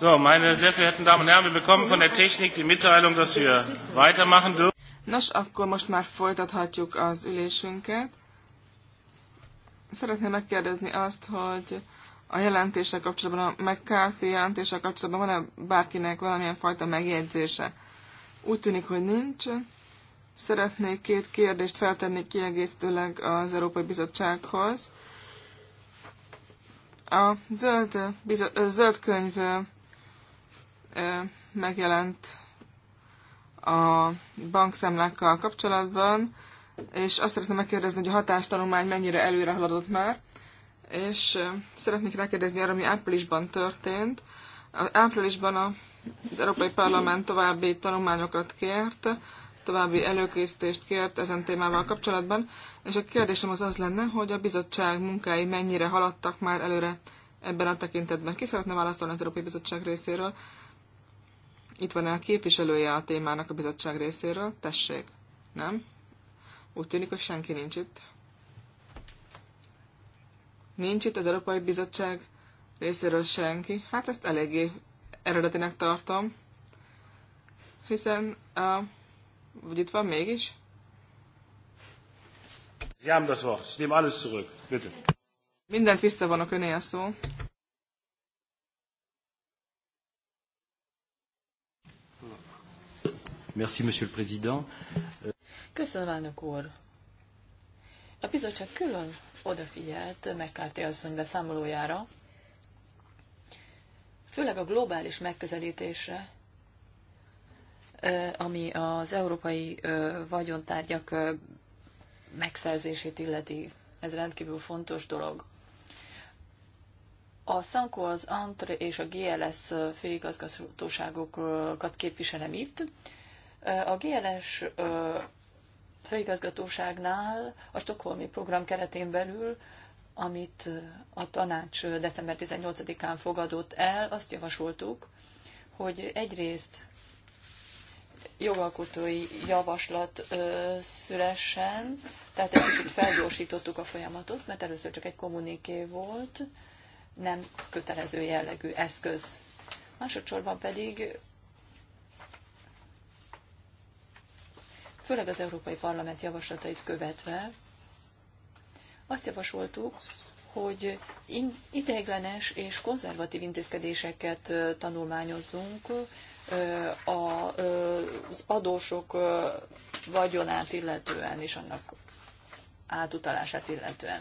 So, meine sehr verehrten Damen und Herren, wir bekommen von der Technik die Mitteilung, dass wir weitermachen dürfen. Nos, akkor most már folytathatjuk az ülésünket. Szeretném megkérdezni azt, hogy a jelentéssel kapcsolatban, a McCarthy jelentéssel kapcsolatban van-e bárkinek valamilyen fajta megjegyzése? Úgy tűnik, hogy nincs. Szeretnék két kérdést feltenni kiegészítőleg az Európai Bizottsághoz. A zöld, bizo- zöld könyv megjelent a bankszámlákkal kapcsolatban, és azt szeretném megkérdezni, hogy a hatástanulmány mennyire előre haladott már, és szeretnék rákérdezni arra, ami áprilisban történt. Áprilisban az Európai Parlament további tanulmányokat kért, további előkészítést kért ezen témával kapcsolatban, és a kérdésem az az lenne, hogy a bizottság munkái mennyire haladtak már előre ebben a tekintetben. Ki szeretne válaszolni az Európai Bizottság részéről? Itt van-e a képviselője a témának a bizottság részéről? Tessék. Nem? Úgy tűnik, hogy senki nincs itt. Nincs itt az Európai Bizottság részéről senki. Hát ezt eléggé eredetinek tartom. Hiszen, uh, vagy itt van mégis? Sie haben das Wort. Ich nehme alles zurück. Bitte. Mindent visszavonok öné a szó. Merci, Monsieur le Président. Köszönöm, elnök úr. A bizottság külön odafigyelt McCarthy asszony beszámolójára, főleg a globális megközelítésre, eh, ami az európai eh, vagyontárgyak eh, megszerzését illeti. Ez rendkívül fontos dolog. A Sanko, az Antre és a GLS főigazgatóságokat képviselem itt, a GLS főigazgatóságnál a Stockholmi program keretén belül, amit a tanács december 18-án fogadott el, azt javasoltuk, hogy egyrészt jogalkotói javaslat ö, szülessen, tehát egy kicsit felgyorsítottuk a folyamatot, mert először csak egy kommuniké volt, nem kötelező jellegű eszköz. Másodszorban pedig főleg az Európai Parlament javaslatait követve, azt javasoltuk, hogy ideiglenes és konzervatív intézkedéseket tanulmányozzunk az adósok vagyonát illetően és annak átutalását illetően.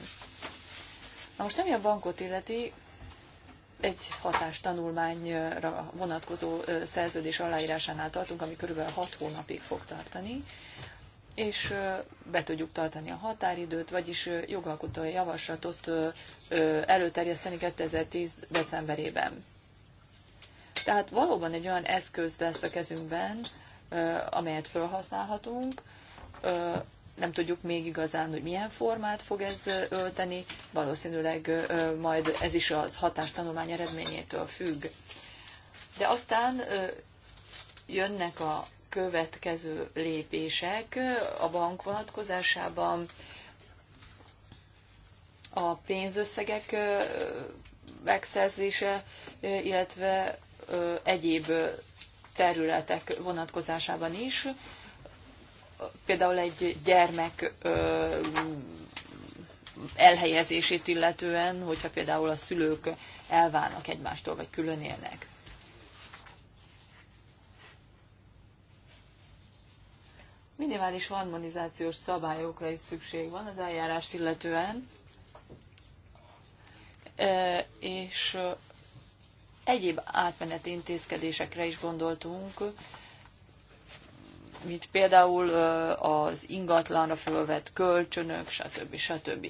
Na most ami a bankot illeti, egy hatástanulmányra vonatkozó szerződés aláírásánál tartunk, ami körülbelül 6 hónapig fog tartani, és be tudjuk tartani a határidőt, vagyis jogalkotói javaslatot előterjeszteni 2010. decemberében. Tehát valóban egy olyan eszköz lesz a kezünkben, amelyet felhasználhatunk, nem tudjuk még igazán, hogy milyen formát fog ez ölteni, valószínűleg majd ez is az hatástanulmány eredményétől függ. De aztán jönnek a következő lépések a bank vonatkozásában, a pénzösszegek megszerzése, illetve egyéb területek vonatkozásában is, például egy gyermek elhelyezését illetően, hogyha például a szülők elválnak egymástól, vagy külön élnek. Minimális harmonizációs szabályokra is szükség van az eljárás illetően, és egyéb átmeneti intézkedésekre is gondoltunk, mint például az ingatlanra fölvett kölcsönök, stb. stb.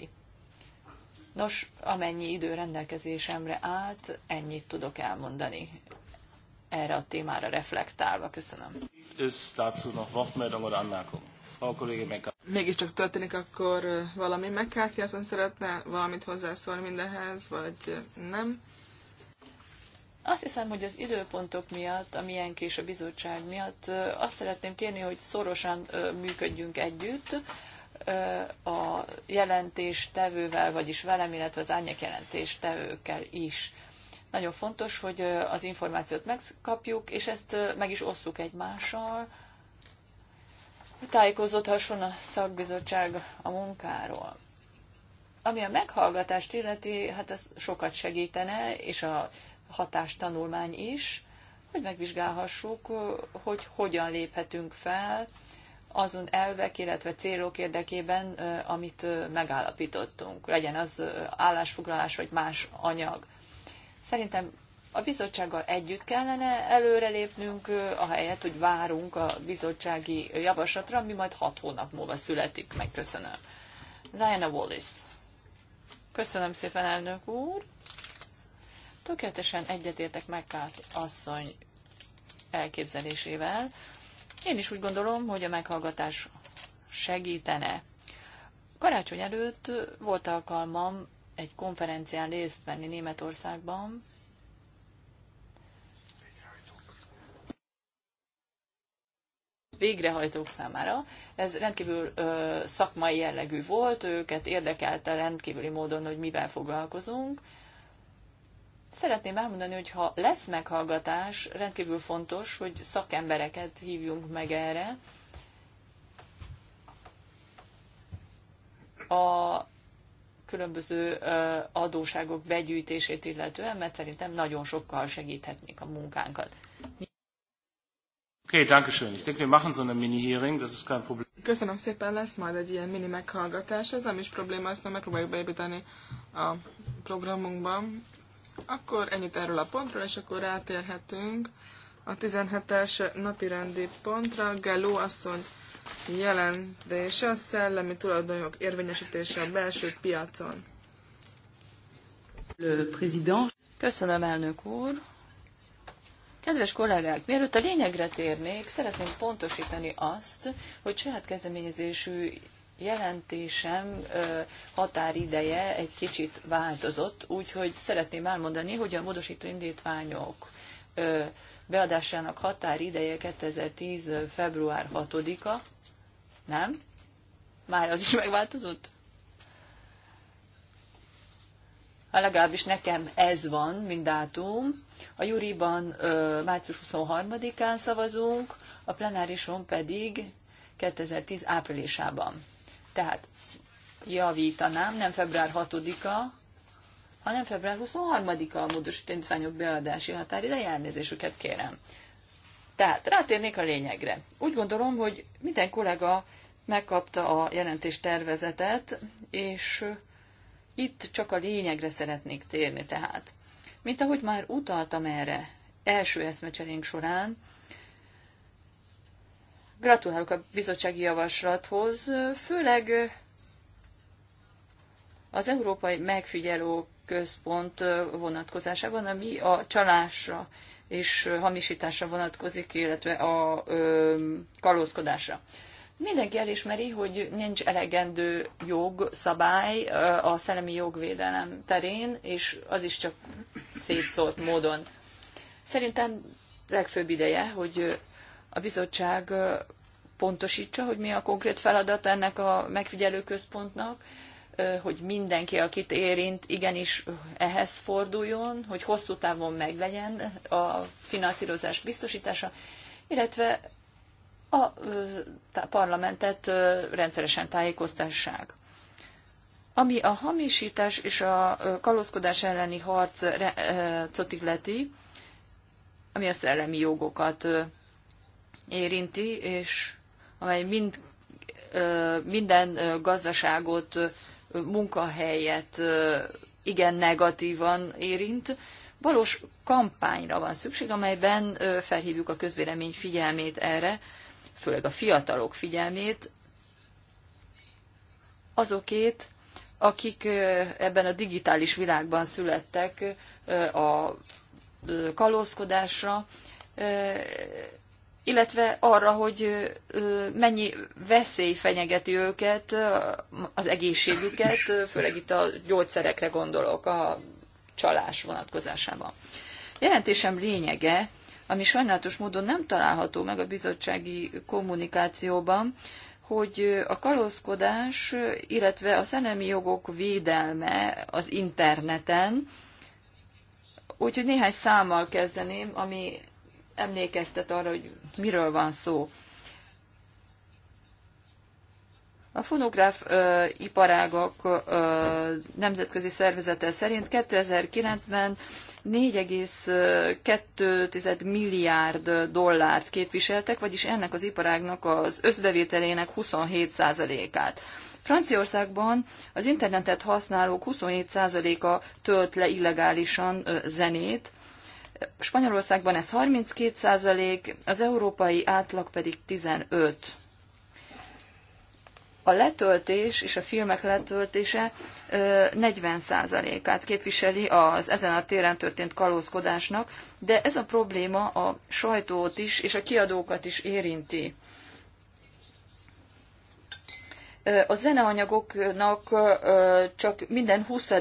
Nos, amennyi idő rendelkezésemre állt, ennyit tudok elmondani erre a témára reflektálva. Köszönöm. Mégiscsak történik akkor valami. McCarthy szeretne valamit hozzászólni mindenhez, vagy nem? Azt hiszem, hogy az időpontok miatt, a miénk és a bizottság miatt azt szeretném kérni, hogy szorosan működjünk együtt a jelentés tevővel, vagyis velem, illetve az árnyék jelentés tevőkkel is. Nagyon fontos, hogy az információt megkapjuk, és ezt meg is osszuk egymással, hogy tájékozódhasson a szakbizottság a munkáról. Ami a meghallgatást illeti, hát ez sokat segítene, és a hatástanulmány is, hogy megvizsgálhassuk, hogy hogyan léphetünk fel azon elvek, illetve célok érdekében, amit megállapítottunk, legyen az állásfoglalás vagy más anyag. Szerintem a bizottsággal együtt kellene előrelépnünk, ahelyett, hogy várunk a bizottsági javaslatra, ami majd hat hónap múlva születik. Megköszönöm. Diana Wallis. Köszönöm szépen, elnök úr. Tökéletesen egyetértek McCart asszony elképzelésével. Én is úgy gondolom, hogy a meghallgatás segítene. Karácsony előtt volt alkalmam egy konferencián részt venni Németországban, végrehajtók számára. Ez rendkívül ö, szakmai jellegű volt, őket érdekelte rendkívüli módon, hogy mivel foglalkozunk, Szeretném elmondani, hogy ha lesz meghallgatás, rendkívül fontos, hogy szakembereket hívjunk meg erre. A különböző adóságok begyűjtését illetően, mert szerintem nagyon sokkal segíthetnék a munkánkat. Okay, danke schön. Ich denke, wir machen so eine Mini-Hearing, das ist kein Problem. Köszönöm szépen, lesz majd egy ilyen mini meghallgatás, ez nem is probléma, ezt nem megpróbáljuk beépíteni a programunkban. Akkor ennyit erről a pontról, és akkor rátérhetünk a 17-es napirendi pontra. Galló asszony jelentése a szellemi tulajdonjog érvényesítése a belső piacon. Köszönöm, elnök úr! Kedves kollégák, mielőtt a lényegre térnék, szeretném pontosítani azt, hogy saját kezdeményezésű jelentésem határideje egy kicsit változott, úgyhogy szeretném elmondani, hogy a módosító indítványok beadásának határideje 2010. február 6-a, nem? Már az is megváltozott? Ha hát legalábbis nekem ez van, mint dátum. A júriban március 23-án szavazunk, a plenárison pedig 2010 áprilisában. Tehát javítanám, nem február 6-a, hanem február 23-a a módosítványok beadási határideje, elnézésüket kérem. Tehát rátérnék a lényegre. Úgy gondolom, hogy minden kollega megkapta a jelentés tervezetet, és itt csak a lényegre szeretnék térni tehát. Mint ahogy már utaltam erre első eszmecserénk során, Gratulálok a bizottsági javaslathoz, főleg az Európai Megfigyelő Központ vonatkozásában, ami a csalásra és hamisításra vonatkozik, illetve a kalózkodásra. Mindenki elismeri, hogy nincs elegendő jogszabály a szellemi jogvédelem terén, és az is csak szétszólt módon. Szerintem legfőbb ideje, hogy a bizottság pontosítsa, hogy mi a konkrét feladat ennek a megfigyelő központnak, hogy mindenki, akit érint, igenis ehhez forduljon, hogy hosszú távon meglegyen a finanszírozás biztosítása, illetve a parlamentet rendszeresen tájékoztassák. Ami a hamisítás és a kalózkodás elleni harcot illeti, ami a szellemi jogokat érinti, és amely mind, minden gazdaságot, munkahelyet igen negatívan érint. Valós kampányra van szükség, amelyben felhívjuk a közvélemény figyelmét erre, főleg a fiatalok figyelmét, azokét, akik ebben a digitális világban születtek a kalózkodásra, illetve arra, hogy mennyi veszély fenyegeti őket, az egészségüket, főleg itt a gyógyszerekre gondolok a csalás vonatkozásában. Jelentésem lényege, ami sajnálatos módon nem található meg a bizottsági kommunikációban, hogy a kalózkodás, illetve a szellemi jogok védelme az interneten, úgyhogy néhány számmal kezdeném, ami emlékeztet arra, hogy miről van szó. A fonográf ö, ö, nemzetközi szervezete szerint 2009-ben 4,2 milliárd dollárt képviseltek, vagyis ennek az iparágnak az összbevételének 27%-át. Franciaországban az internetet használók 27%-a tölt le illegálisan ö, zenét, Spanyolországban ez 32 százalék, az európai átlag pedig 15. A letöltés és a filmek letöltése 40 százalékát képviseli az ezen a téren történt kalózkodásnak, de ez a probléma a sajtót is és a kiadókat is érinti. A zeneanyagoknak csak minden 20.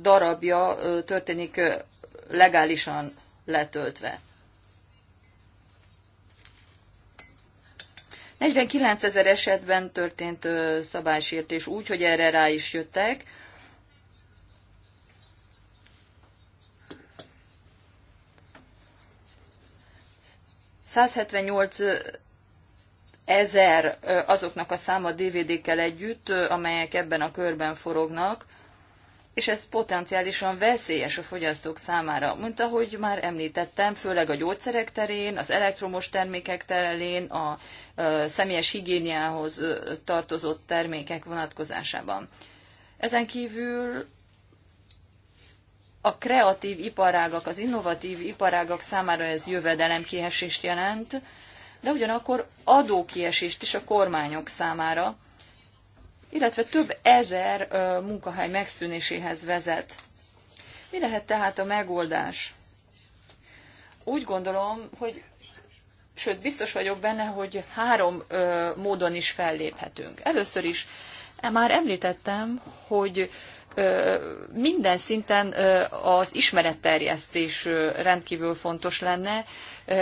darabja történik legálisan letöltve. 49 ezer esetben történt szabálysértés úgy, hogy erre rá is jöttek. ezer azoknak a száma DVD-kkel együtt, amelyek ebben a körben forognak és ez potenciálisan veszélyes a fogyasztók számára, mint ahogy már említettem, főleg a gyógyszerek terén, az elektromos termékek terén, a személyes higiéniához tartozott termékek vonatkozásában. Ezen kívül a kreatív iparágak, az innovatív iparágak számára ez jövedelemkiesést jelent, de ugyanakkor adókiesést is a kormányok számára, illetve több ezer munkahely megszűnéséhez vezet. Mi lehet tehát a megoldás? Úgy gondolom, hogy sőt, biztos vagyok benne, hogy három ö, módon is felléphetünk. Először is e, már említettem, hogy minden szinten az ismeretterjesztés rendkívül fontos lenne,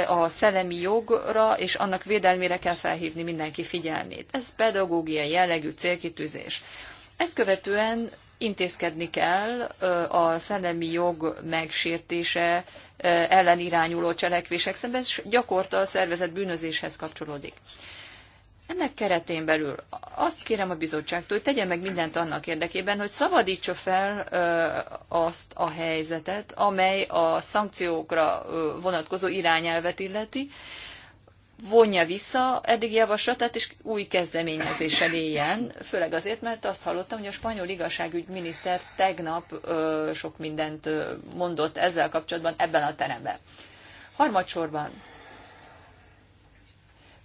a szellemi jogra és annak védelmére kell felhívni mindenki figyelmét. Ez pedagógiai jellegű célkitűzés. Ezt követően intézkedni kell a szellemi jog megsértése ellen irányuló cselekvések szemben, és gyakorta a szervezet bűnözéshez kapcsolódik. Ennek keretén belül azt kérem a bizottságtól, hogy tegyen meg mindent annak érdekében, hogy szabadítsa fel ö, azt a helyzetet, amely a szankciókra ö, vonatkozó irányelvet illeti, vonja vissza eddig javaslatát, és új kezdeményezéssel éljen, főleg azért, mert azt hallottam, hogy a spanyol igazságügyminiszter tegnap ö, sok mindent mondott ezzel kapcsolatban ebben a teremben. Harmadsorban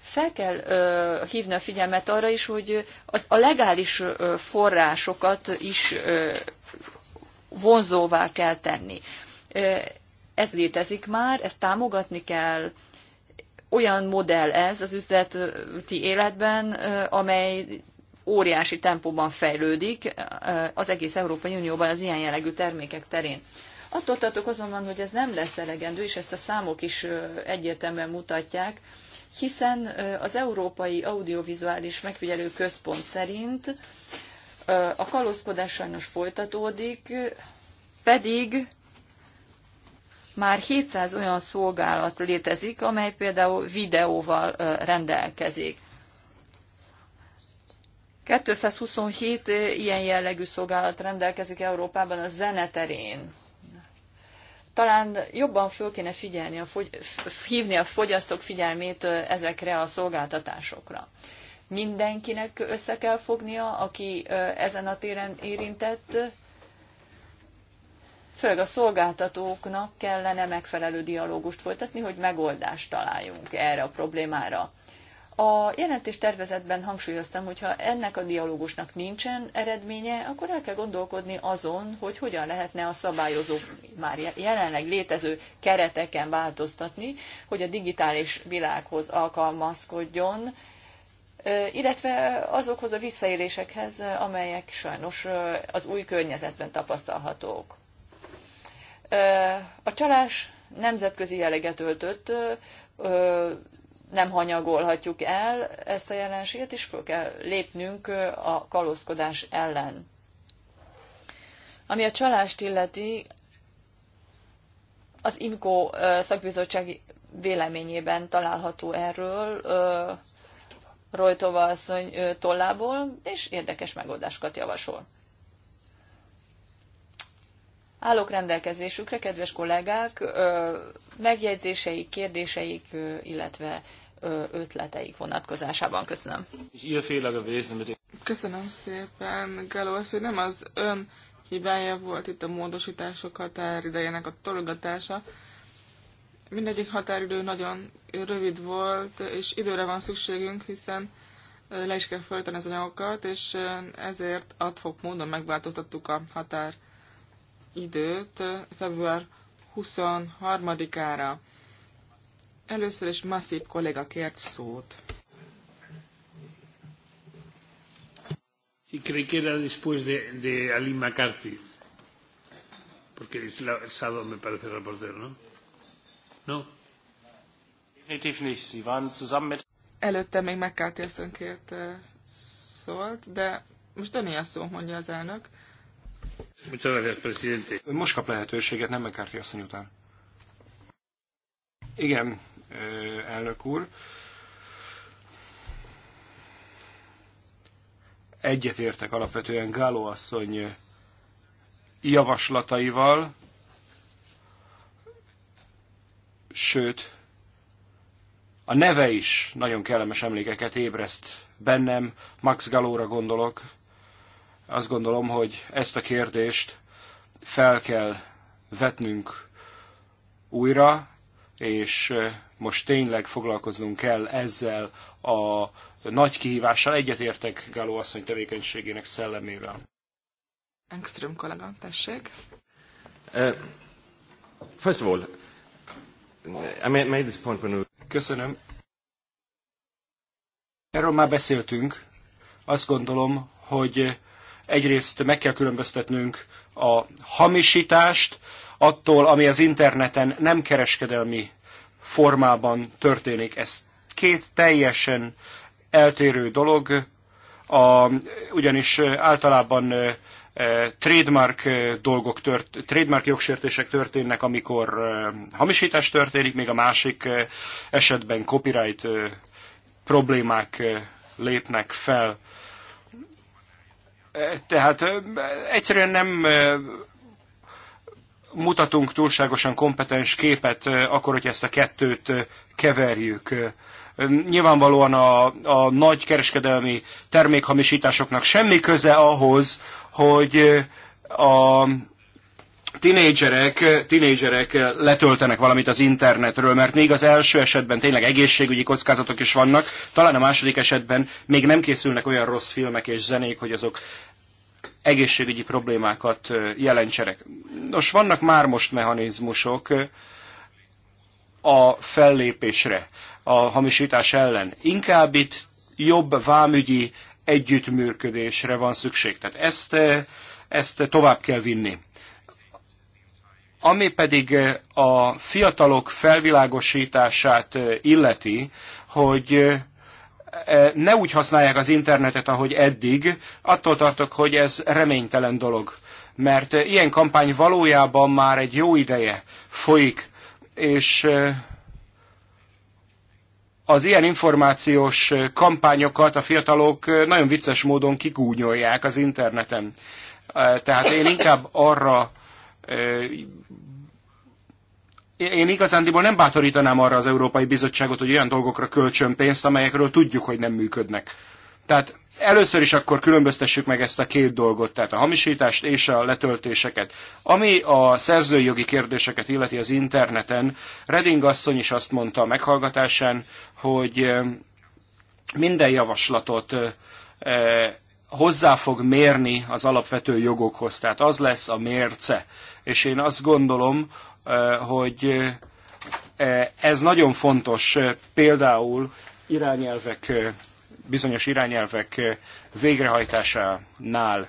fel kell ö, hívni a figyelmet arra is, hogy az, a legális ö, forrásokat is ö, vonzóvá kell tenni. Ö, ez létezik már, ezt támogatni kell. Olyan modell ez az üzleti életben, ö, amely óriási tempóban fejlődik az egész Európai Unióban az ilyen jellegű termékek terén. Attól tartok azonban, hogy ez nem lesz elegendő, és ezt a számok is egyértelműen mutatják, hiszen az Európai Audiovizuális Megfigyelő Központ szerint a kalózkodás sajnos folytatódik, pedig már 700 olyan szolgálat létezik, amely például videóval rendelkezik. 227 ilyen jellegű szolgálat rendelkezik Európában a zeneterén talán jobban föl kéne figyelni a fogy, hívni a fogyasztók figyelmét ezekre a szolgáltatásokra. Mindenkinek össze kell fognia, aki ezen a téren érintett, főleg a szolgáltatóknak kellene megfelelő dialógust folytatni, hogy megoldást találjunk erre a problémára. A jelentéstervezetben hangsúlyoztam, hogy ha ennek a dialógusnak nincsen eredménye, akkor el kell gondolkodni azon, hogy hogyan lehetne a szabályozó már jelenleg létező kereteken változtatni, hogy a digitális világhoz alkalmazkodjon, illetve azokhoz a visszaélésekhez, amelyek sajnos az új környezetben tapasztalhatók. A csalás nemzetközi jelleget öltött, nem hanyagolhatjuk el ezt a jelenséget, és föl kell lépnünk a kalózkodás ellen. Ami a csalást illeti, az IMKO szakbizottság véleményében található erről Rojtova asszony tollából, és érdekes megoldásokat javasol. Állok rendelkezésükre, kedves kollégák, megjegyzéseik, kérdéseik, illetve ötleteik vonatkozásában. Köszönöm. Köszönöm szépen, Galo, hogy nem az ön hibája volt itt a módosítások határidejének a tologatása. Mindegyik határidő nagyon rövid volt, és időre van szükségünk, hiszen le is kell fölteni az anyagokat, és ezért adhok módon megváltoztattuk a határidőt február 23-ára. Először is Masszív kolléga kért szót. Y creí que era después de, de Ali McCarthy, porque es la, sábado me parece el reportero, ¿no? No. Definitiv nicht. Sie waren zusammen mit... Előtte még McCarthy asszonykért eh, szólt, de most Dani a szó, mondja az elnök. Muchas gracias, presidente. Most kap lehetőséget, nem McCarthy asszony után. Igen, elnök úr. Egyetértek alapvetően Gáló asszony javaslataival, sőt, a neve is nagyon kellemes emlékeket ébreszt bennem, Max Galóra gondolok. Azt gondolom, hogy ezt a kérdést fel kell vetnünk újra, és most tényleg foglalkoznunk kell ezzel a nagy kihívással. Egyetértek Gáló asszony tevékenységének szellemével. Engström kollega, tessék. Uh, first of all, I made this point when... Köszönöm. Erről már beszéltünk. Azt gondolom, hogy egyrészt meg kell különböztetnünk a hamisítást, attól, ami az interneten nem kereskedelmi formában történik. Ez két teljesen eltérő dolog, a, ugyanis általában trademark dolgok, tört, trademark jogsértések történnek, amikor hamisítás történik, még a másik esetben copyright problémák lépnek fel. Tehát egyszerűen nem mutatunk túlságosan kompetens képet, akkor, hogy ezt a kettőt keverjük. Nyilvánvalóan a, a nagy kereskedelmi termékhamisításoknak semmi köze ahhoz, hogy a tinédzserek, tinédzserek letöltenek valamit az internetről, mert még az első esetben tényleg egészségügyi kockázatok is vannak, talán a második esetben még nem készülnek olyan rossz filmek és zenék, hogy azok egészségügyi problémákat jelentsenek. Nos, vannak már most mechanizmusok a fellépésre, a hamisítás ellen. Inkább itt jobb vámügyi együttműködésre van szükség. Tehát ezt, ezt tovább kell vinni. Ami pedig a fiatalok felvilágosítását illeti, hogy E, ne úgy használják az internetet, ahogy eddig, attól tartok, hogy ez reménytelen dolog. Mert e, ilyen kampány valójában már egy jó ideje folyik, és e, az ilyen információs kampányokat a fiatalok nagyon vicces módon kigúnyolják az interneten. Tehát én inkább arra én igazándiból nem bátorítanám arra az Európai Bizottságot, hogy olyan dolgokra költsön pénzt, amelyekről tudjuk, hogy nem működnek. Tehát először is akkor különböztessük meg ezt a két dolgot, tehát a hamisítást és a letöltéseket. Ami a szerzői jogi kérdéseket illeti az interneten, Reding asszony is azt mondta a meghallgatásán, hogy minden javaslatot hozzá fog mérni az alapvető jogokhoz, tehát az lesz a mérce. És én azt gondolom, hogy ez nagyon fontos például irányelvek, bizonyos irányelvek végrehajtásánál.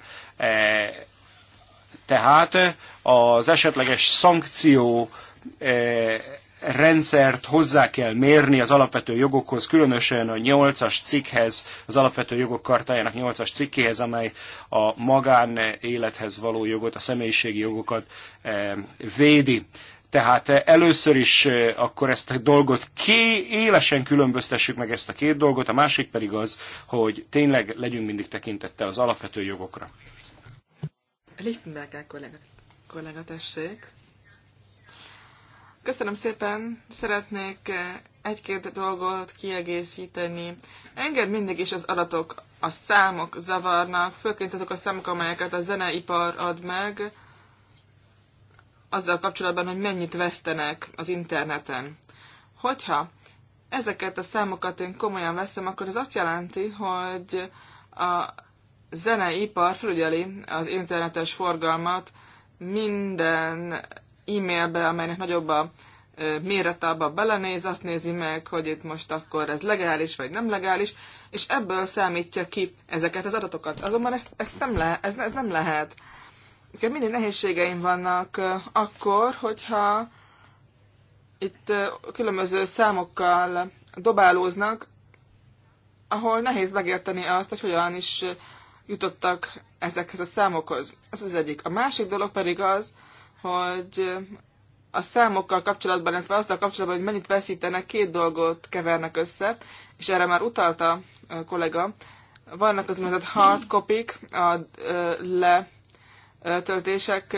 Tehát az esetleges szankció rendszert hozzá kell mérni az alapvető jogokhoz, különösen a 8-as cikkhez, az alapvető jogok kartájának 8-as cikkéhez, amely a magánélethez való jogot, a személyiségi jogokat eh, védi. Tehát eh, először is eh, akkor ezt a dolgot ké, élesen különböztessük meg ezt a két dolgot, a másik pedig az, hogy tényleg legyünk mindig tekintettel az alapvető jogokra. Lichtenberger kollega, kollega tessék. Köszönöm szépen, szeretnék eh, egy-két dolgot kiegészíteni. Engem mindig is az adatok, a számok zavarnak, főként azok a számok, amelyeket a zeneipar ad meg, azzal kapcsolatban, hogy mennyit vesztenek az interneten. Hogyha ezeket a számokat én komolyan veszem, akkor ez azt jelenti, hogy a zeneipar felügyeli az internetes forgalmat minden e-mailbe, amelynek nagyobb a mérete abba belenéz, azt nézi meg, hogy itt most akkor ez legális vagy nem legális, és ebből számítja ki ezeket az adatokat. Azonban ezt, ezt nem, le, ez, ez nem lehet. Nekem mindig nehézségeim vannak akkor, hogyha itt különböző számokkal dobálóznak, ahol nehéz megérteni azt, hogy hogyan is jutottak ezekhez a számokhoz. Ez az egyik. A másik dolog pedig az, hogy a számokkal kapcsolatban, illetve azzal kapcsolatban, hogy mennyit veszítenek, két dolgot kevernek össze, és erre már utalta a kollega. Vannak az úgynevezett hard copyk, a letöltések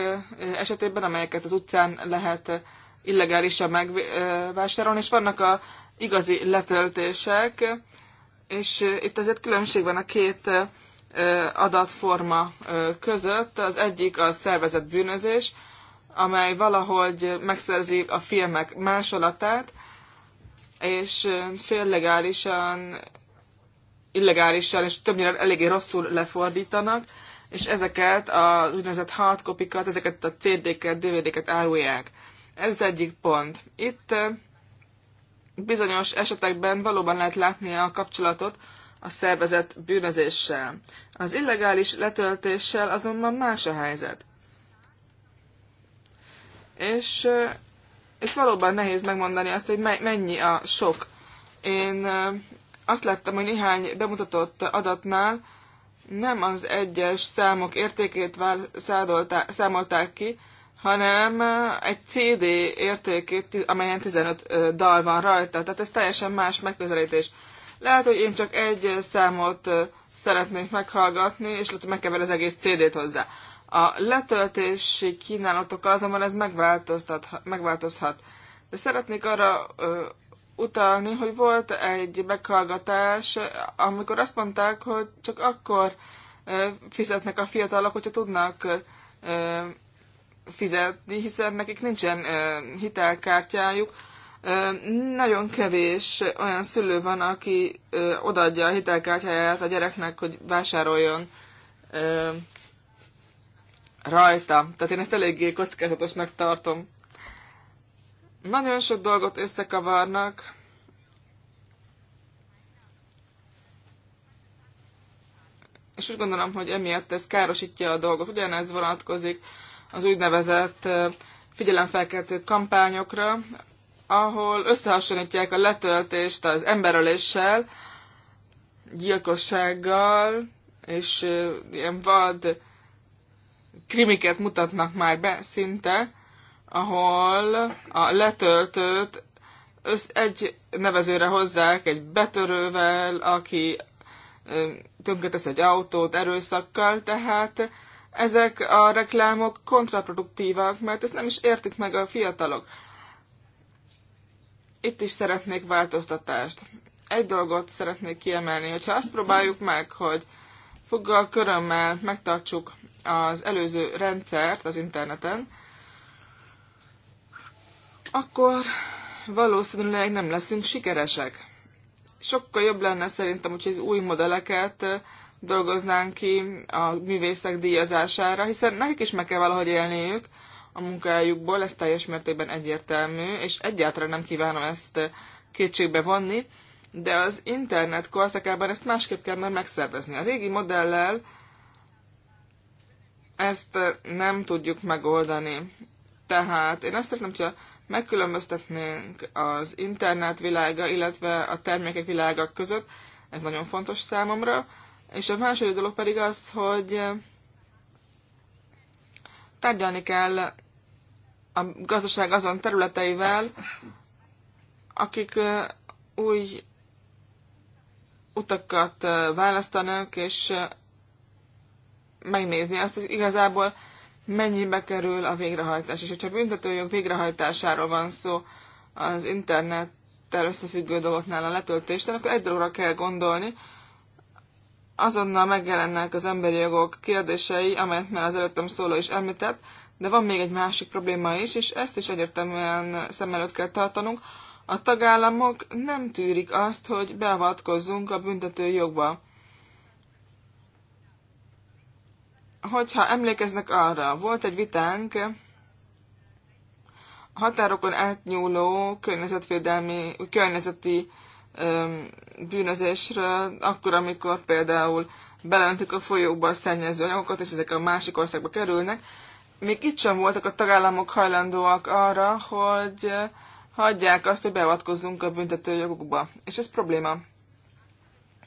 esetében, amelyeket az utcán lehet illegálisan megvásárolni, és vannak a igazi letöltések, és itt azért különbség van a két adatforma között. Az egyik a szervezett bűnözés, amely valahogy megszerzi a filmek másolatát, és féllegálisan, illegálisan, és többnyire eléggé rosszul lefordítanak, és ezeket az úgynevezett hardcopikat, ezeket a CD-ket, DVD-ket árulják. Ez az egyik pont. Itt bizonyos esetekben valóban lehet látni a kapcsolatot a szervezet bűnözéssel. Az illegális letöltéssel azonban más a helyzet és és valóban nehéz megmondani azt, hogy mennyi a sok. Én azt láttam, hogy néhány bemutatott adatnál nem az egyes számok értékét számolták ki, hanem egy CD értékét, amelyen 15 dal van rajta. Tehát ez teljesen más megközelítés. Lehet, hogy én csak egy számot szeretnék meghallgatni, és lehet, hogy megkever az egész CD-t hozzá. A letöltési kínálatokkal azonban ez megváltozhat. De szeretnék arra ö, utalni, hogy volt egy meghallgatás, amikor azt mondták, hogy csak akkor ö, fizetnek a fiatalok, hogyha tudnak ö, fizetni, hiszen nekik nincsen ö, hitelkártyájuk. Ö, nagyon kevés olyan szülő van, aki ö, odaadja a hitelkártyáját a gyereknek, hogy vásároljon ö, rajta. Tehát én ezt eléggé kockázatosnak tartom. Nagyon sok dolgot összekavarnak. És úgy gondolom, hogy emiatt ez károsítja a dolgot. Ugyanez vonatkozik az úgynevezett figyelemfelkeltő kampányokra, ahol összehasonlítják a letöltést az emberöléssel, gyilkossággal, és ilyen vad krimiket mutatnak már be szinte, ahol a letöltőt össz, egy nevezőre hozzák egy betörővel, aki tönkretesz egy autót erőszakkal, tehát ezek a reklámok kontraproduktívak, mert ezt nem is értik meg a fiatalok. Itt is szeretnék változtatást. Egy dolgot szeretnék kiemelni, hogyha azt próbáljuk meg, hogy foggal körömmel megtartsuk az előző rendszert az interneten, akkor valószínűleg nem leszünk sikeresek. Sokkal jobb lenne szerintem, hogy az új modelleket dolgoznánk ki a művészek díjazására, hiszen nekik is meg kell valahogy élniük a munkájukból, ez teljes mértékben egyértelmű, és egyáltalán nem kívánom ezt kétségbe vonni, de az internet korszakában ezt másképp kell már megszervezni. A régi modellel ezt eh, nem tudjuk megoldani. Tehát én azt szeretném, hogyha megkülönböztetnénk az internet világa, illetve a termékek világa között, ez nagyon fontos számomra, és a második dolog pedig az, hogy eh, tárgyalni kell a gazdaság azon területeivel, akik eh, új utakat választanak, és megnézni azt, hogy igazából mennyibe kerül a végrehajtás. És hogyha büntetőjog végrehajtásáról van szó az internettel összefüggő dolgoknál a letöltésnél, akkor egy dologra kell gondolni, azonnal megjelennek az emberi jogok kérdései, amelyet már az előttem szóló is említett, de van még egy másik probléma is, és ezt is egyértelműen szem előtt kell tartanunk. A tagállamok nem tűrik azt, hogy beavatkozzunk a büntető jogba. Hogyha emlékeznek arra, volt egy vitánk a határokon átnyúló környezetvédelmi, környezeti öm, bűnözésről, akkor, amikor például belöntük a folyókba a szennyező anyagokat, és ezek a másik országba kerülnek, még itt sem voltak a tagállamok hajlandóak arra, hogy hagyják azt, hogy beavatkozzunk a büntetőjogokba. És ez probléma.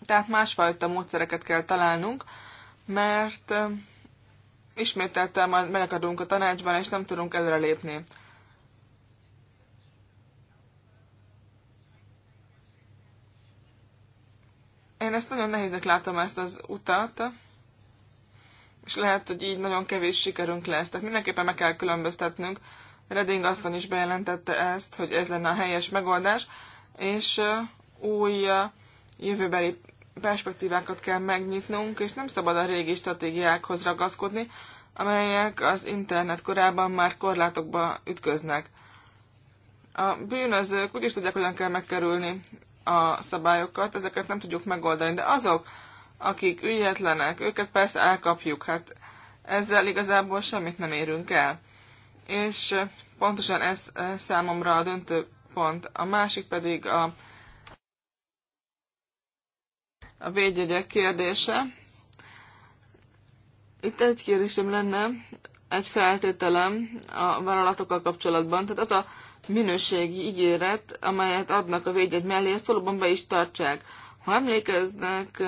Tehát másfajta módszereket kell találnunk, mert ismételtel majd megakadunk a tanácsban, és nem tudunk előrelépni. Én ezt nagyon nehéznek látom ezt az utat, és lehet, hogy így nagyon kevés sikerünk lesz. Tehát mindenképpen meg kell különböztetnünk. Reding asszony is bejelentette ezt, hogy ez lenne a helyes megoldás, és új jövőbeli perspektívákat kell megnyitnunk, és nem szabad a régi stratégiákhoz ragaszkodni, amelyek az internet korában már korlátokba ütköznek. A bűnözők úgyis tudják, hogyan kell megkerülni a szabályokat, ezeket nem tudjuk megoldani, de azok, akik ügyetlenek, őket persze elkapjuk, hát ezzel igazából semmit nem érünk el. És pontosan ez számomra a döntő pont. A másik pedig a a védjegyek kérdése. Itt egy kérdésem lenne, egy feltételem a vállalatokkal kapcsolatban. Tehát az a minőségi ígéret, amelyet adnak a védjegy mellé, ezt valóban be is tartsák. Ha emlékeznek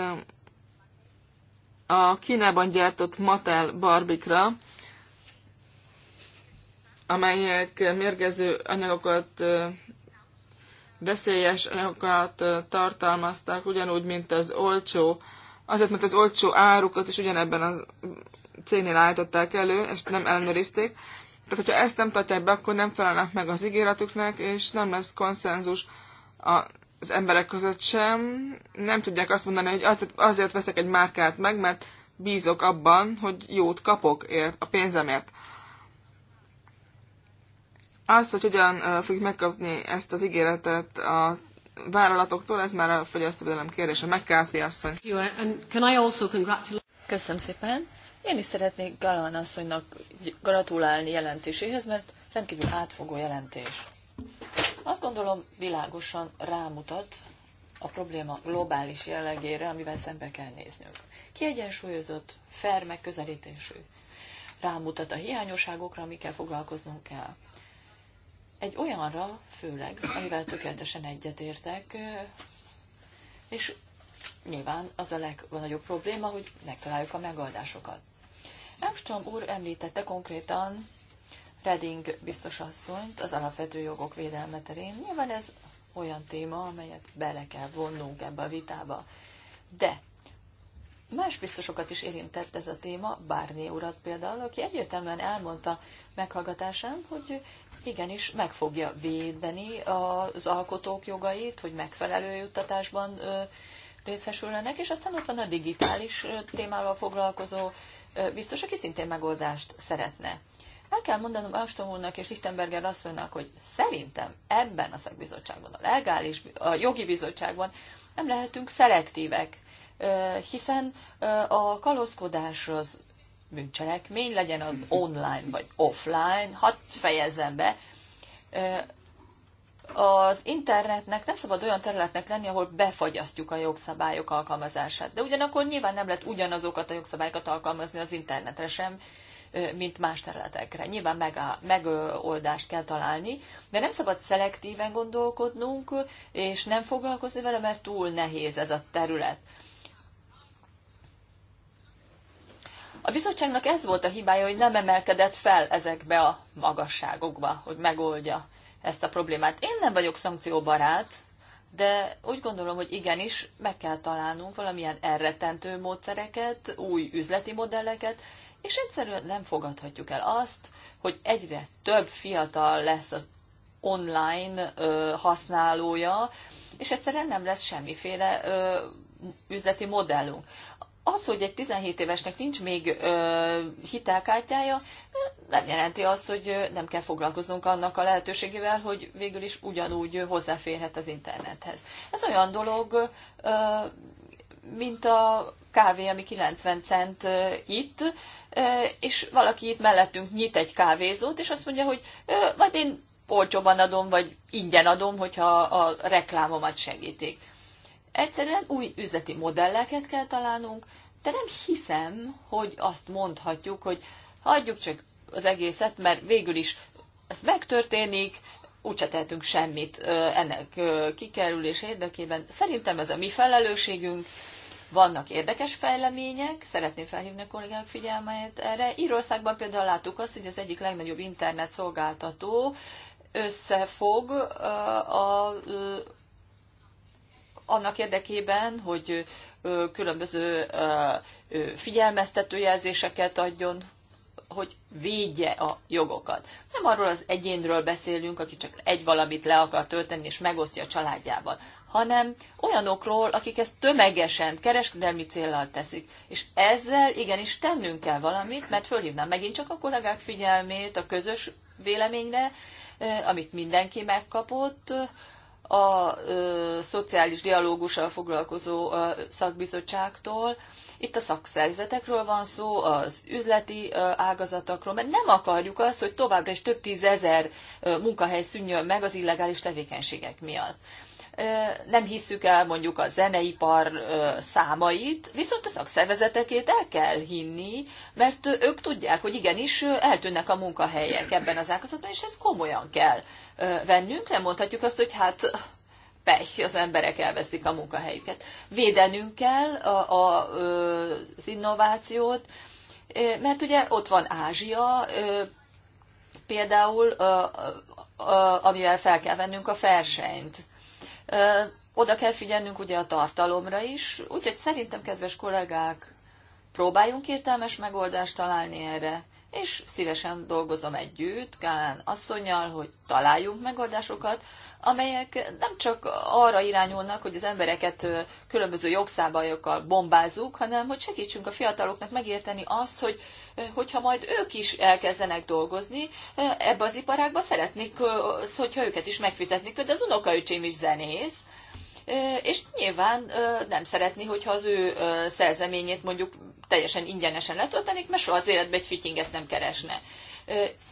a Kínában gyártott Mattel barbikra, amelyek mérgező anyagokat veszélyes anyagokat tartalmazták, ugyanúgy, mint az olcsó, azért, mert az olcsó árukat is ugyanebben az cénél állították elő, és nem ellenőrizték. Tehát, hogyha ezt nem tartják be, akkor nem felelnek meg az ígéretüknek, és nem lesz konszenzus az emberek között sem. Nem tudják azt mondani, hogy azért veszek egy márkát meg, mert bízok abban, hogy jót kapok ért, a pénzemért. Az, hogy hogyan fogjuk megkapni ezt az ígéretet a vállalatoktól, ez már a fogyasztóvédelem kérdése. McCarthy asszony. Köszönöm szépen. Én is szeretnék Galán asszonynak gratulálni jelentéséhez, mert rendkívül átfogó jelentés. Azt gondolom világosan rámutat a probléma globális jellegére, amivel szembe kell néznünk. Kiegyensúlyozott, fair megközelítésű. Rámutat a hiányosságokra, amikkel foglalkoznunk kell egy olyanra főleg, amivel tökéletesen egyetértek, és nyilván az a legnagyobb probléma, hogy megtaláljuk a megoldásokat. Armstrong úr említette konkrétan Reding biztosasszonyt az alapvető jogok védelme terén. Nyilván ez olyan téma, amelyet bele kell vonnunk ebbe a vitába. De más biztosokat is érintett ez a téma, Barney urat például, aki egyértelműen elmondta, meghallgatásán, hogy igenis meg fogja védeni az alkotók jogait, hogy megfelelő juttatásban részesülnek, és aztán ott van a digitális témával foglalkozó biztos, aki szintén megoldást szeretne. El kell mondanom Astomónak és Lichtenberger asszonynak, hogy szerintem ebben a szakbizottságban, a legális, a jogi bizottságban nem lehetünk szelektívek, hiszen a kalózkodáshoz bűncselekmény, legyen az online vagy offline, hadd fejezzem be, az internetnek nem szabad olyan területnek lenni, ahol befagyasztjuk a jogszabályok alkalmazását. De ugyanakkor nyilván nem lehet ugyanazokat a jogszabályokat alkalmazni az internetre sem, mint más területekre. Nyilván meg a, megoldást kell találni, de nem szabad szelektíven gondolkodnunk, és nem foglalkozni vele, mert túl nehéz ez a terület. A bizottságnak ez volt a hibája, hogy nem emelkedett fel ezekbe a magasságokba, hogy megoldja ezt a problémát. Én nem vagyok szankcióbarát, de úgy gondolom, hogy igenis meg kell találnunk valamilyen elrettentő módszereket, új üzleti modelleket, és egyszerűen nem fogadhatjuk el azt, hogy egyre több fiatal lesz az online ö, használója, és egyszerűen nem lesz semmiféle ö, üzleti modellünk az, hogy egy 17 évesnek nincs még ö, hitelkártyája, nem jelenti azt, hogy nem kell foglalkoznunk annak a lehetőségével, hogy végül is ugyanúgy hozzáférhet az internethez. Ez olyan dolog, ö, mint a kávé, ami 90 cent ö, itt, ö, és valaki itt mellettünk nyit egy kávézót, és azt mondja, hogy ö, majd én olcsóban adom, vagy ingyen adom, hogyha a reklámomat segítik Egyszerűen új üzleti modelleket kell találnunk, de nem hiszem, hogy azt mondhatjuk, hogy hagyjuk csak az egészet, mert végül is ez megtörténik, úgyse tehetünk semmit ennek kikerülés érdekében. Szerintem ez a mi felelősségünk, vannak érdekes fejlemények, szeretném felhívni a kollégák figyelmét erre. Írországban például láttuk azt, hogy az egyik legnagyobb internet szolgáltató összefog a annak érdekében, hogy különböző figyelmeztetőjelzéseket adjon, hogy védje a jogokat. Nem arról az egyénről beszélünk, aki csak egy valamit le akar tölteni és megosztja a családjával, hanem olyanokról, akik ezt tömegesen, kereskedelmi céllal teszik. És ezzel igenis tennünk kell valamit, mert fölhívnám megint csak a kollégák figyelmét a közös véleményre, amit mindenki megkapott, a ö, szociális dialógussal foglalkozó ö, szakbizottságtól. Itt a szakszerzetekről van szó, az üzleti ö, ágazatokról, mert nem akarjuk azt, hogy továbbra is több tízezer ö, munkahely szűnjön meg az illegális tevékenységek miatt nem hisszük el mondjuk a zeneipar számait, viszont a szakszervezetekét el kell hinni, mert ők tudják, hogy igenis eltűnnek a munkahelyek ebben az ágazatban, és ez komolyan kell vennünk, nem mondhatjuk azt, hogy hát pech, az emberek elveszik a munkahelyüket. Védenünk kell a, a, az innovációt, mert ugye ott van Ázsia, például, amivel fel kell vennünk a versenyt oda kell figyelnünk ugye a tartalomra is, úgyhogy szerintem, kedves kollégák, próbáljunk értelmes megoldást találni erre és szívesen dolgozom együtt Gálán asszonyjal, hogy találjunk megoldásokat, amelyek nem csak arra irányulnak, hogy az embereket különböző jogszabályokkal bombázzuk, hanem hogy segítsünk a fiataloknak megérteni azt, hogy hogyha majd ők is elkezdenek dolgozni, ebbe az iparágba szeretnék, hogyha őket is megfizetnék, például az unokaöcsém is zenész, és nyilván nem szeretné, hogyha az ő szerzeményét mondjuk teljesen ingyenesen letöltenék, mert soha az életben egy fittinget nem keresne.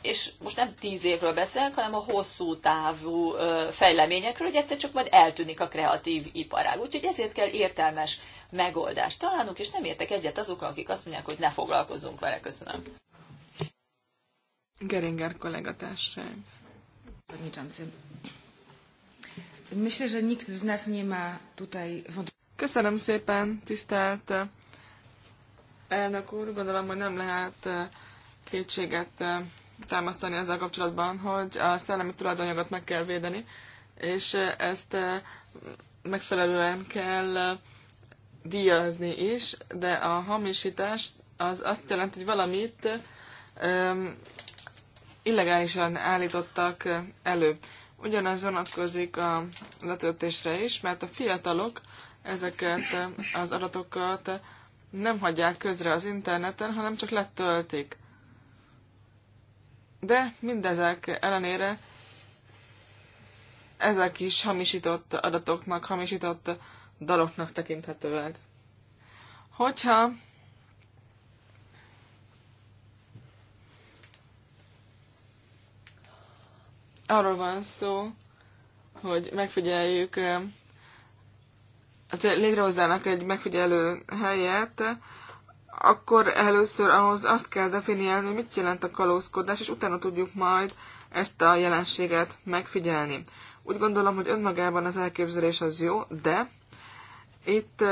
És most nem tíz évről beszélek, hanem a hosszú távú fejleményekről, hogy egyszer csak majd eltűnik a kreatív iparág. Úgyhogy ezért kell értelmes megoldást találnunk, és nem értek egyet azokkal, akik azt mondják, hogy ne foglalkozzunk vele. Köszönöm. Geringer kollégatárság. Myślę, że nikt z nas nie ma tutaj Köszönöm szépen, tisztelt Elnök úr, gondolom, hogy nem lehet kétséget támasztani ezzel kapcsolatban, hogy a szellemi tulajdonjogot meg kell védeni, és ezt megfelelően kell díjazni is, de a hamisítás az azt jelenti, hogy valamit um, illegálisan állítottak elő. Ugyanaz vonatkozik a letöltésre is, mert a fiatalok ezeket az adatokat nem hagyják közre az interneten, hanem csak letöltik. De mindezek ellenére ezek is hamisított adatoknak, hamisított daloknak tekinthetőek. Hogyha arról van szó, hogy megfigyeljük Hát, létrehoznának egy megfigyelő helyet, akkor először ahhoz azt kell definiálni, hogy mit jelent a kalózkodás, és utána tudjuk majd ezt a jelenséget megfigyelni. Úgy gondolom, hogy önmagában az elképzelés az jó, de itt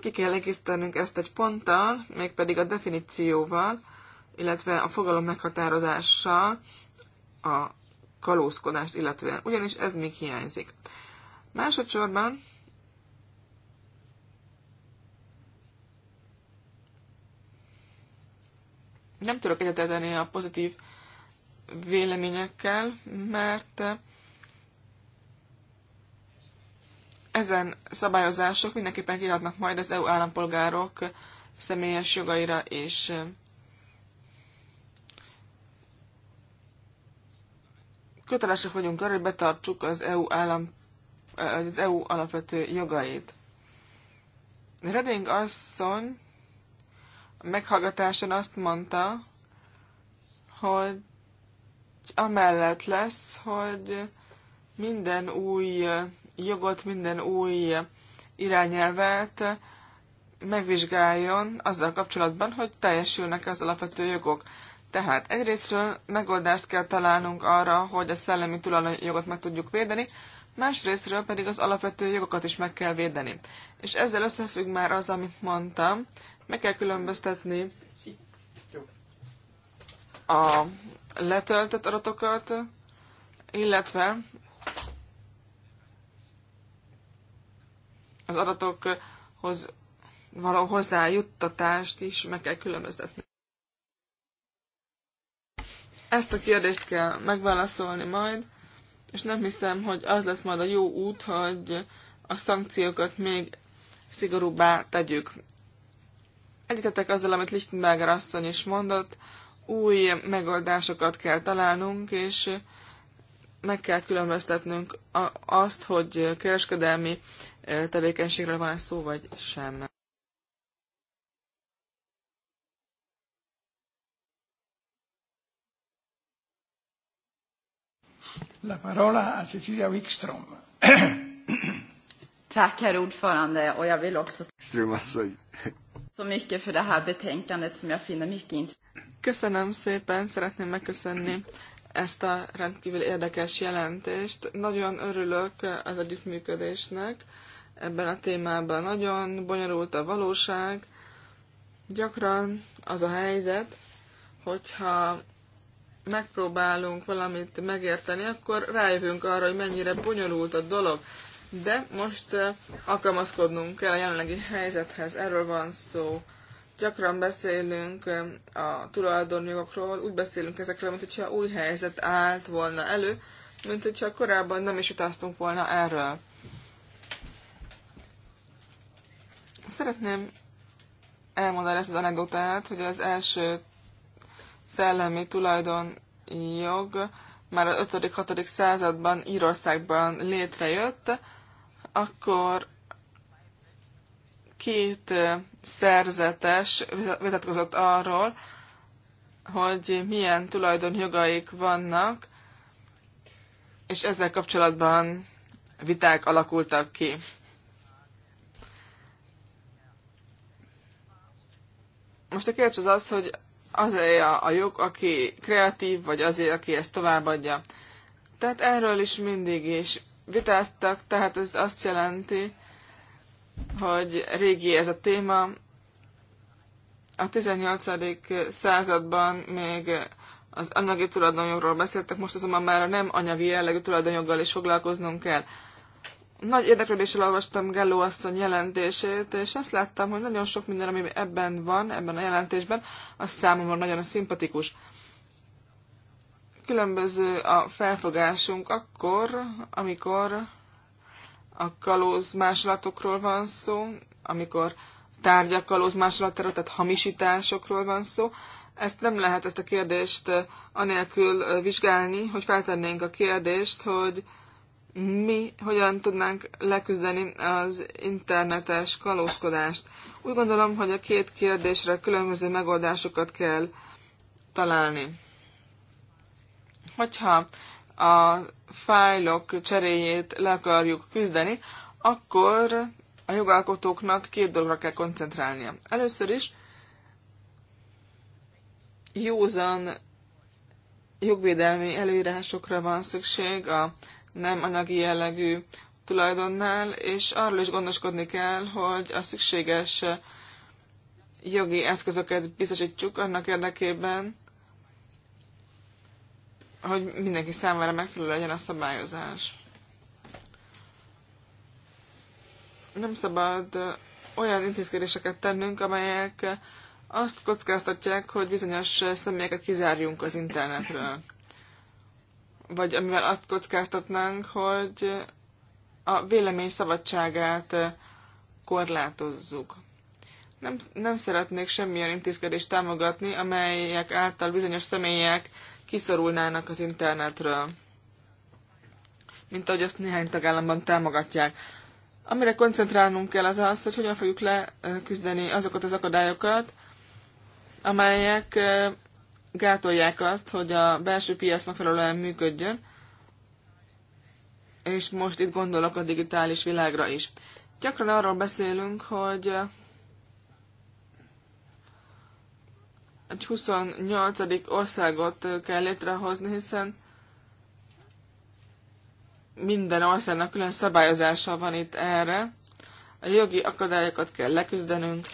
ki kell egésztenünk ezt egy ponttal, mégpedig a definícióval, illetve a fogalom meghatározással a kalózkodást illetően, ugyanis ez még hiányzik. Másodszorban nem tudok egyetelteni a pozitív véleményekkel, mert ezen szabályozások mindenképpen kihatnak majd az EU állampolgárok személyes jogaira és kötelesek vagyunk arra, hogy betartsuk az EU, állam, az EU alapvető jogait. Reding asszony meghallgatáson azt mondta, hogy amellett lesz, hogy minden új jogot, minden új irányelvet megvizsgáljon azzal kapcsolatban, hogy teljesülnek az alapvető jogok. Tehát egyrésztről megoldást kell találnunk arra, hogy a szellemi tulajdonjogot meg tudjuk védeni, másrésztről pedig az alapvető jogokat is meg kell védeni. És ezzel összefügg már az, amit mondtam, meg kell különböztetni a letöltött adatokat, illetve az adatokhoz való hozzájuttatást is meg kell különböztetni. Ezt a kérdést kell megválaszolni majd, és nem hiszem, hogy az lesz majd a jó út, hogy a szankciókat még szigorúbbá tegyük. Elítettek azzal, amit Lichtenberger asszony is mondott, új megoldásokat kell találnunk, és meg kell különböztetnünk azt, hogy kereskedelmi tevékenységről van-e szó, vagy sem. La parola a Cecilia Wikström. Tack, herr ordförande, och jag vill också... Wikström, Så mycket för det här betänkandet som jag finner mycket intressant. Köszönöm szépen, szeretném megköszönni ezt a rendkívül érdekes jelentést. Nagyon örülök az együttműködésnek ebben a témában. Nagyon bonyolult a valóság. Gyakran az a helyzet, hogyha megpróbálunk valamit megérteni, akkor rájövünk arra, hogy mennyire bonyolult a dolog de most alkalmazkodnunk kell a jelenlegi helyzethez, erről van szó. Gyakran beszélünk a tulajdonjogokról, úgy beszélünk ezekről, mint hogyha új helyzet állt volna elő, mint hogyha korábban nem is utaztunk volna erről. Szeretném elmondani ezt az anekdotát, hogy az első szellemi tulajdonjog már a 5.-6. században Írországban létrejött, akkor két szerzetes vitatkozott arról, hogy milyen tulajdonjogaik vannak, és ezzel kapcsolatban viták alakultak ki. Most a kérdés az az, hogy azért a jog, aki kreatív, vagy azért, aki ezt továbbadja. Tehát erről is mindig is vitáztak, tehát ez azt jelenti, hogy régi ez a téma. A 18. században még az anyagi tulajdonjogról beszéltek, most azonban már a nem anyagi jellegű tulajdonjoggal is foglalkoznunk kell. Nagy érdeklődéssel olvastam Gelló asszony jelentését, és azt láttam, hogy nagyon sok minden, ami ebben van, ebben a jelentésben, az számomra nagyon szimpatikus. Különböző a felfogásunk akkor, amikor a kalóz másolatokról van szó, amikor tárgyak kalóz másolatáról, tehát hamisításokról van szó. Ezt nem lehet ezt a kérdést anélkül vizsgálni, hogy feltennénk a kérdést, hogy mi hogyan tudnánk leküzdeni az internetes kalózkodást. Úgy gondolom, hogy a két kérdésre különböző megoldásokat kell találni. Hogyha a fájlok cseréjét le akarjuk küzdeni, akkor a jogalkotóknak két dologra kell koncentrálnia. Először is józan jogvédelmi előírásokra van szükség a nem anyagi jellegű tulajdonnál, és arról is gondoskodni kell, hogy a szükséges jogi eszközöket biztosítsuk annak érdekében, hogy mindenki számára megfelelő legyen a szabályozás. Nem szabad olyan intézkedéseket tennünk, amelyek azt kockáztatják, hogy bizonyos személyeket kizárjunk az internetről. Vagy amivel azt kockáztatnánk, hogy a vélemény szabadságát korlátozzuk. Nem, nem szeretnék semmilyen intézkedést támogatni, amelyek által bizonyos személyek kiszorulnának az internetről, mint ahogy azt néhány tagállamban támogatják. Amire koncentrálnunk kell az az, hogy hogyan fogjuk leküzdeni azokat az akadályokat, amelyek gátolják azt, hogy a belső piac megfelelően működjön, és most itt gondolok a digitális világra is. Gyakran arról beszélünk, hogy egy 28. országot kell létrehozni, hiszen minden országnak külön szabályozása van itt erre. A jogi akadályokat kell leküzdenünk.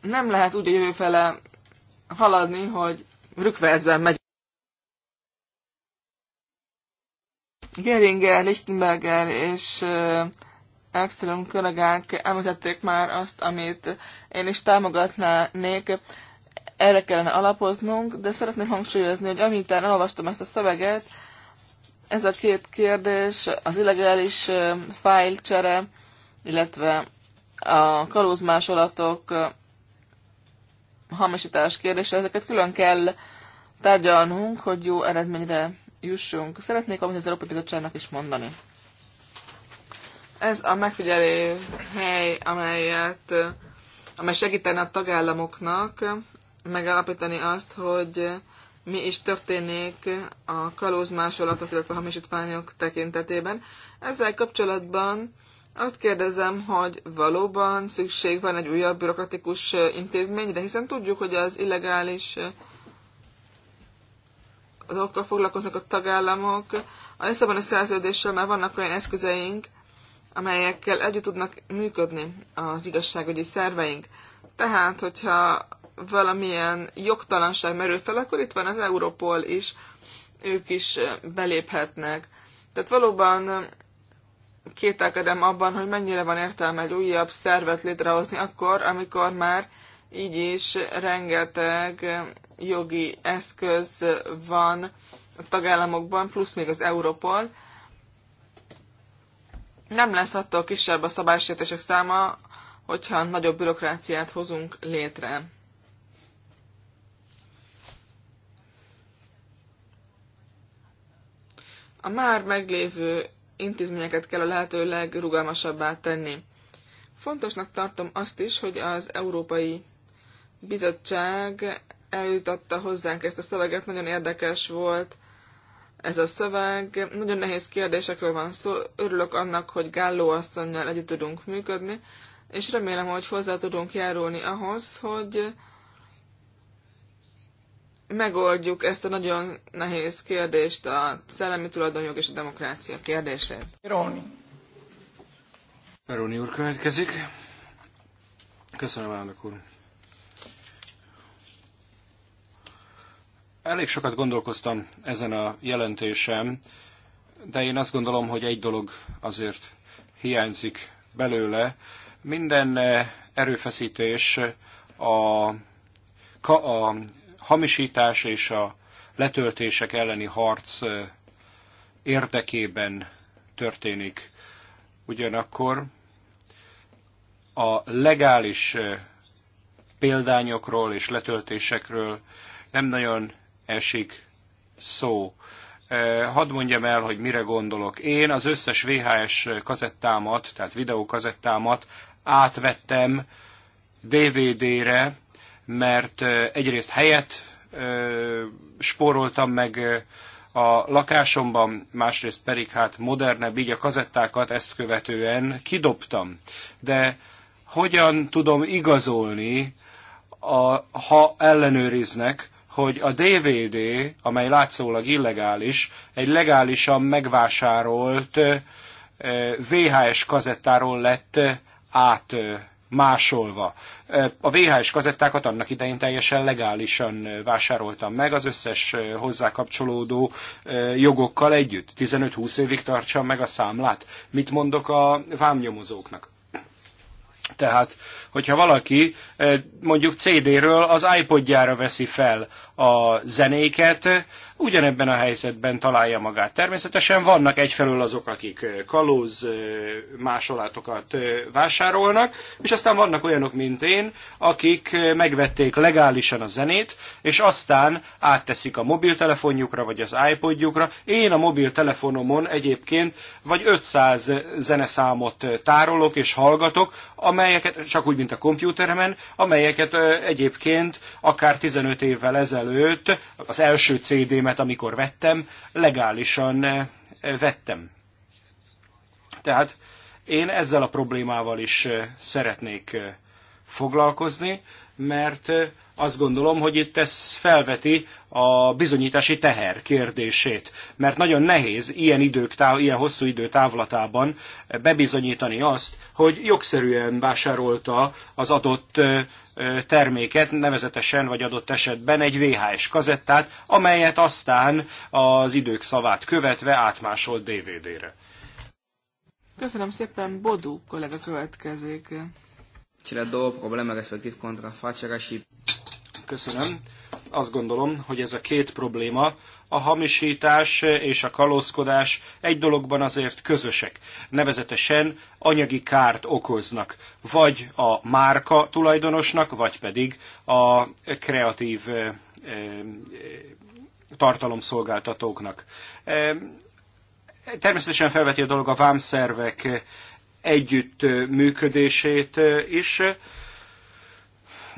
Nem lehet úgy a jövőfele haladni, hogy rükvezben megy. Geringer, Lichtenberger és Axelum kollégák említették már azt, amit én is támogatnánék, erre kellene alapoznunk, de szeretném hangsúlyozni, hogy amint elolvastam ezt a szöveget, ez a két kérdés, az illegális fájlcsere, illetve a kalózmásolatok hamisítás kérdése, ezeket külön kell tárgyalnunk, hogy jó eredményre jussunk. Szeretnék amit az Európai Bizottságnak is mondani. Ez a megfigyelő hely, amelyet, amely segítene a tagállamoknak megállapítani azt, hogy mi is történik a kalózmásolatok, illetve hamisítványok tekintetében. Ezzel kapcsolatban azt kérdezem, hogy valóban szükség van egy újabb bürokratikus intézményre, hiszen tudjuk, hogy az illegális azokkal foglalkoznak a tagállamok. A Lisszaboni szerződéssel már vannak olyan eszközeink, amelyekkel együtt tudnak működni az igazságügyi szerveink. Tehát, hogyha valamilyen jogtalanság merül fel, akkor itt van az Europol is, ők is beléphetnek. Tehát valóban kételkedem abban, hogy mennyire van értelme egy újabb szervet létrehozni akkor, amikor már így is rengeteg jogi eszköz van a tagállamokban, plusz még az Europol, nem lesz attól kisebb a szabálysértések száma, hogyha nagyobb bürokráciát hozunk létre. A már meglévő intézményeket kell a lehető legrugalmasabbá tenni. Fontosnak tartom azt is, hogy az Európai Bizottság eljutatta hozzánk ezt a szöveget, nagyon érdekes volt ez a szöveg. Nagyon nehéz kérdésekről van szó. Örülök annak, hogy Gálló asszonynal együtt tudunk működni, és remélem, hogy hozzá tudunk járulni ahhoz, hogy megoldjuk ezt a nagyon nehéz kérdést, a szellemi tulajdonjog és a demokrácia kérdését. Róni. Róni úr következik. Köszönöm, elnök úr. Elég sokat gondolkoztam ezen a jelentésem, de én azt gondolom, hogy egy dolog azért hiányzik belőle. Minden eh, erőfeszítés a, a hamisítás és a letöltések elleni harc eh, érdekében történik. Ugyanakkor a legális eh, példányokról és letöltésekről nem nagyon esik szó. Hadd mondjam el, hogy mire gondolok. Én az összes VHS kazettámat, tehát videókazettámat átvettem DVD-re, mert egyrészt helyet spóroltam meg a lakásomban, másrészt pedig hát modernebb, így a kazettákat ezt követően kidobtam. De hogyan tudom igazolni, a, ha ellenőriznek, hogy a DVD, amely látszólag illegális, egy legálisan megvásárolt VHS kazettáról lett át másolva. A VHS kazettákat annak idején teljesen legálisan vásároltam meg, az összes hozzá kapcsolódó jogokkal együtt. 15-20 évig tartsam meg a számlát. Mit mondok a vámnyomozóknak? Tehát hogyha valaki eh, mondjuk CD-ről az iPodjára veszi fel a zenéket, eh, ugyanebben a helyzetben találja magát. Természetesen vannak egyfelől azok, akik eh, kalóz másolatokat vásárolnak, és aztán vannak olyanok, mint én, akik megvették legálisan a zenét, és aztán átteszik a mobiltelefonjukra, vagy az iPodjukra. Én a mobiltelefonomon egyébként vagy 500 zeneszámot tárolok és hallgatok, amelyeket csak úgy, mint a kompjúteremen, amelyeket egyébként akár 15 évvel ezelőtt, az első CD-met, amikor vettem, legálisan vettem. Tehát én ezzel a problémával is szeretnék foglalkozni, mert azt gondolom, hogy itt ez felveti a bizonyítási teher kérdését, mert nagyon nehéz ilyen, idők, táv, ilyen hosszú idő távlatában bebizonyítani azt, hogy jogszerűen vásárolta az adott terméket, nevezetesen vagy adott esetben egy VHS kazettát, amelyet aztán az idők szavát követve átmásolt DVD-re. Köszönöm szépen, Bodu kollega következik. Cele două probleme, respectiv contrafacerea și... Köszönöm. Azt gondolom, hogy ez a két probléma, a hamisítás és a kalózkodás egy dologban azért közösek. Nevezetesen anyagi kárt okoznak, vagy a márka tulajdonosnak, vagy pedig a kreatív eh, eh, tartalomszolgáltatóknak. Eh, természetesen felveti a dolog a vámszervek együttműködését is,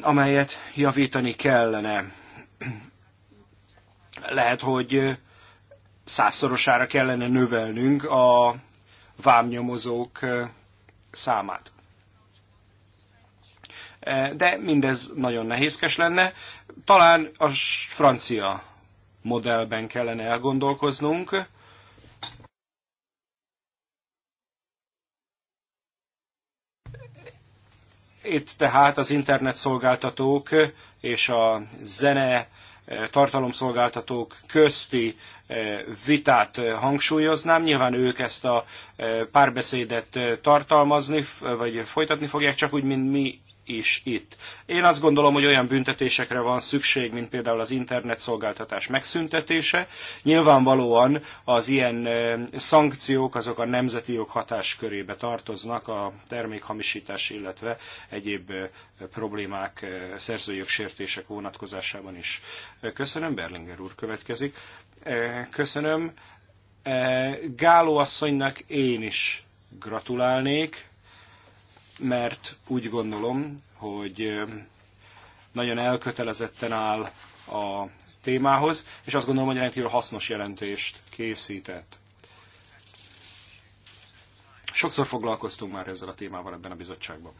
amelyet javítani kellene. Lehet, hogy százszorosára kellene növelnünk a vámnyomozók számát. E, de mindez nagyon nehézkes lenne. Talán a francia modellben kellene elgondolkoznunk, Itt tehát az internetszolgáltatók és a zene eh, tartalomszolgáltatók közti eh, vitát eh, hangsúlyoznám. Nyilván ők ezt a párbeszédet tartalmazni, vagy folytatni fogják, csak úgy, mint mi is itt. Én azt gondolom, hogy olyan büntetésekre van szükség, mint például az internetszolgáltatás megszüntetése. Nyilvánvalóan az ilyen szankciók azok a nemzeti jog hatáskörébe tartoznak a termékhamisítás, illetve egyéb problémák, szerzőjogsértések vonatkozásában is. Köszönöm, Berlinger úr következik. Köszönöm. Gáló asszonynak én is gratulálnék mert úgy gondolom, hogy nagyon elkötelezetten áll a témához, és azt gondolom, hogy rendkívül hasznos jelentést készített. Sokszor foglalkoztunk már ezzel a témával ebben a bizottságban.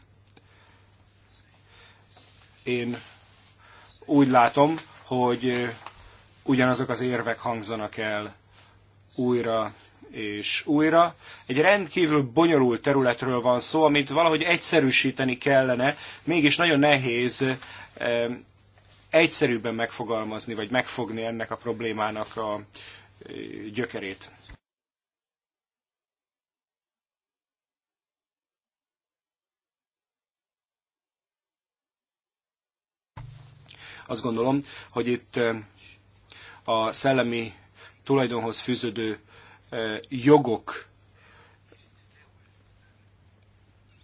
Én úgy látom, hogy ugyanazok az érvek hangzanak el újra és újra. Egy rendkívül bonyolult területről van szó, amit valahogy egyszerűsíteni kellene, mégis nagyon nehéz egyszerűbben megfogalmazni, vagy megfogni ennek a problémának a e, gyökerét. Azt gondolom, hogy itt a szellemi tulajdonhoz fűződő jogok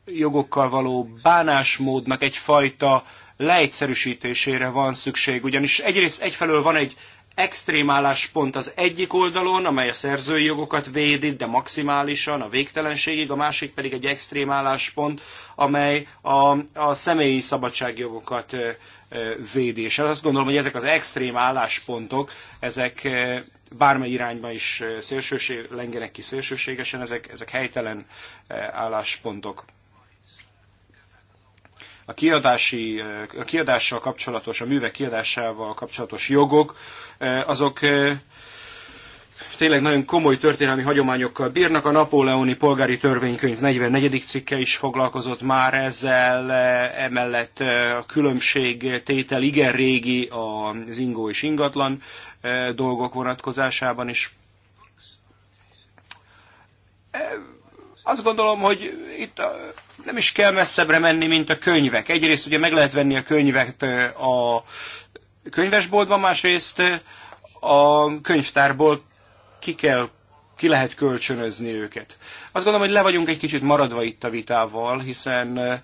jogokkal való bánásmódnak egyfajta leegyszerűsítésére van szükség. Ugyanis egyrészt egyfelől van egy extrém álláspont az egyik oldalon, amely a szerzői jogokat védi, de maximálisan, a végtelenségig, a másik pedig egy extrém álláspont, amely a, a személyi szabadságjogokat védi. És azt gondolom, hogy ezek az extrém álláspontok, ezek bármely irányba is szélsőség, lengenek ki szélsőségesen, ezek, ezek helytelen álláspontok. A, kiadási, a kiadással kapcsolatos, a művek kiadásával kapcsolatos jogok, azok tényleg nagyon komoly történelmi hagyományokkal bírnak. A napóleoni polgári törvénykönyv 44. cikke is foglalkozott már ezzel, eh, emellett eh, a különbség tétel igen régi az ingó és ingatlan eh, dolgok vonatkozásában is. Azt gondolom, hogy itt nem is kell messzebbre menni, mint a könyvek. Egyrészt ugye meg lehet venni a könyvet a könyvesboltban, másrészt a könyvtárból ki kell ki lehet kölcsönözni őket. Azt gondolom, hogy le vagyunk egy kicsit maradva itt a vitával, hiszen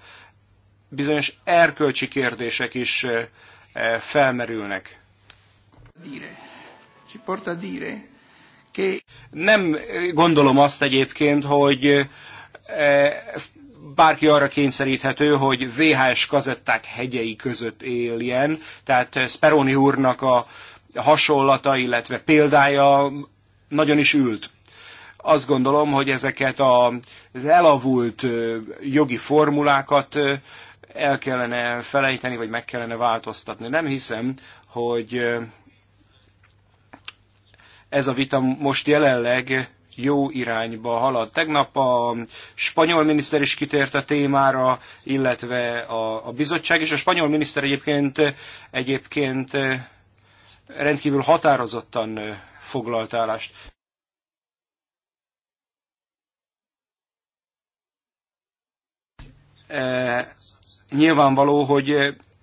bizonyos erkölcsi kérdések is felmerülnek. Nem gondolom azt egyébként, hogy bárki arra kényszeríthető, hogy VHS kazetták hegyei között éljen, tehát Speroni úrnak a hasonlata, illetve példája nagyon is ült. Azt gondolom, hogy ezeket az elavult jogi formulákat el kellene felejteni, vagy meg kellene változtatni. Nem hiszem, hogy ez a vita most jelenleg jó irányba halad. Tegnap a spanyol miniszter is kitért a témára, illetve a, a bizottság, és a spanyol miniszter egyébként, egyébként rendkívül határozottan foglalt állást. Nyilvánvaló, hogy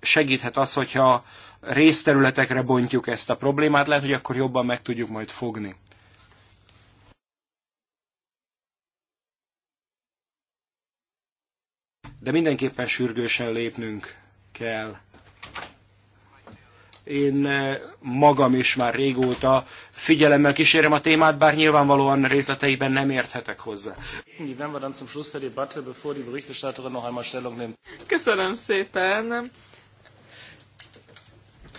segíthet az, hogyha részterületekre bontjuk ezt a problémát, lehet, hogy akkor jobban meg tudjuk majd fogni. De mindenképpen sürgősen lépnünk kell. Én eh, magam is már régóta figyelemmel kísérem a témát, bár nyilvánvalóan részleteiben nem érthetek hozzá. Köszönöm szépen!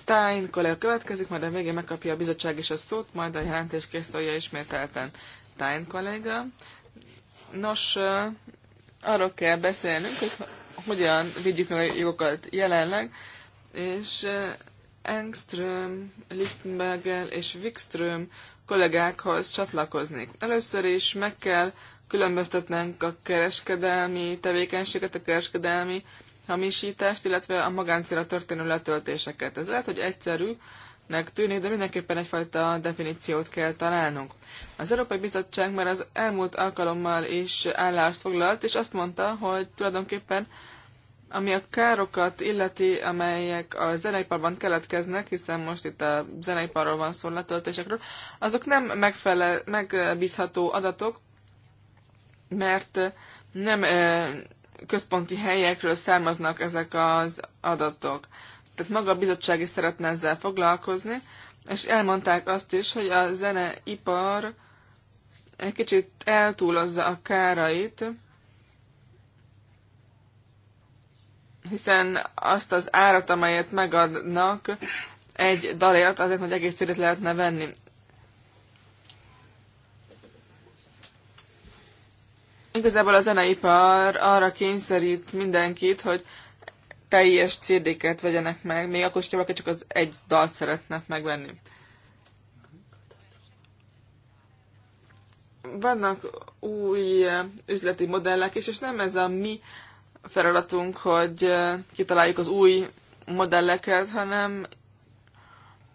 Tájn kollega következik, majd a végén megkapja a bizottság is a szót, majd a jelentés készítője ismételten Tájn kollega. Nos, eh, arról kell beszélnünk, hogy hogyan védjük meg a jogokat jelenleg, és eh, Engström, Lichtenberger és Wikström kollégákhoz csatlakoznék. Először is meg kell különböztetnünk a kereskedelmi tevékenységet, a kereskedelmi hamisítást, illetve a magáncélra történő letöltéseket. Ez lehet, hogy egyszerű tűnik, de mindenképpen egyfajta definíciót kell találnunk. Az Európai Bizottság már az elmúlt alkalommal is állást foglalt, és azt mondta, hogy tulajdonképpen ami a károkat illeti, amelyek a zeneiparban keletkeznek, hiszen most itt a zeneiparról van szó, letöltésekről, azok nem megfele, megbízható adatok, mert nem központi helyekről származnak ezek az adatok. Tehát maga a bizottság is szeretne ezzel foglalkozni, és elmondták azt is, hogy a zeneipar egy kicsit eltúlozza a kárait, hiszen azt az árat, amelyet megadnak egy dalért, azért, hogy egész cédet lehetne venni. Igazából a zeneipar arra kényszerít mindenkit, hogy teljes CD-ket vegyenek meg, még akkor, hogyha valaki csak az egy dalt szeretne megvenni. Vannak új üzleti modellek is, és nem ez a mi feladatunk, hogy kitaláljuk az új modelleket, hanem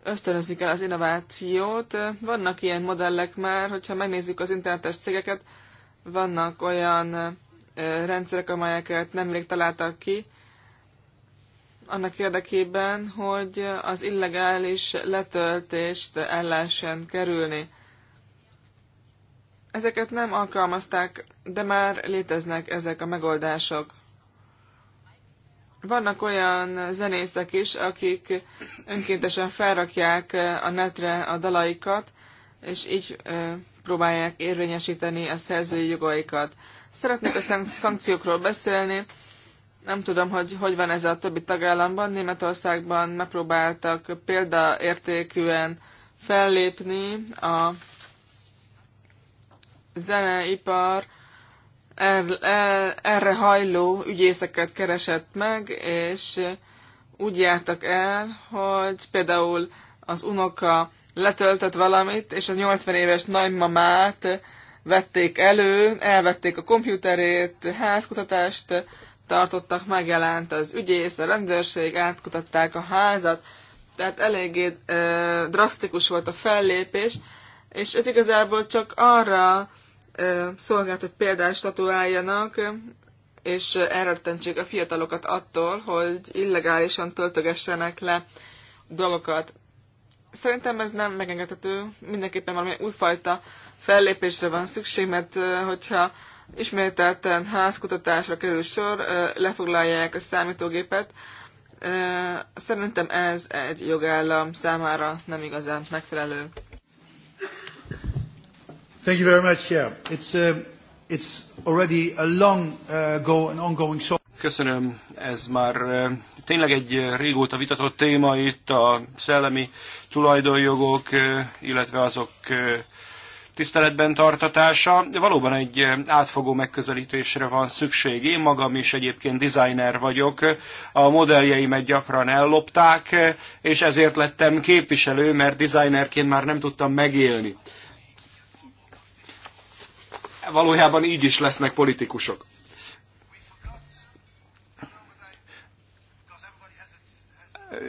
ösztönözni kell az innovációt. Vannak ilyen modellek már, hogyha megnézzük az internetes cégeket, vannak olyan rendszerek, amelyeket nemrég találtak ki, annak érdekében, hogy az illegális letöltést el lehessen kerülni. Ezeket nem alkalmazták, de már léteznek ezek a megoldások. Vannak olyan zenészek is, akik önkéntesen felrakják a netre a dalaikat, és így próbálják érvényesíteni a szerzői jogaikat. Szeretnék a szankciókról beszélni. Nem tudom, hogy hogy van ez a többi tagállamban. Németországban megpróbáltak példaértékűen fellépni a zeneipar Er, er, erre hajló ügyészeket keresett meg, és úgy jártak el, hogy például az unoka letöltött valamit, és az 80 éves nagymamát vették elő, elvették a kompjúterét, házkutatást tartottak, megjelent az ügyész, a rendőrség, átkutatták a házat, tehát eléggé ö, drasztikus volt a fellépés, és ez igazából csak arra szolgált, hogy példát statuáljanak, és elrettentsék a fiatalokat attól, hogy illegálisan töltögessenek le dolgokat. Szerintem ez nem megengedhető, mindenképpen valami újfajta fellépésre van szükség, mert hogyha ismételten házkutatásra kerül sor, lefoglalják a számítógépet, szerintem ez egy jogállam számára nem igazán megfelelő. Thank you very much. Yeah, it's uh, it's already a long uh, go and ongoing show. Köszönöm, ez már uh, tényleg egy uh, régóta vitatott téma itt a szellemi tulajdonjogok, uh, illetve azok tiszteletben tartatása. Valóban egy átfogó megközelítésre van szükség. Én magam is egyébként designer vagyok, a modelljeimet gyakran ellopták, és ezért lettem képviselő, mert designerként már nem tudtam megélni valójában így is lesznek politikusok.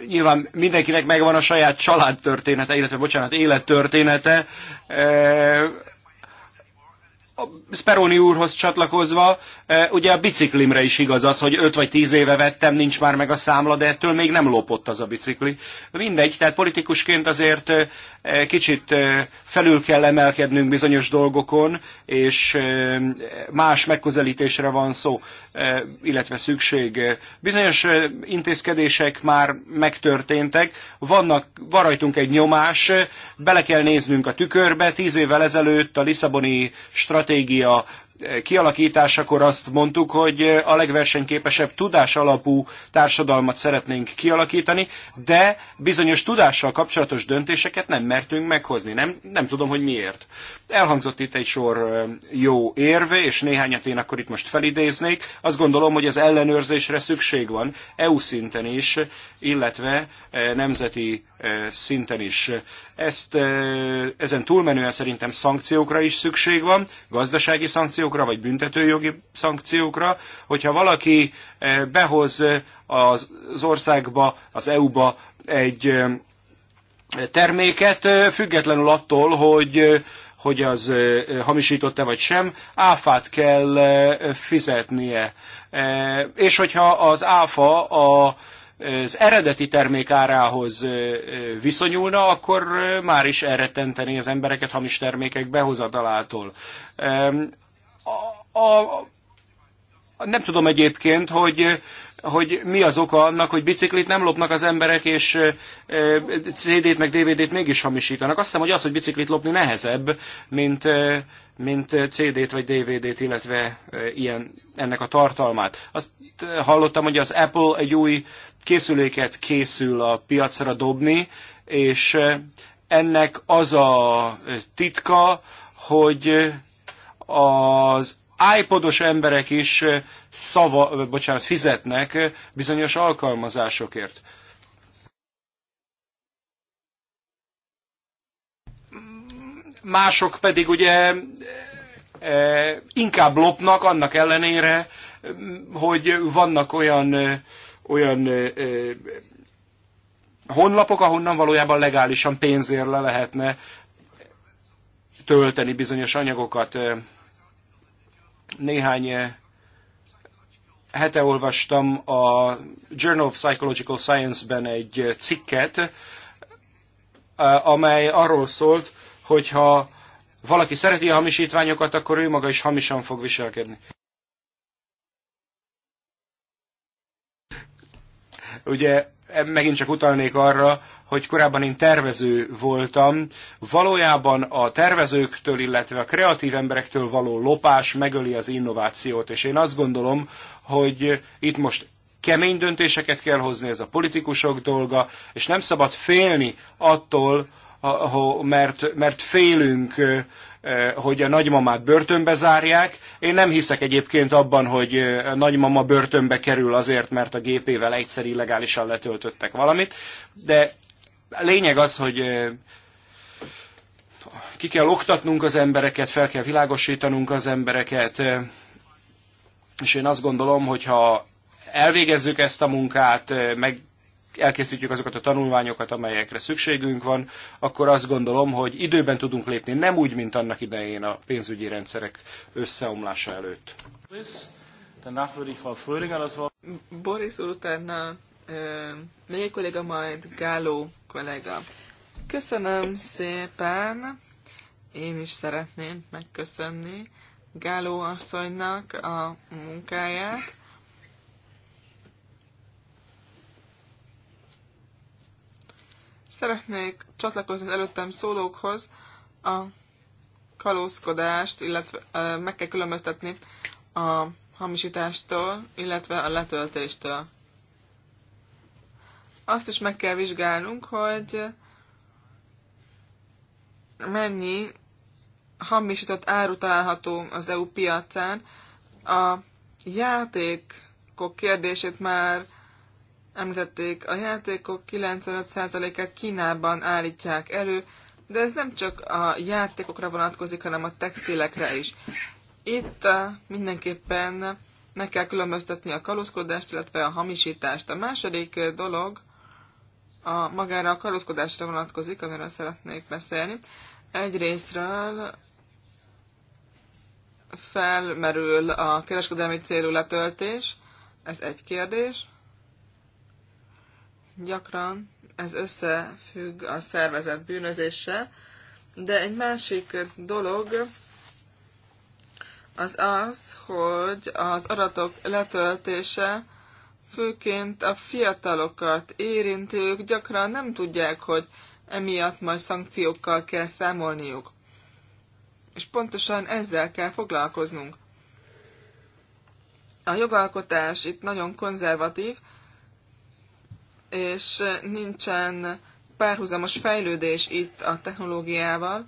nyilván mindenkinek megvan a saját családtörténete, illetve bocsánat, élettörténete. E, Speroni úrhoz csatlakozva Ugye a biciklimre is igaz az, hogy 5 vagy 10 éve vettem, nincs már meg a számla, de ettől még nem lopott az a bicikli. Mindegy, tehát politikusként azért kicsit felül kell emelkednünk bizonyos dolgokon, és más megközelítésre van szó, illetve szükség. Bizonyos intézkedések már megtörténtek, vannak, van rajtunk egy nyomás, bele kell néznünk a tükörbe, tíz évvel ezelőtt a Lisszaboni stratégia kialakításakor azt mondtuk, hogy a legversenyképesebb tudás alapú társadalmat szeretnénk kialakítani, de bizonyos tudással kapcsolatos döntéseket nem mertünk meghozni. Nem, nem tudom, hogy miért. Elhangzott itt egy sor jó érve és néhányat én akkor itt most felidéznék. Azt gondolom, hogy az ellenőrzésre szükség van EU szinten is, illetve nemzeti szinten is. Ezt ezen túlmenően szerintem szankciókra is szükség van, gazdasági szankciókra, szankciókra, vagy büntetőjogi szankciókra, hogyha valaki eh, behoz eh, az országba, az EU-ba egy eh, terméket, függetlenül attól, hogy hogy az hamisított-e vagy sem, áfát kell fizetnie. És hogyha az áfa a az eredeti termék árához viszonyulna, akkor már is elrettenteni az embereket hamis termékek behozatalától a, a, nem tudom egyébként, hogy hogy mi az oka annak, hogy biciklit nem lopnak az emberek, és CD-t meg DVD-t mégis hamisítanak. Azt hiszem, hogy az, hogy biciklit lopni nehezebb, mint, mint CD-t vagy DVD-t, illetve ilyen, ennek a tartalmát. Azt hallottam, hogy az Apple egy új készüléket készül a piacra dobni, és ennek az a titka, hogy az iPodos emberek is szava, bocsánat, fizetnek bizonyos alkalmazásokért. Mások pedig ugye inkább lopnak annak ellenére, hogy vannak olyan, olyan honlapok, ahonnan valójában legálisan pénzért le lehetne tölteni bizonyos anyagokat. Néhány eh, hete olvastam a Journal of Psychological Science-ben egy eh, cikket, eh, amely arról szólt, hogyha valaki szereti a hamisítványokat, akkor ő maga is hamisan fog viselkedni. Ugye megint csak utalnék arra, hogy korábban én tervező voltam, valójában a tervezőktől, illetve a kreatív emberektől való lopás megöli az innovációt, és én azt gondolom, hogy itt most kemény döntéseket kell hozni, ez a politikusok dolga, és nem szabad félni attól, mert, mert félünk, hogy a nagymamát börtönbe zárják. Én nem hiszek egyébként abban, hogy a nagymama börtönbe kerül azért, mert a gépével egyszer illegálisan letöltöttek valamit, de lényeg az, hogy ki kell oktatnunk az embereket, fel kell világosítanunk az embereket, és én azt gondolom, hogy ha elvégezzük ezt a munkát, meg elkészítjük azokat a tanulmányokat, amelyekre szükségünk van, akkor azt gondolom, hogy időben tudunk lépni, nem úgy, mint annak idején a pénzügyi rendszerek összeomlása előtt. Boris, utána még egy kolléga, majd Gáló kollega. Köszönöm szépen! Én is szeretném megköszönni Gáló asszonynak a munkáját. Szeretnék csatlakozni az előttem szólókhoz a kalózkodást, illetve meg kell különböztetni a hamisítástól, illetve a letöltéstől azt is meg kell vizsgálnunk, hogy mennyi hamisított áru található az EU piacán. A játékok kérdését már említették, a játékok 95%-át Kínában állítják elő, de ez nem csak a játékokra vonatkozik, hanem a textilekre is. Itt uh, mindenképpen meg kell különböztetni a kalózkodást, illetve a hamisítást. A második uh, dolog a magára a kalózkodásra vonatkozik, amiről szeretnék beszélni. Egy részről felmerül a kereskedelmi célú letöltés, ez egy kérdés. Gyakran ez összefügg a szervezet bűnözéssel, de egy másik dolog az az, hogy az adatok letöltése főként a fiatalokat érintők gyakran nem tudják, hogy emiatt majd szankciókkal kell számolniuk. És pontosan ezzel kell foglalkoznunk. A jogalkotás itt nagyon konzervatív, és nincsen párhuzamos fejlődés itt a technológiával,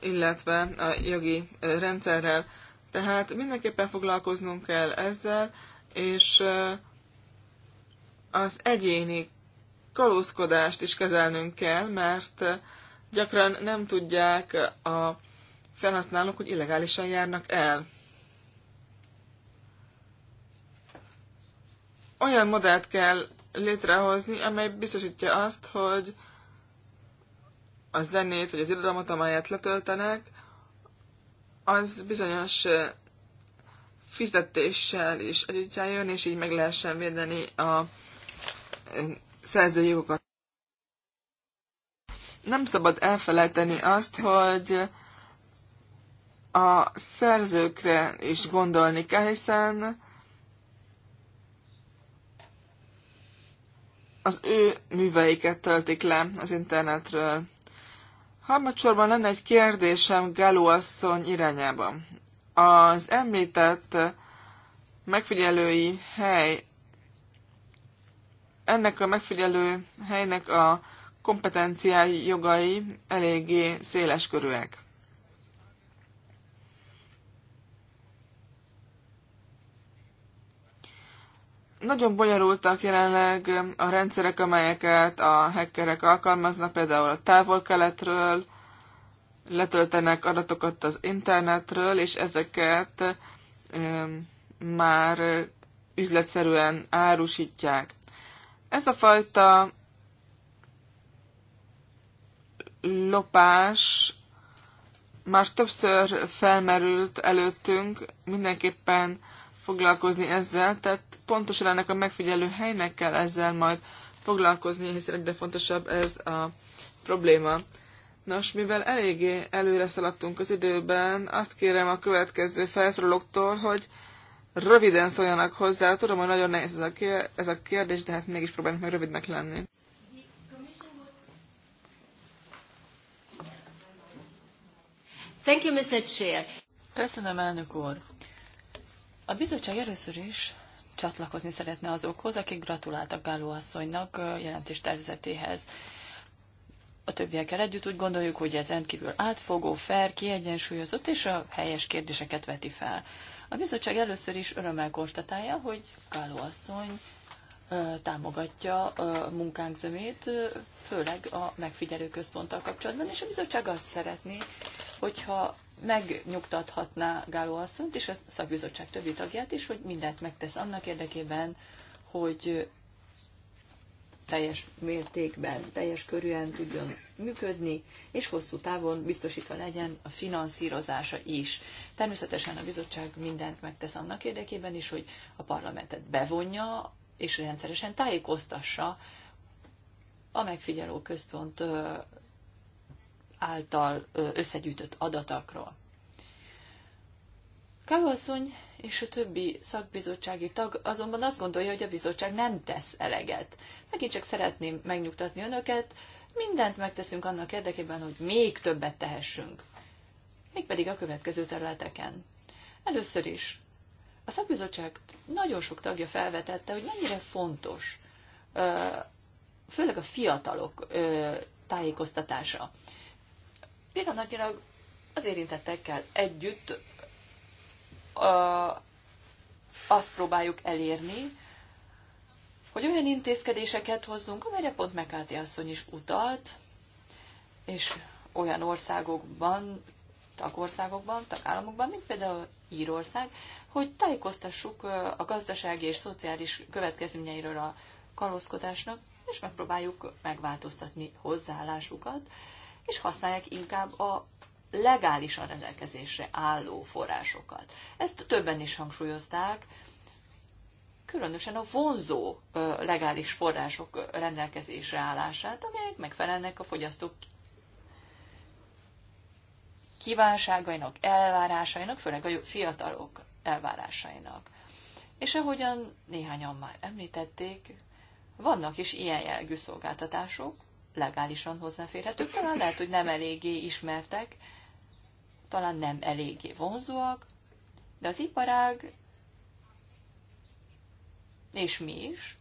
illetve a jogi rendszerrel. Tehát mindenképpen foglalkoznunk kell ezzel, és az egyéni kalózkodást is kezelnünk kell, mert gyakran nem tudják a felhasználók, hogy illegálisan járnak el. Olyan modellt kell létrehozni, amely biztosítja azt, hogy a zenét vagy az irodalmat, amelyet letöltenek, az bizonyos fizetéssel is együtt jön, és így meg lehessen védeni a szerzői jogokat. Nem szabad elfelejteni azt, hogy a szerzőkre is gondolni kell, hiszen az ő műveiket töltik le az internetről. Harmadsorban lenne egy kérdésem Gáló asszony irányában. Az említett megfigyelői hely ennek a megfigyelő helynek a kompetenciái, jogai eléggé körűek. Nagyon bonyolultak jelenleg a rendszerek, amelyeket a hackerek alkalmaznak, például a távol-keletről, letöltenek adatokat az internetről, és ezeket már üzletszerűen árusítják. Ez a fajta lopás már többször felmerült előttünk, mindenképpen foglalkozni ezzel, tehát pontosan ennek a megfigyelő helynek kell ezzel majd foglalkozni, hiszen egyre fontosabb ez a probléma. Nos, mivel eléggé előre szaladtunk az időben, azt kérem a következő felszólalóktól, hogy röviden szóljanak hozzá. Tudom, hogy nagyon nehéz ez a, kérdés, de hát mégis próbálnak meg rövidnek lenni. Thank you, Mr. Chair. Köszönöm, elnök úr. A bizottság először is csatlakozni szeretne azokhoz, akik gratuláltak Gáló asszonynak jelentés tervezetéhez. A többiekkel együtt úgy gondoljuk, hogy ez rendkívül átfogó, fair, kiegyensúlyozott és a helyes kérdéseket veti fel. A bizottság először is örömmel konstatálja, hogy Káló asszony támogatja a munkánk zömét, főleg a központtal kapcsolatban, és a bizottság azt szeretné, hogyha megnyugtathatná Gáló asszonyt és a szakbizottság többi tagját is, hogy mindent megtesz annak érdekében, hogy teljes mértékben, teljes körűen tudjon működni, és hosszú távon biztosítva legyen a finanszírozása is. Természetesen a bizottság mindent megtesz annak érdekében is, hogy a parlamentet bevonja, és rendszeresen tájékoztassa a megfigyelő központ által összegyűjtött adatakról. Kálasszony és a többi szakbizottsági tag azonban azt gondolja, hogy a bizottság nem tesz eleget. Megint csak szeretném megnyugtatni önöket, mindent megteszünk annak érdekében, hogy még többet tehessünk. Mégpedig a következő területeken. Először is, a szakbizottság nagyon sok tagja felvetette, hogy mennyire fontos, főleg a fiatalok tájékoztatása. Pillanatnyilag az érintettekkel együtt azt próbáljuk elérni, hogy olyan intézkedéseket hozzunk, amelyre pont Mekáti asszony is utalt, és olyan országokban, tagországokban, tagállamokban, mint például Írország, hogy tájékoztassuk a gazdasági és szociális következményeiről a kalózkodásnak, és megpróbáljuk megváltoztatni hozzáállásukat, és használják inkább a legálisan rendelkezésre álló forrásokat. Ezt többen is hangsúlyozták, különösen a vonzó legális források rendelkezésre állását, amelyek megfelelnek a fogyasztók kívánságainak, elvárásainak, főleg a fiatalok elvárásainak. És ahogyan néhányan már említették, vannak is ilyen jellegű szolgáltatások, legálisan hozzáférhetők, talán lehet, hogy nem eléggé ismertek, talán nem eléggé vonzóak, de az iparág, és mi is,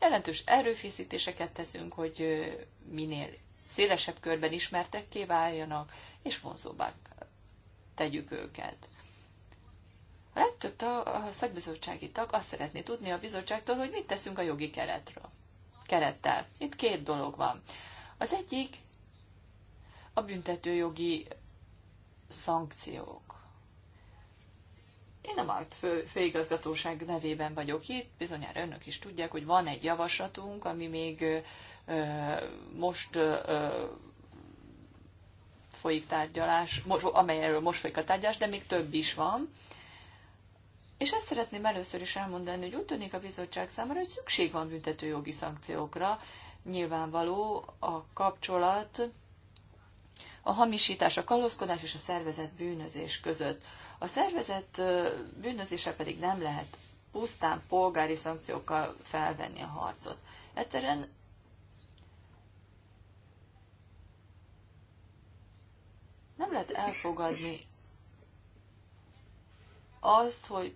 jelentős erőfészítéseket teszünk, hogy minél szélesebb körben ismertekké váljanak, és vonzóbbá tegyük őket. A legtöbb tag, a szakbizottsági tag azt szeretné tudni a bizottságtól, hogy mit teszünk a jogi keretről. Kerettel. Itt két dolog van. Az egyik a büntetőjogi szankciók. Én a MART fő, főigazgatóság nevében vagyok itt, bizonyára önök is tudják, hogy van egy javaslatunk, ami még ö, most ö, folyik tárgyalás, most, amelyről most folyik a tárgyalás, de még több is van. És ezt szeretném először is elmondani, hogy úgy tűnik a bizottság számára, hogy szükség van büntetőjogi szankciókra. Nyilvánvaló a kapcsolat a hamisítás, a kalózkodás és a szervezet bűnözés között. A szervezet bűnözése pedig nem lehet pusztán polgári szankciókkal felvenni a harcot. Egyszerűen nem lehet elfogadni azt, hogy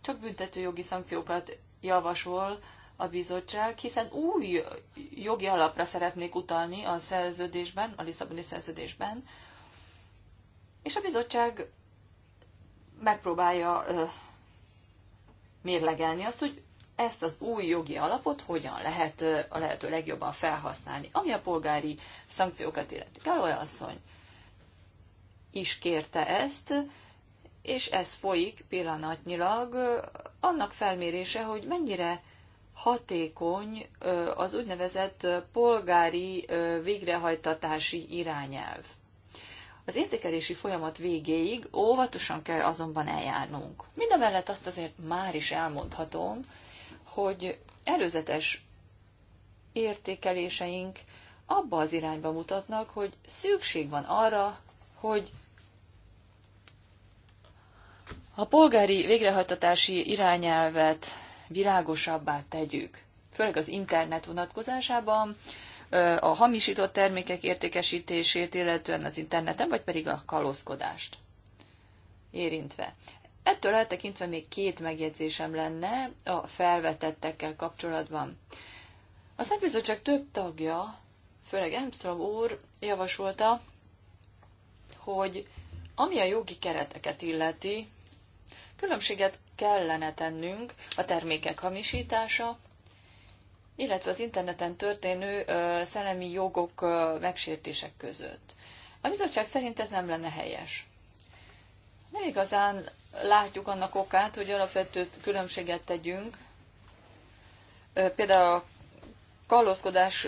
csak büntetőjogi szankciókat javasol a bizottság, hiszen új jogi alapra szeretnék utalni a szerződésben, a Lisszaboni szerződésben, és a bizottság megpróbálja ö, mérlegelni azt, hogy ezt az új jogi alapot hogyan lehet ö, a lehető legjobban felhasználni, ami a polgári szankciókat illeti. Galoja asszony is kérte ezt, és ez folyik pillanatnyilag ö, annak felmérése, hogy mennyire hatékony az úgynevezett polgári végrehajtatási irányelv. Az értékelési folyamat végéig óvatosan kell azonban eljárnunk. Mindemellett azt azért már is elmondhatom, hogy előzetes értékeléseink abba az irányba mutatnak, hogy szükség van arra, hogy a polgári végrehajtatási irányelvet világosabbá tegyük. Főleg az internet vonatkozásában a hamisított termékek értékesítését, illetően az interneten, vagy pedig a kalózkodást érintve. Ettől eltekintve még két megjegyzésem lenne a felvetettekkel kapcsolatban. A szakbizottság több tagja, főleg Armstrong úr javasolta, hogy ami a jogi kereteket illeti, különbséget kellene tennünk a termékek hamisítása, illetve az interneten történő szellemi jogok megsértések között. A bizottság szerint ez nem lenne helyes. Nem igazán látjuk annak okát, hogy alapvető különbséget tegyünk. Például a kallózkodás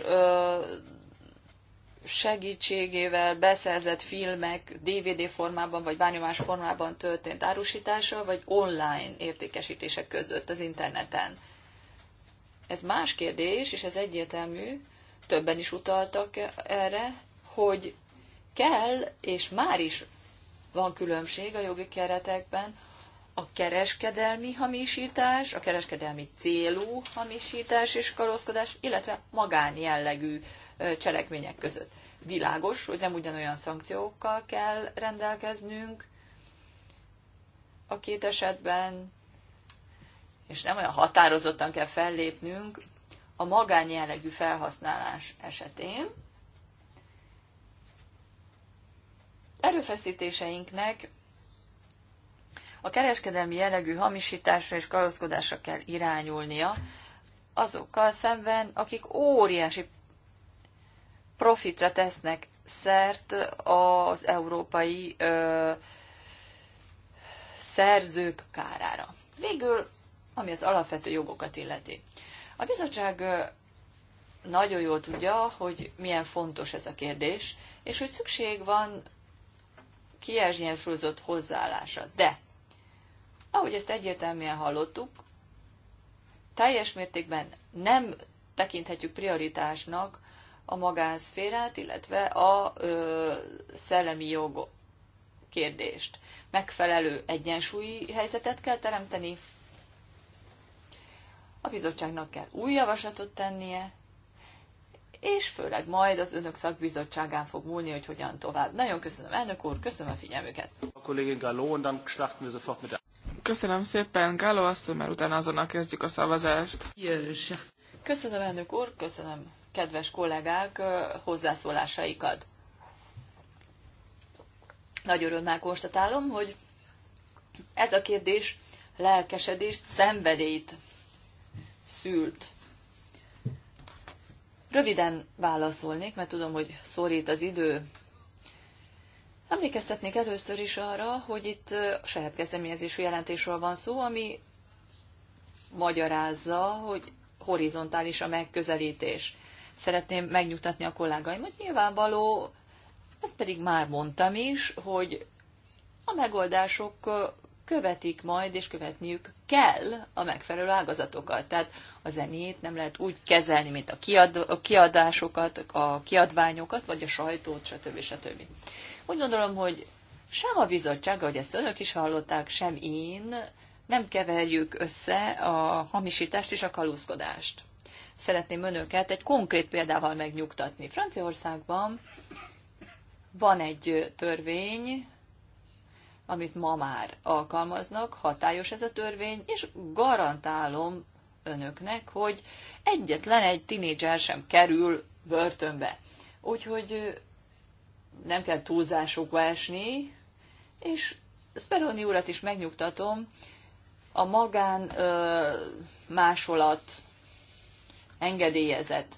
segítségével beszerzett filmek DVD formában vagy bányomás formában történt árusítása, vagy online értékesítések között az interneten. Ez más kérdés, és ez egyértelmű, többen is utaltak erre, hogy kell, és már is van különbség a jogi keretekben, a kereskedelmi hamisítás, a kereskedelmi célú hamisítás és kalózkodás, illetve magánjellegű cselekmények között. Világos, hogy nem ugyanolyan szankciókkal kell rendelkeznünk a két esetben, és nem olyan határozottan kell fellépnünk a magánjellegű felhasználás esetén. Erőfeszítéseinknek a kereskedelmi jellegű hamisításra és kalózkodásra kell irányulnia azokkal szemben, akik óriási profitra tesznek szert az európai ö, szerzők kárára. Végül, ami az alapvető jogokat illeti. A bizottság nagyon jól tudja, hogy milyen fontos ez a kérdés, és hogy szükség van kiegyensúlyozott hozzáállása. De, ahogy ezt egyértelműen hallottuk, teljes mértékben nem tekinthetjük prioritásnak a magánszférát, illetve a ö, szellemi jog kérdést. Megfelelő egyensúlyi helyzetet kell teremteni, a bizottságnak kell új javaslatot tennie, és főleg majd az önök szakbizottságán fog múlni, hogy hogyan tovább. Nagyon köszönöm, elnök úr, köszönöm a figyelmüket. Köszönöm szépen, Gáló asszony, mert utána azonnal kezdjük a szavazást. Köszönöm, elnök úr, köszönöm kedves kollégák hozzászólásaikat. Nagy örömmel konstatálom, hogy ez a kérdés lelkesedést, szenvedélyt szült. Röviden válaszolnék, mert tudom, hogy szorít az idő. Emlékeztetnék először is arra, hogy itt a saját kezdeményezésű jelentésről van szó, ami magyarázza, hogy horizontális a megközelítés szeretném megnyugtatni a hogy Nyilvánvaló, ezt pedig már mondtam is, hogy a megoldások követik majd, és követniük kell a megfelelő ágazatokat. Tehát a zenét nem lehet úgy kezelni, mint a, kiad, a kiadásokat, a kiadványokat, vagy a sajtót, stb. stb. Úgy gondolom, hogy sem a bizottság, ahogy ezt önök is hallották, sem én nem keverjük össze a hamisítást és a kalózkodást szeretném önöket egy konkrét példával megnyugtatni. Franciaországban van egy törvény, amit ma már alkalmaznak, hatályos ez a törvény, és garantálom önöknek, hogy egyetlen egy tinédzser sem kerül börtönbe. Úgyhogy nem kell túlzásokba esni, és Speroni urat is megnyugtatom, a magán ö, másolat engedélyezett.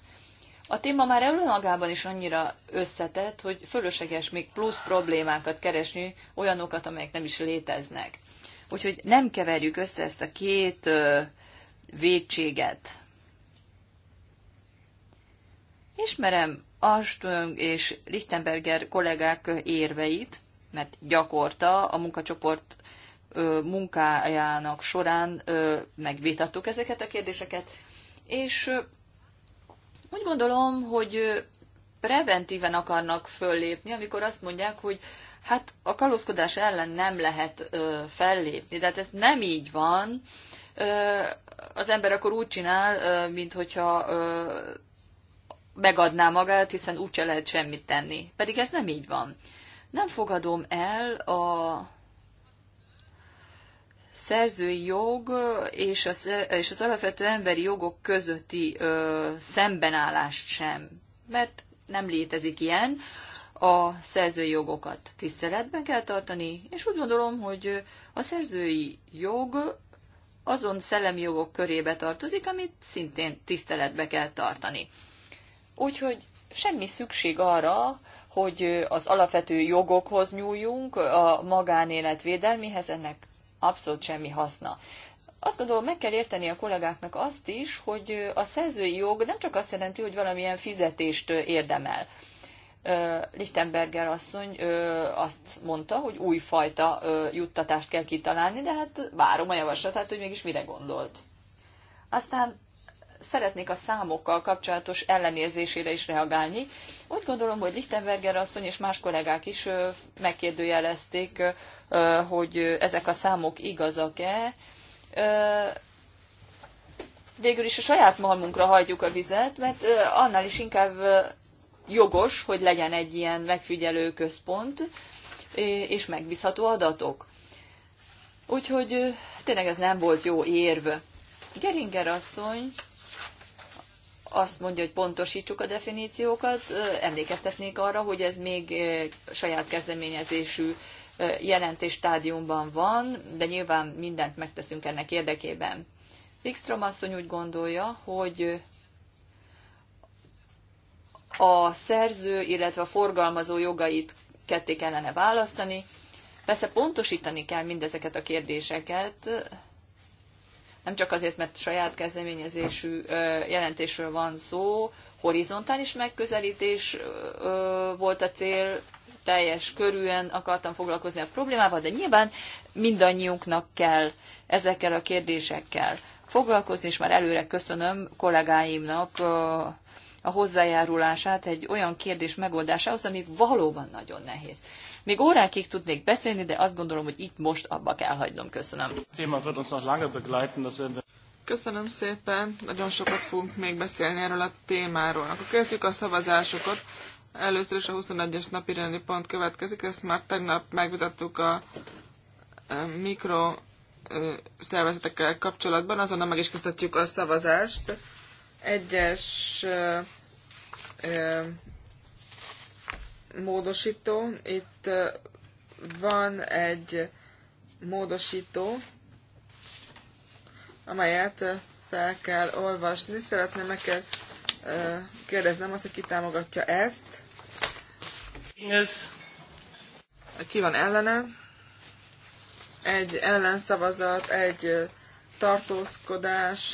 A téma már önmagában is annyira összetett, hogy fölösleges még plusz problémákat keresni, olyanokat, amelyek nem is léteznek. Úgyhogy nem keverjük össze ezt a két ö, védséget. Ismerem Astung és Lichtenberger kollégák érveit, mert gyakorta a munkacsoport munkájának során megvitattuk ezeket a kérdéseket, és úgy gondolom, hogy preventíven akarnak föllépni, amikor azt mondják, hogy hát a kalózkodás ellen nem lehet ö, fellépni. Tehát ez nem így van. Ö, az ember akkor úgy csinál, ö, mint hogyha ö, megadná magát, hiszen úgyse lehet semmit tenni. Pedig ez nem így van. Nem fogadom el a szerzői jog és az, és az alapvető emberi jogok közötti ö, szembenállást sem, mert nem létezik ilyen. A szerzői jogokat tiszteletben kell tartani, és úgy gondolom, hogy a szerzői jog azon szellemi jogok körébe tartozik, amit szintén tiszteletbe kell tartani. Úgyhogy semmi szükség arra, hogy az alapvető jogokhoz nyúljunk, a magánélet védelmihez, ennek abszolút semmi haszna. Azt gondolom, meg kell érteni a kollégáknak azt is, hogy a szerzői jog nem csak azt jelenti, hogy valamilyen fizetést érdemel. Lichtenberger asszony azt mondta, hogy újfajta juttatást kell kitalálni, de hát várom a javaslatát, hogy mégis mire gondolt. Aztán szeretnék a számokkal kapcsolatos ellenérzésére is reagálni. Úgy gondolom, hogy Lichtenberger asszony és más kollégák is megkérdőjelezték, hogy ezek a számok igazak-e. Végül is a saját malmunkra hagyjuk a vizet, mert annál is inkább jogos, hogy legyen egy ilyen megfigyelő központ, és megbízható adatok. Úgyhogy tényleg ez nem volt jó érv. Geringer asszony azt mondja, hogy pontosítsuk a definíciókat, emlékeztetnék arra, hogy ez még saját kezdeményezésű jelentés stádiumban van, de nyilván mindent megteszünk ennek érdekében. Wikström asszony úgy gondolja, hogy a szerző, illetve a forgalmazó jogait ketté kellene választani. Persze pontosítani kell mindezeket a kérdéseket, nem csak azért, mert saját kezdeményezésű jelentésről van szó, horizontális megközelítés volt a cél, teljes körűen akartam foglalkozni a problémával, de nyilván mindannyiunknak kell ezekkel a kérdésekkel foglalkozni, és már előre köszönöm kollégáimnak a hozzájárulását egy olyan kérdés megoldásához, ami valóban nagyon nehéz. Még órákig tudnék beszélni, de azt gondolom, hogy itt most abba kell hagynom. Köszönöm. Köszönöm szépen, nagyon sokat fogunk még beszélni erről a témáról. Akkor kezdjük a szavazásokat. Először is a 21-es napi rendi pont következik, ezt már tegnap megvitattuk a e, mikro e, szervezetekkel kapcsolatban, azonnal meg is kezdhetjük a szavazást. Egyes e, módosító. Itt van egy módosító, amelyet fel kell olvasni. Szeretném meg kell kérdeznem azt, hogy ki támogatja ezt. Ez. Ki van ellene? Egy ellenszavazat, egy tartózkodás,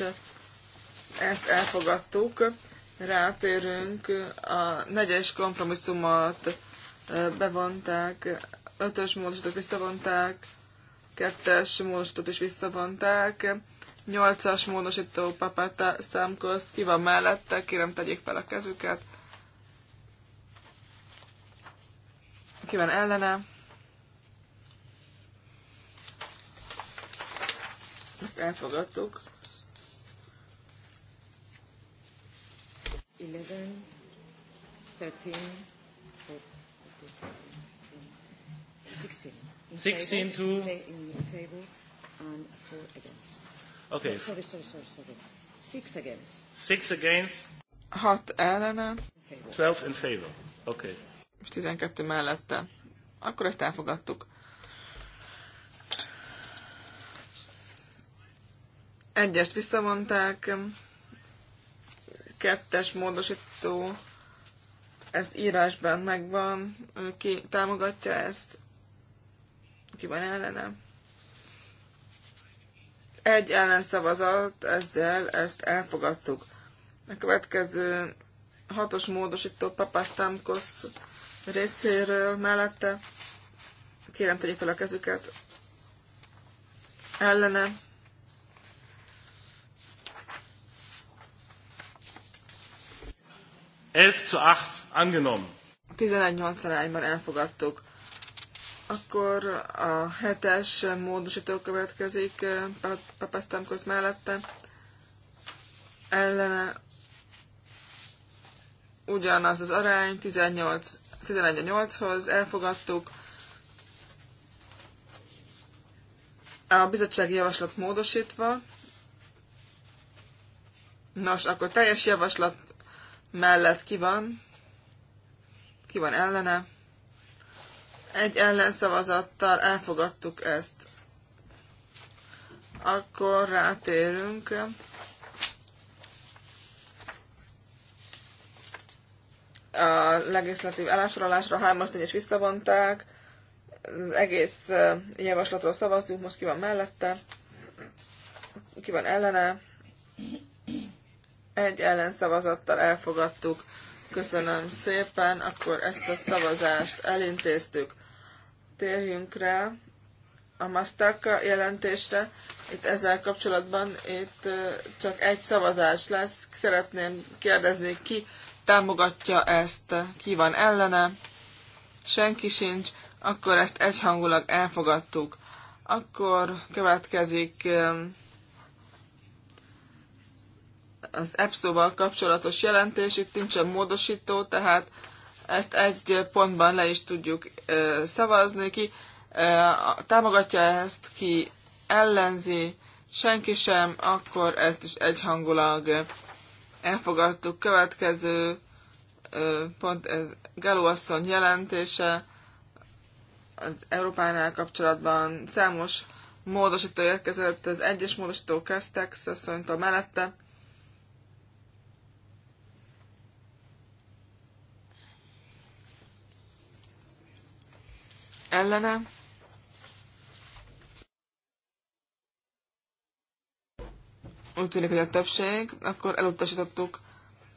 ezt elfogadtuk rátérünk, a negyes kompromisszumot bevonták, ötös módosítót visszavonták, kettes módosítót is visszavonták, nyolcas módosító papát számkoz, ki van mellette, kérem tegyék fel a kezüket, ki van ellene, ezt elfogadtuk. 11, 13, 16. 16 favor, to? In favor and 4 against. Okay. No, oh, sorry, sorry, sorry, sorry. 6 against. 6 against. 6 ellene. 12 in favor. Okay. És 12 mellette. Akkor ezt elfogadtuk. Egyest visszavonták, kettes módosító, ez írásban megvan, ki támogatja ezt, ki van ellene. egy ellenszavazat, ezzel ezt elfogadtuk. A következő hatos módosító papasztámkosz részéről mellette kérem tegyék fel a kezüket ellene 11 zu 8 angenommen. 11-8 arányban elfogadtuk. Akkor a hetes módosító következik Papasztámkoz mellette. Ellene ugyanaz az arány, 18, 11 a 8-hoz elfogadtuk. A bizottsági javaslat módosítva. Nos, akkor teljes javaslat mellett ki van, ki van ellene. Egy ellenszavazattal elfogadtuk ezt. Akkor rátérünk. A legislatív elásorolásra 3-as visszavonták. Az egész eh, javaslatról szavazunk, most ki van mellette, ki van ellene egy ellenszavazattal elfogadtuk. Köszönöm szépen, akkor ezt a szavazást elintéztük. Térjünk rá a Mastaka jelentésre. Itt ezzel kapcsolatban itt csak egy szavazás lesz. Szeretném kérdezni, ki támogatja ezt, ki van ellene. Senki sincs, akkor ezt egyhangulag elfogadtuk. Akkor következik az EPSZO-val kapcsolatos jelentés, itt nincsen módosító, tehát ezt egy pontban le is tudjuk szavazni ki. Támogatja ezt ki, ellenzi, senki sem, akkor ezt is egyhangulag elfogadtuk. Következő pont ez jelentése az Európánál kapcsolatban számos módosító érkezett, az egyes módosító Castex asszonytól mellette ellene. Úgy tűnik, hogy a többség. Akkor elutasítottuk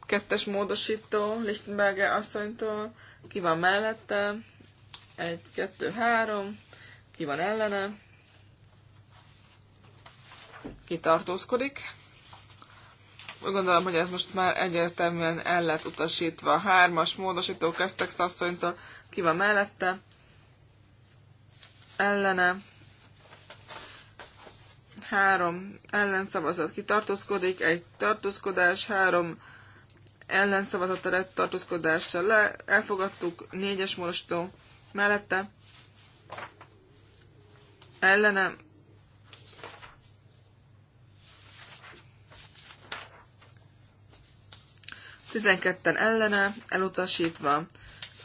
kettes módosító Lichtenberger asszonytól. Ki van mellette? Egy, kettő, három. Ki van ellene? Ki tartózkodik? Úgy gondolom, hogy ez most már egyértelműen el lett utasítva. Hármas módosító kezdtek szasszonytól. Ki van mellette? ellene három ellenszavazat kitartózkodik, egy tartózkodás, három ellenszavazat a tartózkodással le, elfogadtuk, négyes morostó mellette, ellene tizenketten ellene, elutasítva.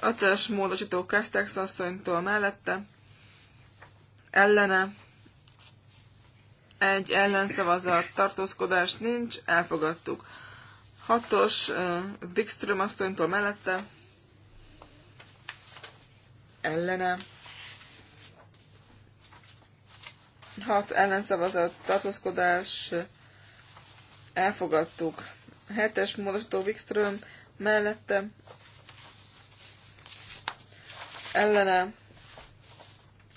Ötös módosító Kastex asszonytól mellette, ellene egy ellenszavazat, tartózkodás nincs, elfogadtuk. Hatos uh, Wikström asszonytól mellette ellene. Hat ellenszavazat, tartózkodás, elfogadtuk. Hetes módosító Wikström mellette ellene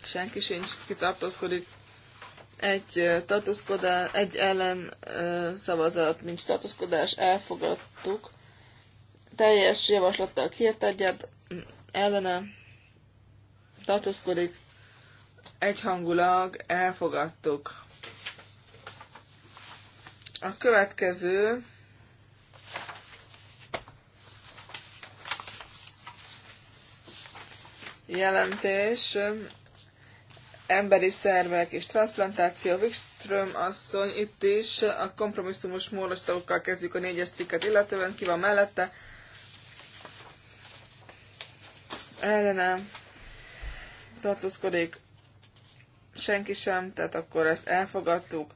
senki sincs, tartózkodik. Egy tartózkodás, egy ellen szavazat, nincs tartózkodás, elfogadtuk. Teljes javaslattal kiért egyet, ellene tartózkodik, egyhangulag elfogadtuk. A következő jelentés emberi szervek és transplantáció. Wikström asszony itt is a kompromisszumos módosítókkal kezdjük a négyes cikket, illetően ki van mellette. Ellene tartózkodik senki sem, tehát akkor ezt elfogadtuk.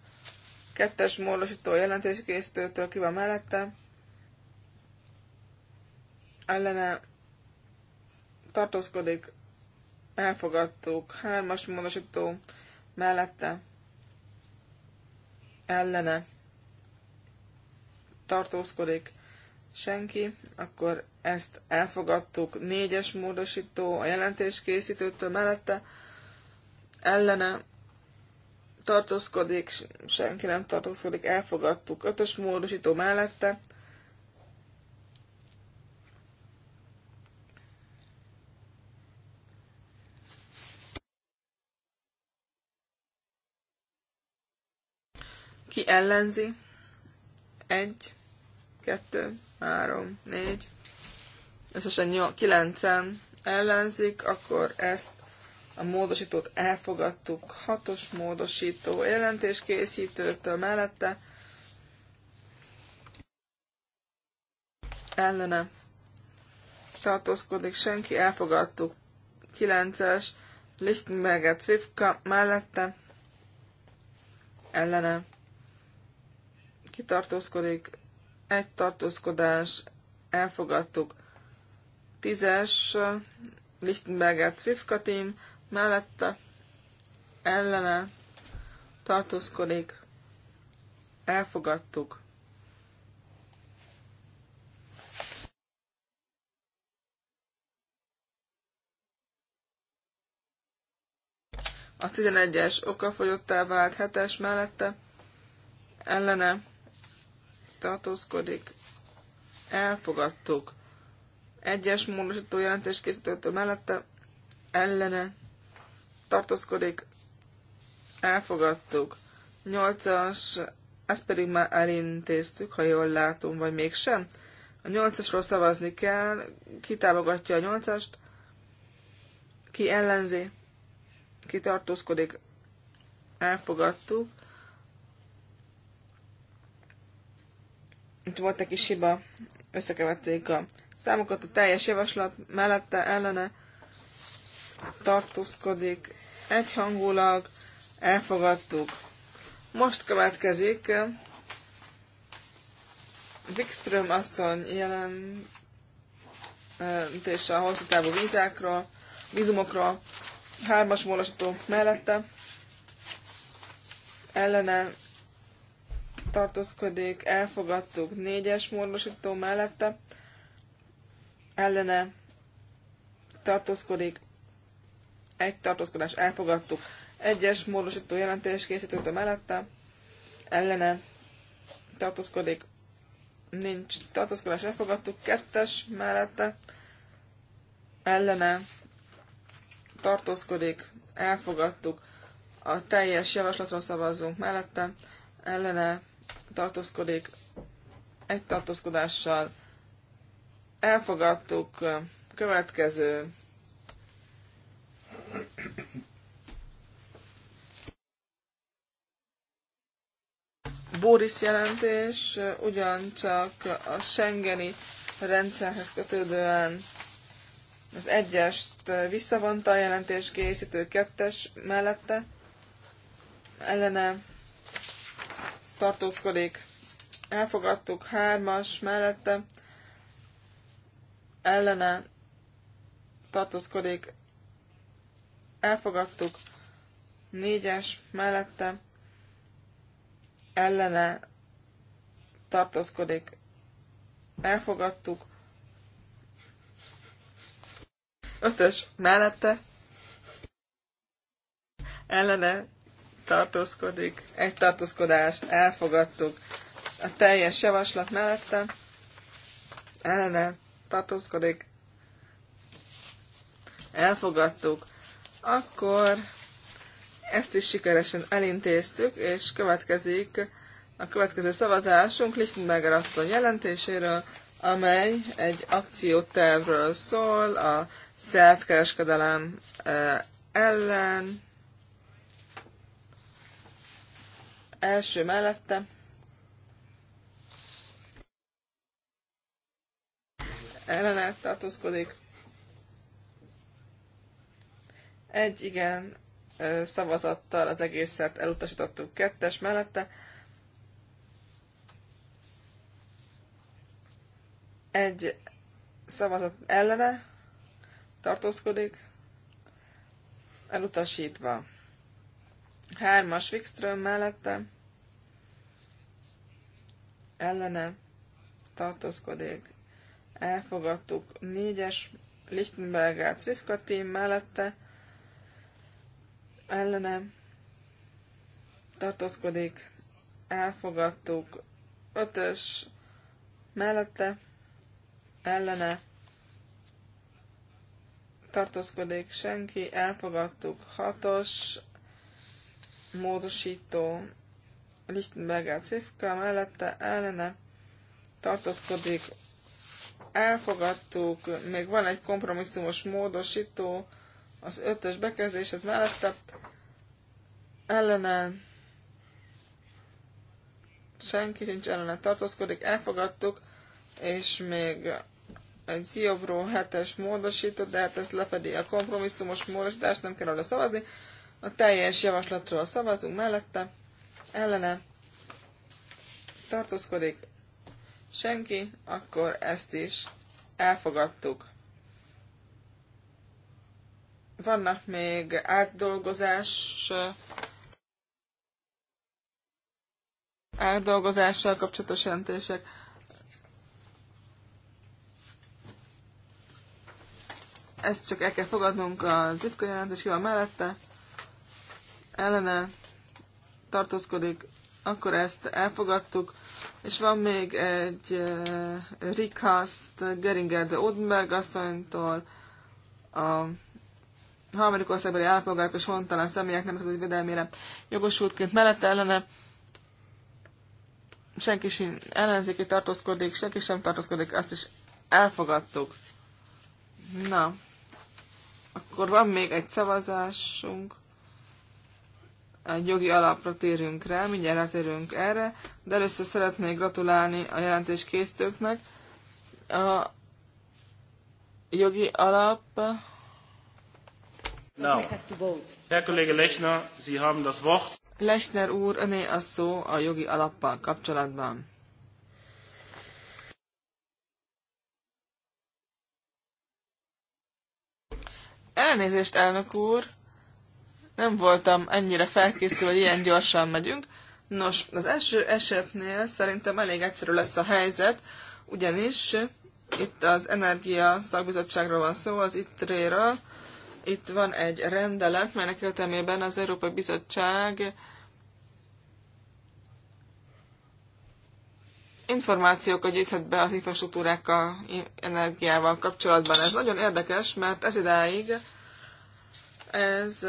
Kettes módosító jelentéskészítőtől ki van mellette. Ellene tartózkodik elfogadtuk. Hármas módosító mellette ellene tartózkodik senki, akkor ezt elfogadtuk. Négyes módosító a jelentés készítőtől mellette ellene tartózkodik, senki nem tartózkodik, elfogadtuk. Ötös módosító mellette Ki ellenzi? Egy, kettő, három, négy. Összesen kilencen ellenzik, akkor ezt a módosítót elfogadtuk. Hatos módosító jelentéskészítőtől mellette. Ellene tartózkodik senki, elfogadtuk. kilences Lichtenberger Zwifka mellette ellene kitartózkodik, egy tartózkodás, elfogadtuk. Tízes Lichtenberger Zwifka team, mellette ellene tartózkodik, elfogadtuk. A 11-es okafogyottá vált 7-es mellette ellene tartózkodik, elfogadtuk. Egyes módosító jelentés készítőtől mellette ellene tartózkodik, elfogadtuk. Nyolcas, ezt pedig már elintéztük, ha jól látom, vagy mégsem. A nyolcasról szavazni kell, ki támogatja a nyolcast, ki ellenzi, ki tartózkodik, elfogadtuk. Itt volt egy kis hiba, összekeverték a számokat, a teljes javaslat mellette ellene tartózkodik, egyhangulag elfogadtuk. Most következik eh, Wikström asszony jelentés a hosszú távú vízákra vízumokra hármas mellette, ellene tartózkodik, elfogadtuk négyes módosító mellette, ellene tartózkodik, egy tartózkodás elfogadtuk, egyes módosító jelentés a mellette, ellene tartózkodik, nincs tartózkodás elfogadtuk, kettes mellette, ellene tartózkodik, elfogadtuk, a teljes javaslatról szavazzunk mellette, ellene tartózkodik, egy tartózkodással elfogadtuk következő Boris jelentés ugyancsak a Schengeni rendszerhez kötődően az egyest visszavonta a jelentés készítő kettes mellette ellene tartózkodik, elfogadtuk, hármas mellette, ellene tartózkodik, elfogadtuk, négyes mellette, ellene tartózkodik, elfogadtuk, ötös mellette, ellene tartózkodik, egy tartózkodást elfogadtuk a teljes javaslat mellette, ellene tartózkodik, elfogadtuk, akkor ezt is sikeresen elintéztük, és következik a következő szavazásunk Lichtenberger asszony jelentéséről, amely egy akciótervről szól a szervkereskedelem eh, ellen. Első mellette. Ellene tartózkodik. Egy igen szavazattal az egészet elutasítottuk kettes mellette. Egy szavazat ellene tartózkodik, elutasítva. Hármas Wikström mellette ellene tartózkodik. Elfogadtuk. Négyes Lichtenberger Zwifka team mellette ellene tartózkodik. Elfogadtuk. Ötös mellette ellene tartózkodik senki, elfogadtuk hatos módosító Lichtenberger Cifka mellette ellene tartózkodik. Elfogadtuk, még van egy kompromisszumos módosító, az ötös bekezdés, ez mellette ellene senki sincs ellene tartózkodik, elfogadtuk, és még egy Ziobró 7-es módosított, de hát ezt lefedi a kompromisszumos módosítást, nem kell arra szavazni. A teljes javaslatról szavazunk mellette, ellene tartózkodik senki, akkor ezt is elfogadtuk. Vannak még átdolgozás átdolgozással kapcsolatos jelentések. Ezt csak el kell fogadnunk, a zipka jelentés ki van mellette, ellene tartózkodik, akkor ezt elfogadtuk. És van még egy eh, Rikaszt Geringer de Odenberg asszonytól, a harmadik országbeli állapolgárok és hontalan személyek nemzetközi védelmére jogosultként mellette ellene senki sem ellenzéki tartózkodik, senki sem tartózkodik, azt is elfogadtuk. Na, akkor van még egy szavazásunk egy jogi alapra térünk rá, mindjárt rátérünk erre, de először szeretnék gratulálni a jelentés készítőknek. A jogi alap... Now, Herr Kollege Lechner, Sie haben das Wort. Lechner úr, öné a szó a jogi alappal kapcsolatban. Elnézést, elnök úr! nem voltam ennyire felkészülve, hogy ilyen gyorsan megyünk. Nos, az első esetnél szerintem elég egyszerű lesz a helyzet, ugyanis itt az Energia Szakbizottságról van szó, az ITRE-ről. Itt van egy rendelet, melynek értelmében az Európai Bizottság információkat gyűjthet be az infrastruktúrákkal, energiával kapcsolatban. Ez nagyon érdekes, mert ez idáig ez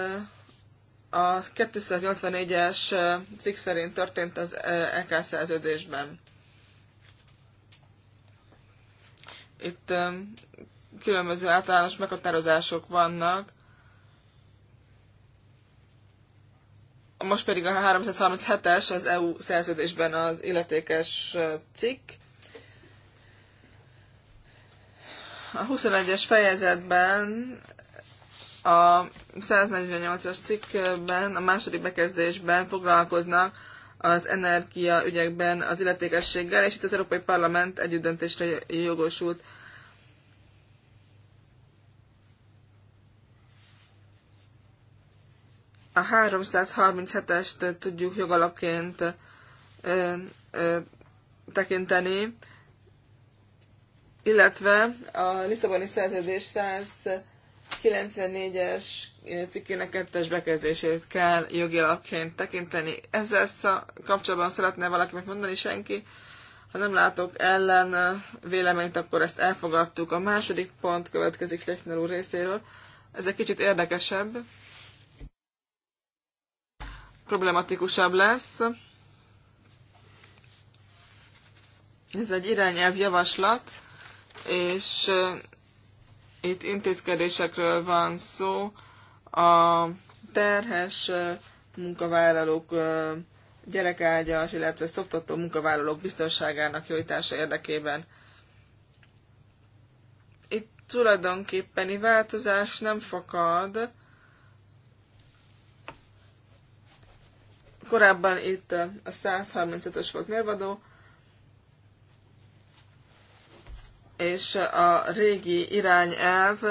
a 284-es cikk szerint történt az EK szerződésben. Itt különböző általános meghatározások vannak, most pedig a 337-es az EU szerződésben az illetékes cikk. A 21-es fejezetben a 148-as cikkben, a második bekezdésben foglalkoznak az energia ügyekben az illetékességgel, és itt az Európai Parlament együttdöntésre jogosult. A 337-est tudjuk jogalapként ö, ö, tekinteni, illetve a Lisszaboni szerződés 100 94-es cikkének kettes bekezdését kell jogi alapként tekinteni. Ezzel kapcsolatban szeretne valaki megmondani senki? Ha nem látok ellen véleményt, akkor ezt elfogadtuk. A második pont következik Lechner úr részéről. Ez egy kicsit érdekesebb, problematikusabb lesz. Ez egy irányelv javaslat, és itt intézkedésekről van szó a terhes munkavállalók gyerekágyas, illetve szoptató munkavállalók biztonságának javítása érdekében. Itt tulajdonképpeni változás nem fakad. Korábban itt a 135-ös volt mérvadó, és a régi irányelv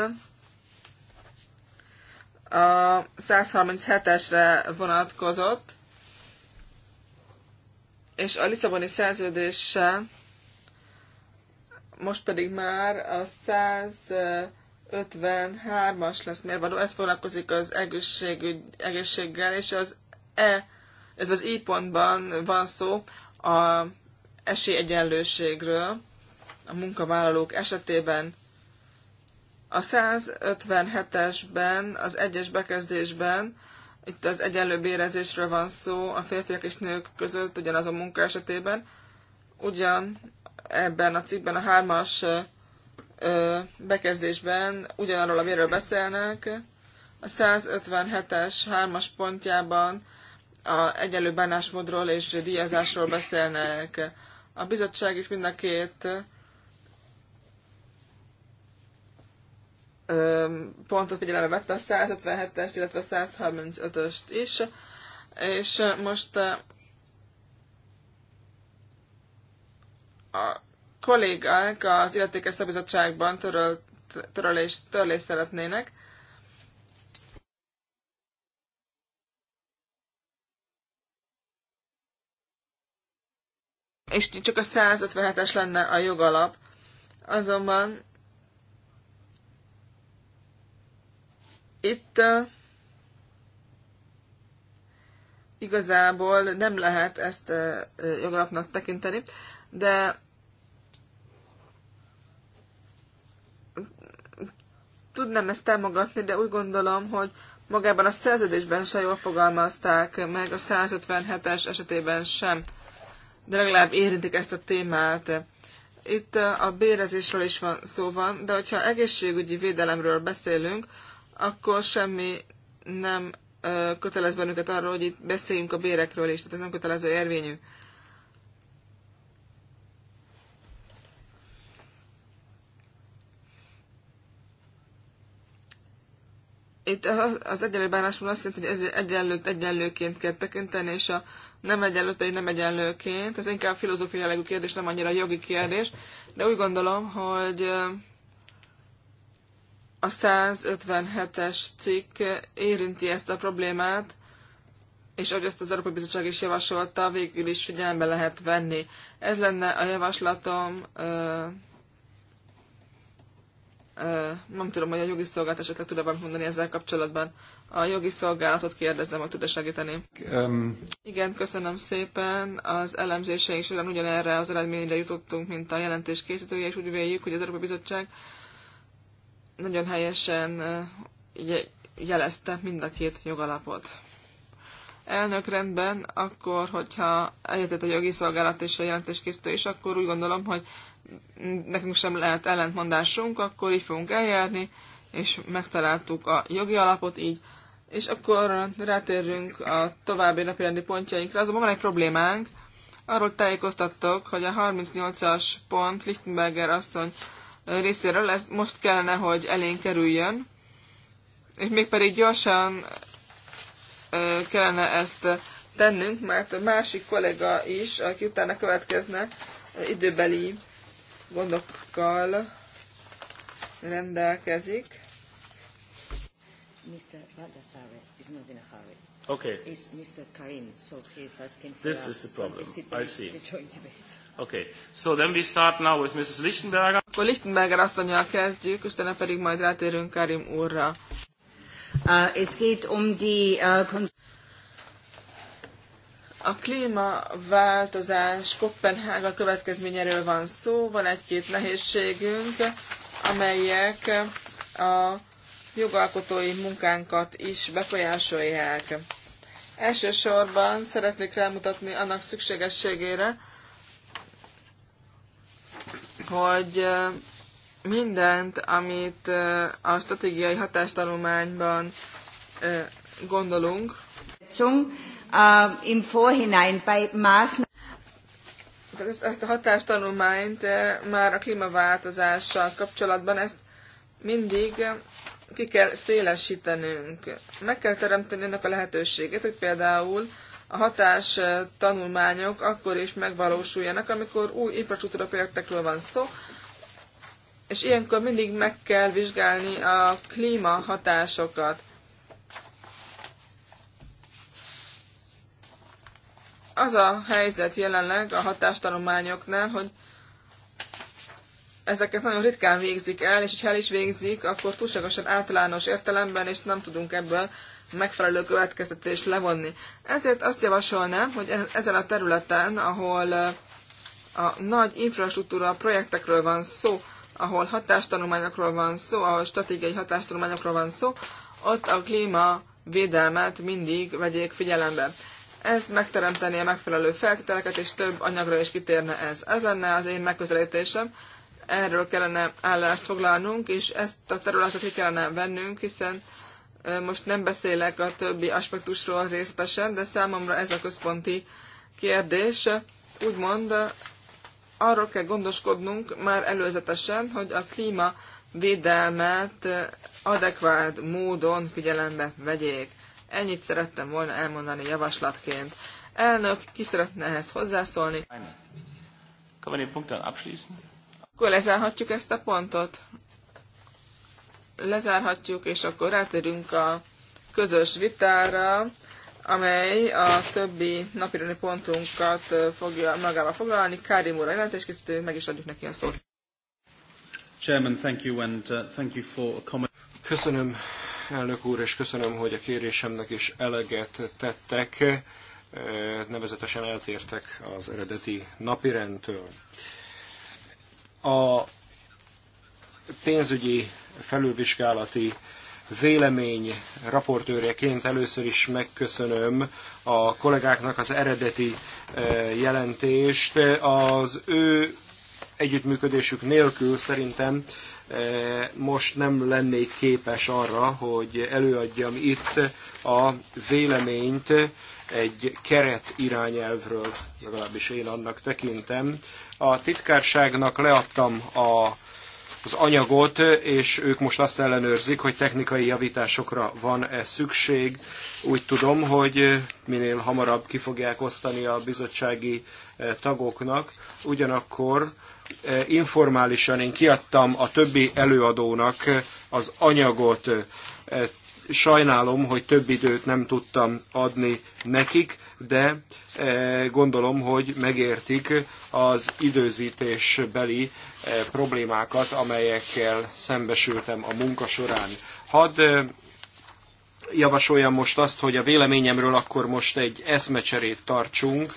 a 137-esre vonatkozott, és a Lisszaboni szerződéssel most pedig már a 153-as lesz mérvadó, ez foglalkozik az egészségügy, egészséggel, és az E, illetve az I pontban van szó a esélyegyenlőségről, a munkavállalók esetében. A 157-esben, az egyes bekezdésben, itt az egyenlő bérezésről van szó a férfiak és nők között ugyanaz a munka esetében, ugyan ebben a cikkben, a hármas bekezdésben ugyanarról a vérről beszélnek. A 157-es hármas pontjában a egyenlő bánásmódról és díjazásról beszélnek. A bizottság is mind a két pontot figyelembe vette a 157-est, illetve a 135-öst is, és most a kollégák az illetékes szabizottságban törölt, törölést, törlés szeretnének, és csak a 157-es lenne a jogalap. Azonban Itt igazából nem lehet ezt jogalapnak tekinteni, de tudnám ezt támogatni, de úgy gondolom, hogy magában a szerződésben se jól fogalmazták, meg a 157-es esetében sem, de legalább érintik ezt a témát. Itt a bérezésről is van, szó van, de hogyha egészségügyi védelemről beszélünk, akkor semmi nem kötelez bennünket arról, hogy itt beszéljünk a bérekről is, tehát ez nem kötelező érvényű. Itt az egyenlő bánásmód azt jelenti, hogy ez egyenlőt egyenlőként kell tekinteni, és a nem egyenlő pedig nem egyenlőként. Ez inkább filozófiai jellegű kérdés, nem annyira jogi kérdés, de úgy gondolom, hogy a 157-es cikk érinti ezt a problémát, és ahogy ezt az Európai Bizottság is javasolta, végül is figyelembe lehet venni. Ez lenne a javaslatom, ö, ö, nem tudom, hogy a jogi szolgálat esetleg tud-e mondani ezzel kapcsolatban. A jogi szolgálatot kérdezem, hogy tud-e segíteni. Um. Igen, köszönöm szépen. Az elemzéseink során ugyanerre az eredményre jutottunk, mint a jelentés készítője, és úgy véljük, hogy az Európai Bizottság nagyon helyesen jelezte mind a két jogalapot. Elnök rendben, akkor, hogyha egyetett a jogi szolgálat és a jelentéskészítő is, akkor úgy gondolom, hogy nekünk sem lehet ellentmondásunk, akkor így fogunk eljárni, és megtaláltuk a jogi alapot így, és akkor rátérünk a további napirendi pontjainkra. Azonban van egy problémánk, arról tájékoztattok, hogy a 38-as pont Lichtenberger asszony részéről, ez most kellene, hogy elén kerüljön, és mégpedig gyorsan kellene ezt tennünk, mert a másik kollega is, aki utána következne, időbeli gondokkal rendelkezik. Mr. Baldessare is not in a hurry. Okay. It's Mr. Karim, so he's asking for This is the problem. I see. The joint debate. Okay. So then we start now with Mrs. Lichtenberger. Akkor Lichtenberger asszonyjal kezdjük, és utána pedig majd rátérünk Karim úrra. Uh, es geht um die, uh, a klímaváltozás Kopenhága következményéről van szó, van egy-két nehézségünk, amelyek a jogalkotói munkánkat is befolyásolják. Elsősorban szeretnék rámutatni annak szükségességére, hogy mindent, amit a stratégiai hatástanulmányban gondolunk, ezt a hatástanulmányt már a klímaváltozással kapcsolatban ezt mindig ki kell szélesítenünk. Meg kell teremteni ennek a lehetőséget, hogy például a hatás tanulmányok akkor is megvalósuljanak, amikor új infrastruktúra projektekről van szó, és ilyenkor mindig meg kell vizsgálni a klíma hatásokat. Az a helyzet jelenleg a hatástanulmányoknál, hogy ezeket nagyon ritkán végzik el, és ha el is végzik, akkor túlságosan általános értelemben, és nem tudunk ebből megfelelő következtetést levonni. Ezért azt javasolnám, hogy e- ezen a területen, ahol a nagy infrastruktúra projektekről van szó, ahol hatástanulmányokról van szó, ahol stratégiai hatástanulmányokról van szó, ott a védelmet mindig vegyék figyelembe. Ez megteremteni a megfelelő feltételeket, és több anyagra is kitérne ez. Ez lenne az én megközelítésem. Erről kellene állást foglalnunk, és ezt a területet ki kellene vennünk, hiszen most nem beszélek a többi aspektusról részletesen, de számomra ez a központi kérdés. Úgymond arról kell gondoskodnunk már előzetesen, hogy a klíma védelmet adekvát módon figyelembe vegyék. Ennyit szerettem volna elmondani javaslatként. Elnök, ki szeretne ehhez hozzászólni? Akkor lezárhatjuk ezt a pontot? lezárhatjuk, és akkor rátérünk a közös vitára, amely a többi napirani pontunkat fogja magába foglalni. Kári úr a jelentéskészítő, meg is adjuk neki a szót. Chairman, thank you and uh, thank you for a comment. Köszönöm, elnök úr, és köszönöm, hogy a kérésemnek is eleget tettek. Nevezetesen eltértek az eredeti napirendtől. A pénzügyi felülvizsgálati vélemény raportőreként először is megköszönöm a kollégáknak az eredeti e, jelentést. Az ő együttműködésük nélkül szerintem e, most nem lennék képes arra, hogy előadjam itt a véleményt egy keret irányelvről, legalábbis én annak tekintem. A titkárságnak leadtam a az anyagot, és ők most azt ellenőrzik, hogy technikai javításokra van-e szükség. Úgy tudom, hogy minél hamarabb ki fogják osztani a bizottsági e, tagoknak. Ugyanakkor e, informálisan én kiadtam a többi előadónak e, az anyagot. Sajnálom, hogy több időt nem tudtam adni nekik, de e, gondolom, hogy megértik az időzítésbeli e, problémákat, amelyekkel szembesültem a munka során. Hadd e, javasoljam most azt, hogy a véleményemről akkor most egy eszmecserét tartsunk,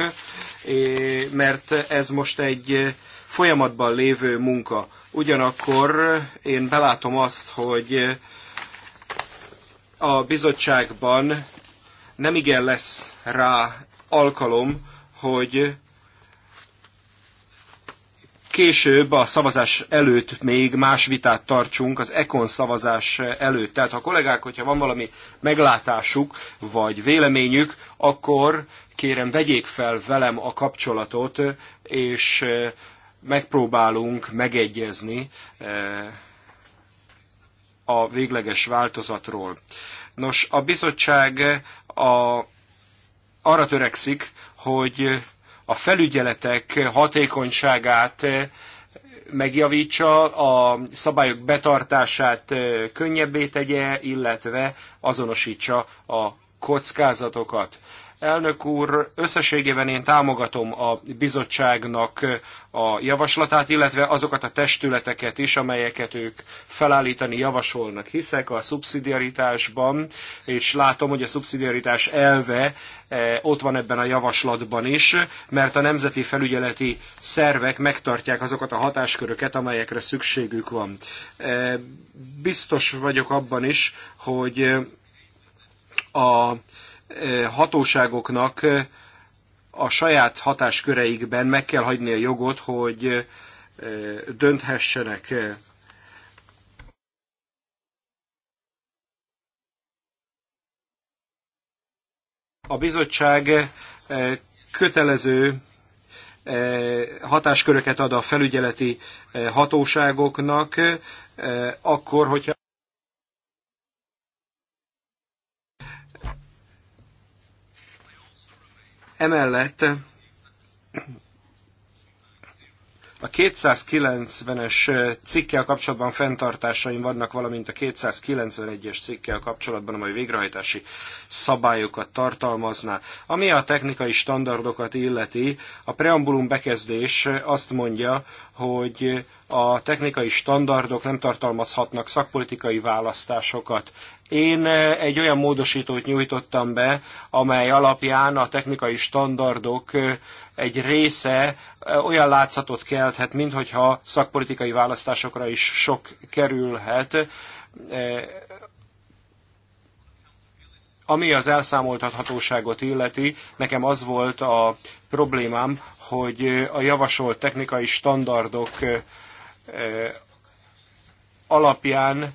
mert ez most egy folyamatban lévő munka. Ugyanakkor én belátom azt, hogy a bizottságban nem igen lesz rá alkalom, hogy később a szavazás előtt még más vitát tartsunk az ECON szavazás előtt. Tehát ha kollégák, hogyha van valami meglátásuk vagy véleményük, akkor kérem vegyék fel velem a kapcsolatot, és eh, megpróbálunk megegyezni eh, a végleges változatról. Nos, a bizottság a, arra törekszik, hogy a felügyeletek hatékonyságát megjavítsa, a szabályok betartását könnyebbé tegye, illetve azonosítsa a kockázatokat. Elnök úr, összességében én támogatom a bizottságnak a javaslatát, illetve azokat a testületeket is, amelyeket ők felállítani javasolnak. Hiszek a szubszidiaritásban, és látom, hogy a szubszidiaritás elve e, ott van ebben a javaslatban is, mert a nemzeti felügyeleti szervek megtartják azokat a hatásköröket, amelyekre szükségük van. E, biztos vagyok abban is, hogy a hatóságoknak a saját hatásköreikben meg kell hagyni a jogot, hogy dönthessenek. A bizottság kötelező hatásköröket ad a felügyeleti hatóságoknak, akkor, hogyha Emellett a 290-es cikkel kapcsolatban fenntartásaim vannak, valamint a 291-es cikkel kapcsolatban, amely végrehajtási szabályokat tartalmazná. Ami a technikai standardokat illeti, a preambulum bekezdés azt mondja, hogy a technikai standardok nem tartalmazhatnak szakpolitikai választásokat. Én eh, egy olyan módosítót nyújtottam be, amely alapján a technikai standardok eh, egy része eh, olyan látszatot kelthet, minthogyha szakpolitikai választásokra is sok kerülhet ami az elszámoltathatóságot illeti, nekem az volt a problémám, hogy a javasolt technikai standardok alapján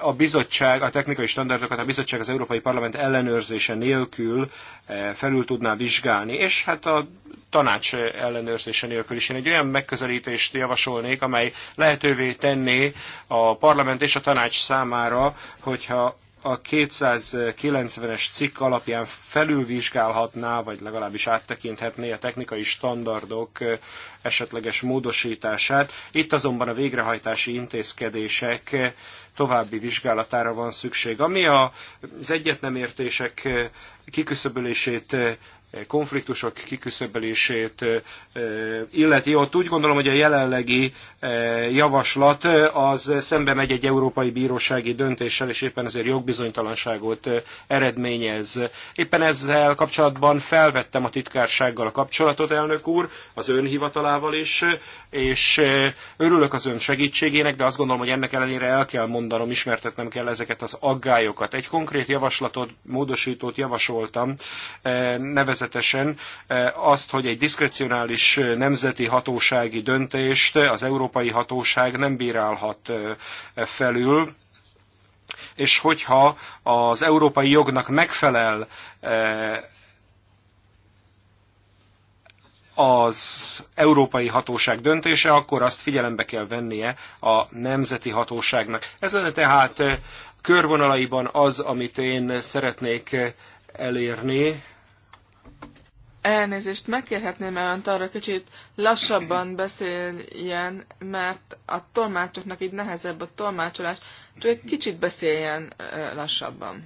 a bizottság, a technikai standardokat a bizottság az Európai Parlament ellenőrzése nélkül eh, felül tudná vizsgálni, és hát a tanács ellenőrzése nélkül is. Én egy olyan megközelítést javasolnék, amely lehetővé tenné a parlament és a tanács számára, hogyha a 290-es cikk alapján felülvizsgálhatná, vagy legalábbis áttekinthetné a technikai standardok esetleges módosítását. Itt azonban a végrehajtási intézkedések további vizsgálatára van szükség. Ami az egyetnemértések kiküszöbölését konfliktusok kiküszöbölését illeti. Ott úgy gondolom, hogy a jelenlegi javaslat az szembe megy egy európai bírósági döntéssel, és éppen ezért jogbizonytalanságot eredményez. Éppen ezzel kapcsolatban felvettem a titkársággal a kapcsolatot, elnök úr, az ön hivatalával is, és örülök az ön segítségének, de azt gondolom, hogy ennek ellenére el kell mondanom, ismertetnem kell ezeket az aggályokat. Egy konkrét javaslatot, módosítót javasoltam, nevezett természetesen eh, azt, hogy egy diszkrecionális eh, nemzeti hatósági döntést az európai hatóság nem bírálhat eh, felül, és hogyha az európai jognak megfelel az európai hatóság döntése, akkor azt figyelembe kell vennie a nemzeti hatóságnak. Ez lenne tehát körvonalaiban az, amit én szeretnék elérni. Elnézést, megkérhetném -e önt arra kicsit lassabban beszéljen, mert a tolmácsoknak így nehezebb a tolmácsolás, csak egy kicsit beszéljen lassabban.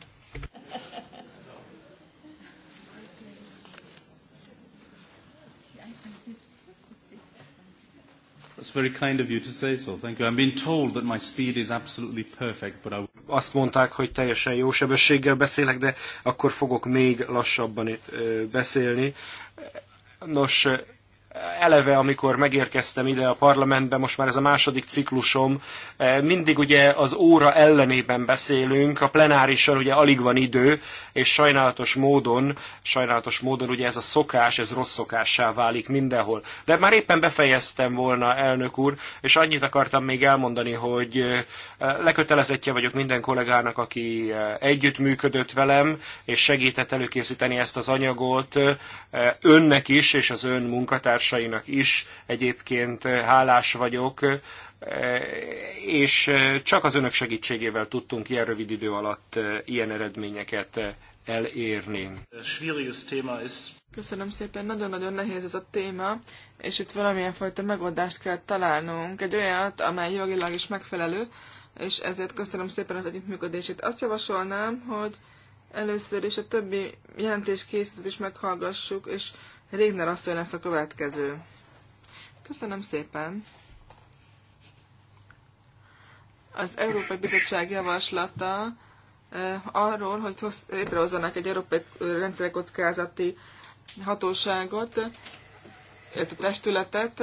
That's very kind of you to say so. Thank you. I'm being told that my speed is absolutely perfect, but I... Azt mondták, hogy teljesen jó sebességgel beszélek, de akkor fogok még lassabban beszélni. Nos, eleve, amikor megérkeztem ide a parlamentbe, most már ez a második ciklusom, eh, mindig ugye az óra ellenében beszélünk, a plenárisan ugye alig van idő, és sajnálatos módon, sajnálatos módon ugye ez a szokás, ez rossz szokássá válik mindenhol. De már éppen befejeztem volna, elnök úr, és annyit akartam még elmondani, hogy eh, lekötelezettje vagyok minden kollégának, aki eh, együttműködött velem, és segített előkészíteni ezt az anyagot önnek is, és az ön munkatárs munkatársainak is egyébként eh, hálás vagyok, eh, és eh, csak az önök segítségével tudtunk ilyen rövid idő alatt ilyen eredményeket elérni. Köszönöm szépen, nagyon-nagyon nehéz ez a téma, és itt valamilyen fajta megoldást kell találnunk, egy olyat, amely jogilag is megfelelő, és ezért köszönöm szépen az együttműködését. Azt javasolnám, hogy először is a többi jelentés készítőt is meghallgassuk, és Régner asszony lesz a következő. Köszönöm szépen. Az Európai Bizottság javaslata eh, arról, hogy létrehozzanak egy európai rendszerkockázati hatóságot, illetve testületet.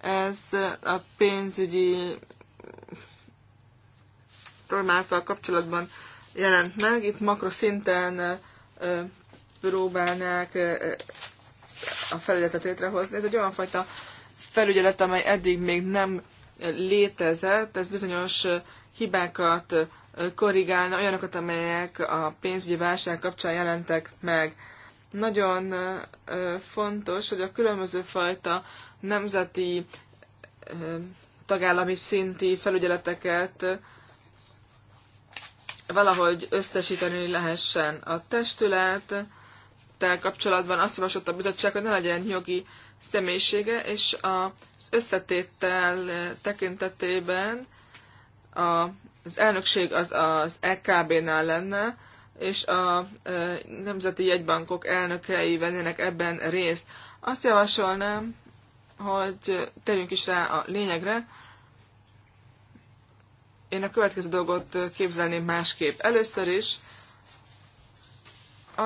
Ez a pénzügyi problémákkal kapcsolatban jelent meg. Itt makroszinten eh, próbálnák eh, a felügyeletet létrehozni. Ez egy olyan fajta felügyelet, amely eddig még nem létezett, ez bizonyos hibákat korrigálna, olyanokat, amelyek a pénzügyi válság kapcsán jelentek meg. Nagyon fontos, hogy a különböző fajta nemzeti tagállami szinti felügyeleteket valahogy összesíteni lehessen. A testület rendelettel kapcsolatban azt javasolta a bizottság, hogy ne legyen jogi személyisége, és az összetétel tekintetében az elnökség az az EKB-nál lenne, és a nemzeti jegybankok elnökei vennének ebben részt. Azt javasolnám, hogy térjünk is rá a lényegre. Én a következő dolgot képzelném másképp. Először is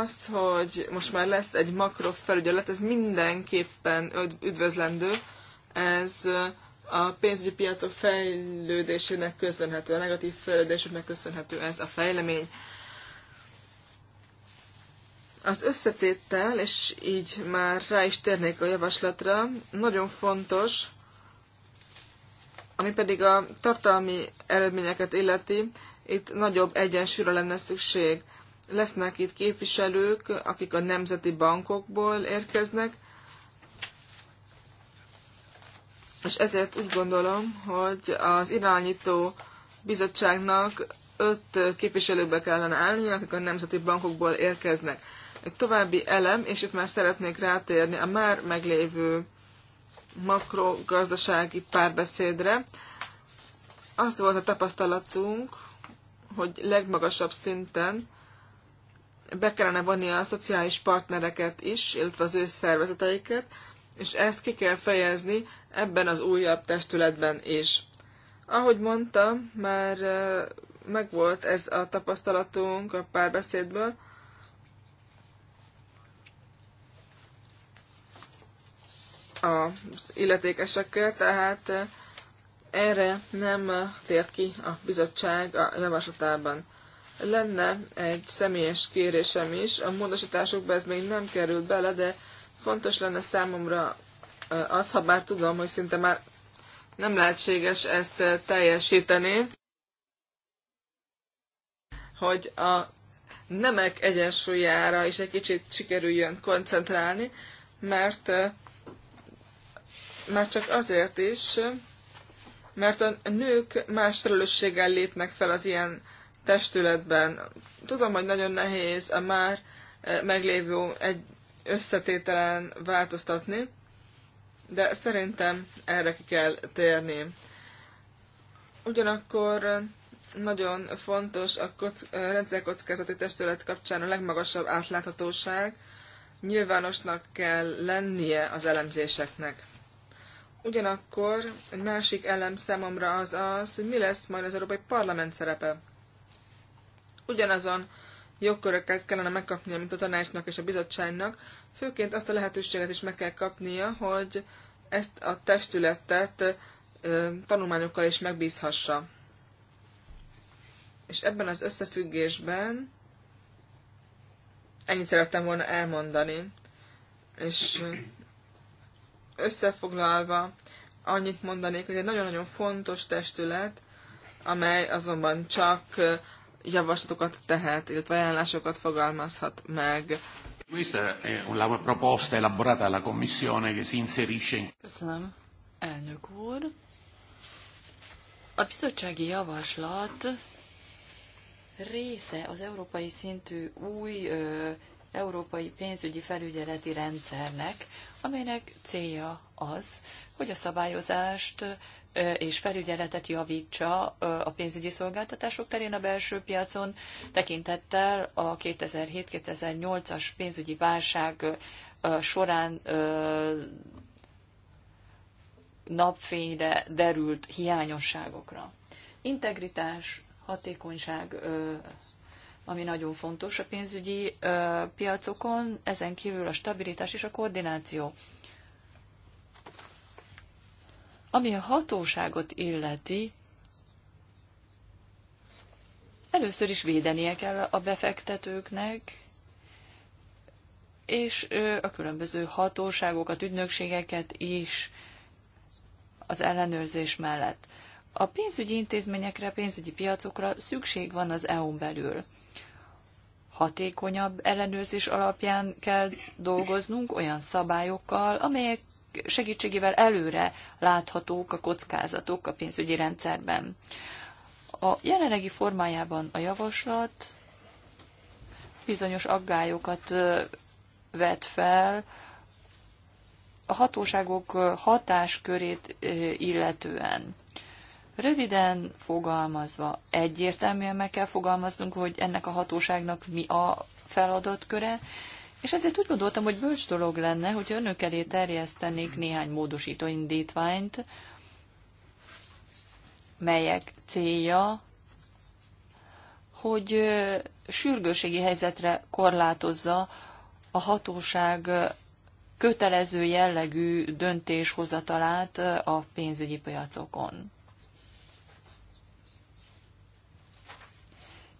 az, hogy most már lesz egy makro, felügyelet, ez mindenképpen üdvözlendő. Ez a pénzügyi piacok fejlődésének köszönhető, a negatív fejlődésének köszönhető ez a fejlemény. Az összetétel, és így már rá is térnék a javaslatra, nagyon fontos, ami pedig a tartalmi eredményeket illeti, itt nagyobb egyensúlyra lenne szükség lesznek itt képviselők, akik a nemzeti bankokból érkeznek, és ezért úgy gondolom, hogy az irányító bizottságnak öt képviselőbe kellene állni, akik a nemzeti bankokból érkeznek. Egy további elem, és itt már szeretnék rátérni a már meglévő makrogazdasági párbeszédre. Az volt a tapasztalatunk, hogy legmagasabb szinten be kellene vonni a szociális partnereket is, illetve az ő szervezeteiket, és ezt ki kell fejezni ebben az újabb testületben is. Ahogy mondtam, már megvolt ez a tapasztalatunk a párbeszédből, az illetékesekkel, tehát erre nem tért ki a bizottság a javaslatában. Lenne egy személyes kérésem is, a módosításokba ez még nem került bele, de fontos lenne számomra az, ha bár tudom, hogy szinte már nem lehetséges ezt teljesíteni, hogy a nemek egyensúlyára is egy kicsit sikerüljön koncentrálni, mert már csak azért is, mert a nők más felelősséggel lépnek fel az ilyen testületben. Tudom, hogy nagyon nehéz a már eh, meglévő egy összetételen változtatni, de szerintem erre ki kell térni. Ugyanakkor eh, nagyon fontos a kock- eh, rendszerkockázati testület kapcsán a legmagasabb átláthatóság, nyilvánosnak kell lennie az elemzéseknek. Ugyanakkor egy másik elem számomra az az, hogy mi lesz majd az Európai Parlament szerepe. Ugyanazon jogköröket kellene megkapnia, mint a tanácsnak és a bizottságnak, főként azt a lehetőséget is meg kell kapnia, hogy ezt a testületet tanulmányokkal is megbízhassa. És ebben az összefüggésben ennyit szerettem volna elmondani. És összefoglalva annyit mondanék, hogy egy nagyon-nagyon fontos testület, amely azonban csak javaslatokat tehet, illetve ajánlásokat fogalmazhat meg. Questa è una proposta elaborata dalla Commissione che si inserisce in... Köszönöm, elnök úr. A bizottsági javaslat része az európai szintű új ö, európai pénzügyi felügyeleti rendszernek, amelynek célja az, hogy a szabályozást és felügyeletet javítsa a pénzügyi szolgáltatások terén a belső piacon, tekintettel a 2007-2008-as pénzügyi válság során napfényre derült hiányosságokra. Integritás, hatékonyság, ami nagyon fontos a pénzügyi piacokon, ezen kívül a stabilitás és a koordináció. Ami a hatóságot illeti, először is védenie kell a befektetőknek, és a különböző hatóságokat, ügynökségeket is az ellenőrzés mellett. A pénzügyi intézményekre, pénzügyi piacokra szükség van az EU-n belül hatékonyabb ellenőrzés alapján kell dolgoznunk olyan szabályokkal, amelyek segítségével előre láthatók a kockázatok a pénzügyi rendszerben. A jelenlegi formájában a javaslat bizonyos aggályokat vet fel a hatóságok hatáskörét illetően. Röviden fogalmazva, egyértelműen meg kell fogalmaznunk, hogy ennek a hatóságnak mi a feladatköre, és ezért úgy gondoltam, hogy bölcs dolog lenne, hogy önök elé terjesztenék néhány módosító indítványt, melyek célja, hogy sürgőségi helyzetre korlátozza a hatóság kötelező jellegű döntéshozatalát a pénzügyi piacokon.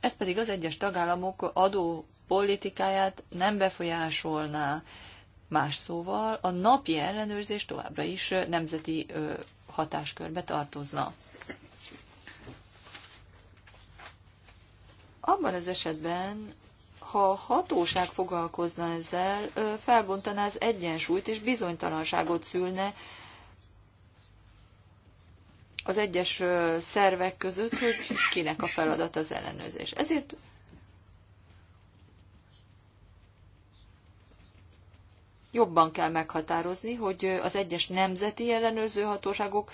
ez pedig az egyes tagállamok adópolitikáját nem befolyásolná. Más szóval a napi ellenőrzés továbbra is nemzeti hatáskörbe tartozna. Abban az esetben, ha a hatóság foglalkozna ezzel, felbontaná az egyensúlyt és bizonytalanságot szülne az egyes szervek között, hogy kinek a feladat az ellenőrzés. Ezért jobban kell meghatározni, hogy az egyes nemzeti ellenőrző hatóságok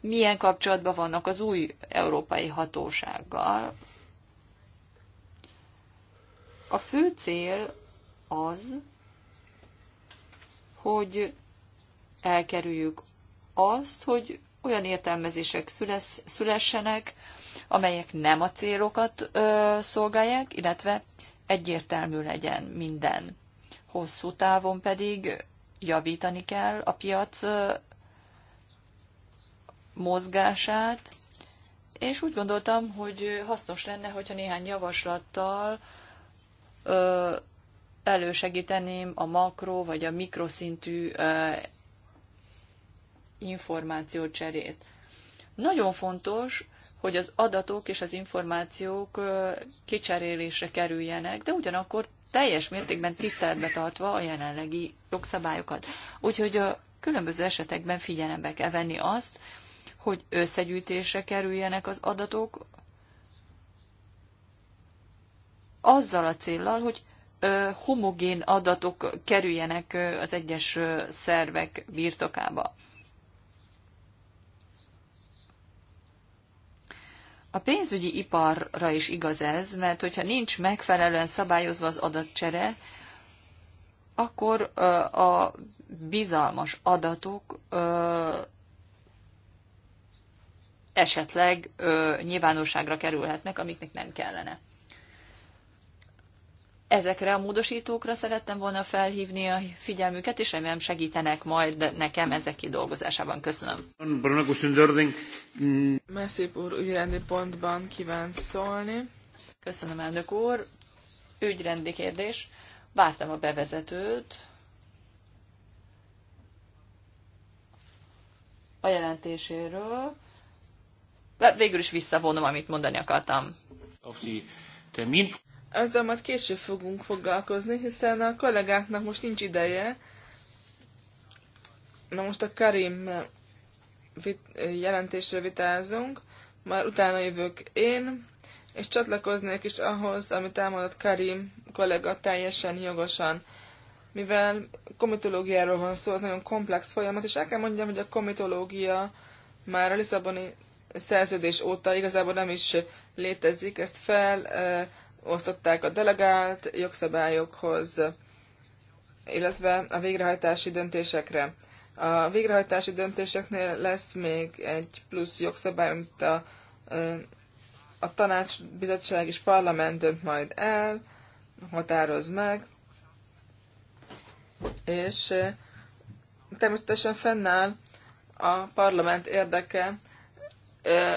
milyen kapcsolatban vannak az új európai hatósággal. A fő cél az, hogy elkerüljük azt, hogy olyan értelmezések szülesz, szülessenek, amelyek nem a célokat ö, szolgálják, illetve egyértelmű legyen minden. Hosszú távon pedig javítani kell a piac ö, mozgását, és úgy gondoltam, hogy hasznos lenne, hogyha néhány javaslattal ö, elősegíteném a makro vagy a mikroszintű információcserét. Nagyon fontos, hogy az adatok és az információk kicserélésre kerüljenek, de ugyanakkor teljes mértékben tiszteletbe tartva a jelenlegi jogszabályokat. Úgyhogy a különböző esetekben figyelembe kell venni azt, hogy összegyűjtésre kerüljenek az adatok, azzal a céllal, hogy homogén adatok kerüljenek az egyes szervek birtokába. A pénzügyi iparra is igaz ez, mert hogyha nincs megfelelően szabályozva az adatcsere, akkor a bizalmas adatok esetleg nyilvánosságra kerülhetnek, amiknek nem kellene. Ezekre a módosítókra szerettem volna felhívni a figyelmüket, és remélem segítenek majd nekem ezek kidolgozásában. Köszönöm. Messzép úr ügyrendi pontban kíván szólni. Köszönöm, elnök úr. Ügyrendi kérdés. Vártam a bevezetőt. A jelentéséről. Végül is visszavonom, amit mondani akartam. Auf die Termin ezzel majd később fogunk foglalkozni, hiszen a kollégáknak most nincs ideje. Na most a Karim vit- jelentésre vitázunk, már utána jövök én, és csatlakoznék is ahhoz, amit elmondott Karim kollega teljesen jogosan. Mivel komitológiáról van szó, az nagyon komplex folyamat, és el kell mondjam, hogy a komitológia már a Lisszaboni szerződés óta igazából nem is létezik, ezt fel osztották a delegált jogszabályokhoz, illetve a végrehajtási döntésekre. A végrehajtási döntéseknél lesz még egy plusz jogszabály, amit a, a tanács, bizottság és parlament dönt majd el, határoz meg, és természetesen fennáll a parlament érdeke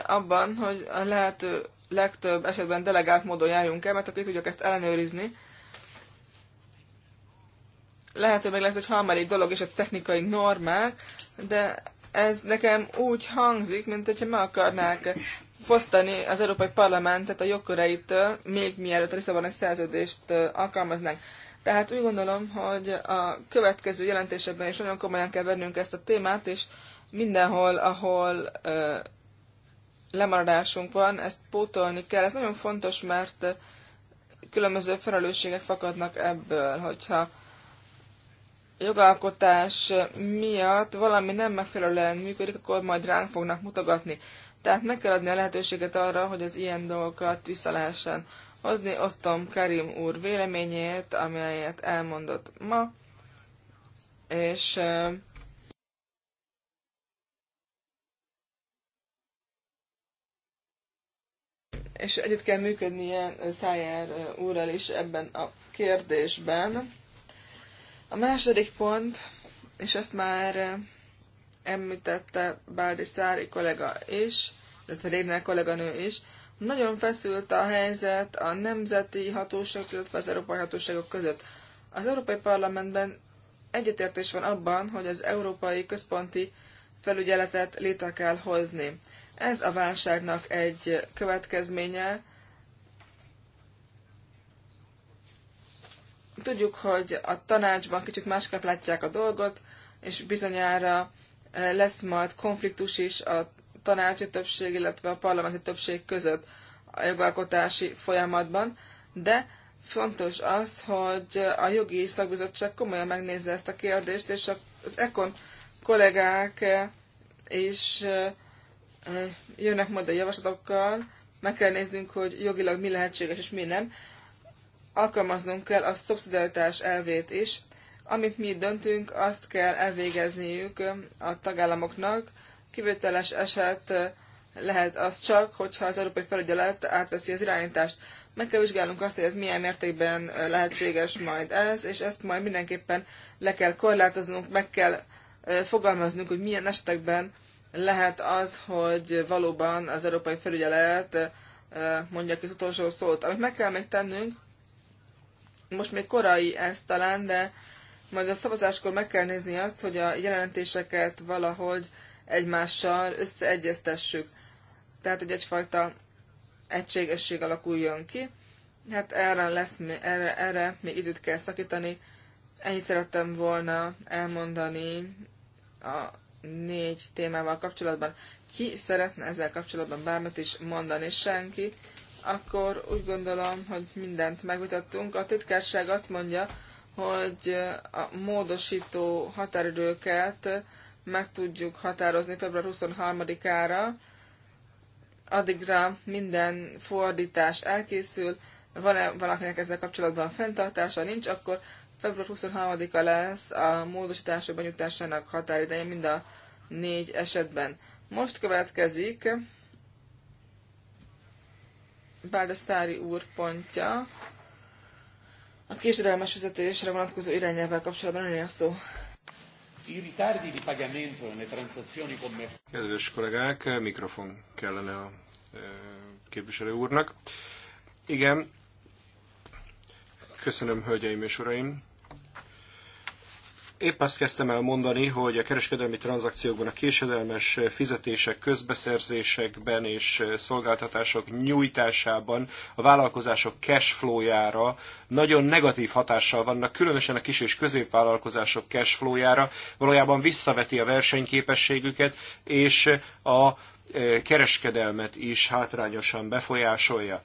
abban, hogy a lehető legtöbb esetben delegált módon járjunk el, mert akkor tudjuk ezt ellenőrizni. Lehet, hogy meg lesz egy harmadik dolog és a technikai normák, de ez nekem úgy hangzik, mint hogyha meg akarnák fosztani az Európai Parlamentet a jogköreitől, még mielőtt a Lisszaboni szerződést alkalmaznánk. Tehát úgy gondolom, hogy a következő jelentésekben is nagyon komolyan kell vennünk ezt a témát, és mindenhol, ahol lemaradásunk van, ezt pótolni kell. Ez nagyon fontos, mert különböző felelősségek fakadnak ebből, hogyha jogalkotás miatt valami nem megfelelően működik, akkor majd ránk fognak mutogatni. Tehát meg kell adni a lehetőséget arra, hogy az ilyen dolgokat vissza lehessen hozni. Osztom Karim úr véleményét, amelyet elmondott ma, és és együtt kell működnie Szájár úrral is ebben a kérdésben. A második pont, és ezt már említette Báldi Szári kollega is, illetve Régnál kolléganő is, nagyon feszült a helyzet a nemzeti hatóságok, illetve az európai hatóságok között. Az Európai Parlamentben egyetértés van abban, hogy az Európai Központi Felügyeletet létre kell hozni. Ez a válságnak egy következménye. Tudjuk, hogy a tanácsban kicsit másképp látják a dolgot, és bizonyára eh, lesz majd konfliktus is a tanácsi többség, illetve a parlamenti többség között a jogalkotási folyamatban, de fontos az, hogy a jogi szakbizottság komolyan megnézze ezt a kérdést, és az EKON kollégák eh, is eh, jönnek majd a javaslatokkal, meg kell néznünk, hogy jogilag mi lehetséges és mi nem. Alkalmaznunk kell a szubszidiaritás elvét is. Amit mi döntünk, azt kell elvégezniük a tagállamoknak. Kivételes eset lehet az csak, hogyha az Európai Felügyelet átveszi az irányítást. Meg kell vizsgálnunk azt, hogy ez milyen mértékben lehetséges majd ez, és ezt majd mindenképpen le kell korlátoznunk, meg kell fogalmaznunk, hogy milyen esetekben lehet az, hogy valóban az európai felügyelet eh, mondja ki az utolsó szót. Amit meg kell még tennünk, most még korai ez talán, de majd a szavazáskor meg kell nézni azt, hogy a jelentéseket valahogy egymással összeegyeztessük. Tehát, hogy egyfajta egységesség alakuljon ki. Hát erre, lesz, erre, erre még időt kell szakítani. Ennyit szerettem volna elmondani a négy témával kapcsolatban ki szeretne ezzel kapcsolatban bármit is mondani, senki, akkor úgy gondolom, hogy mindent megvitattunk. A titkárság azt mondja, hogy a módosító határidőket meg tudjuk határozni február 23-ára. Addigra minden fordítás elkészül, van-e valakinek ezzel kapcsolatban fenntartása, nincs, akkor Február 23-a lesz a módosítások benyújtásának határideje mind a négy esetben. Most következik Báldaszári úr pontja. A késedelmes vezetésre vonatkozó irányelvvel kapcsolatban önél a szó. Kedves kollégák, mikrofon kellene a eh, képviselő úrnak. Igen, Köszönöm, hölgyeim és uraim! Épp azt kezdtem el mondani, hogy a kereskedelmi tranzakciókban a késedelmes fizetések, közbeszerzésekben és szolgáltatások nyújtásában a vállalkozások cash flow-jára nagyon negatív hatással vannak, különösen a kis és középvállalkozások cash flow-jára, valójában visszaveti a versenyképességüket, és a e, kereskedelmet is hátrányosan befolyásolja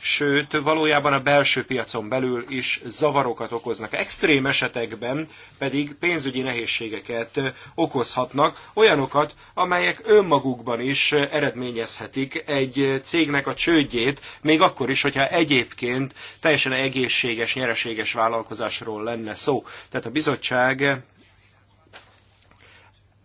sőt valójában a belső piacon belül is zavarokat okoznak. Extrém esetekben pedig pénzügyi nehézségeket okozhatnak, olyanokat, amelyek önmagukban is eredményezhetik egy cégnek a csődjét, még akkor is, hogyha egyébként teljesen egészséges, nyereséges vállalkozásról lenne szó. Tehát a bizottság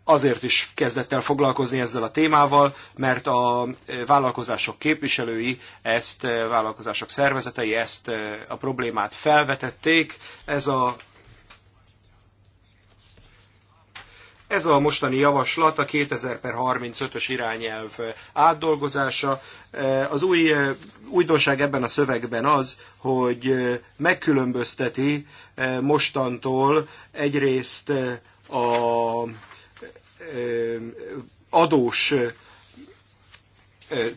azért is kezdett el foglalkozni ezzel a témával, mert a e, vállalkozások képviselői, ezt e, vállalkozások szervezetei ezt e, a problémát felvetették. Ez a Ez a mostani javaslat a 2000 per 35-ös irányelv átdolgozása. Az új újdonság ebben a szövegben az, hogy megkülönbözteti mostantól egyrészt a adós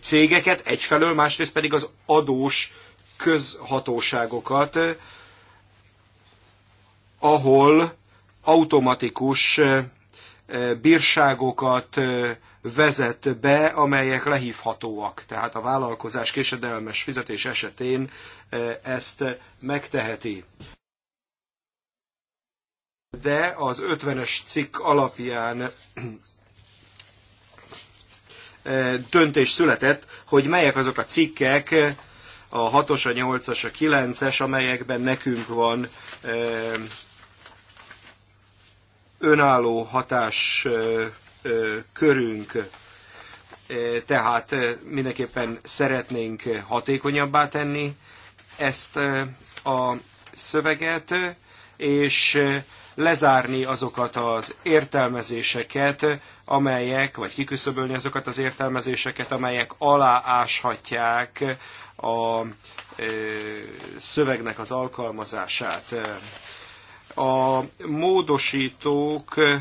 cégeket egyfelől, másrészt pedig az adós közhatóságokat, ahol automatikus bírságokat vezet be, amelyek lehívhatóak. Tehát a vállalkozás késedelmes fizetés esetén ezt megteheti de az 50-es cikk alapján eh, döntés született, hogy melyek azok a cikkek, a 6-os, a 8-as, a 9-es, amelyekben nekünk van eh, önálló hatás eh, körünk. Tehát mindenképpen szeretnénk hatékonyabbá tenni ezt a szöveget, és lezárni azokat az értelmezéseket, amelyek, vagy kiküszöbölni azokat az értelmezéseket, amelyek alááshatják a szövegnek az alkalmazását. A módosítókra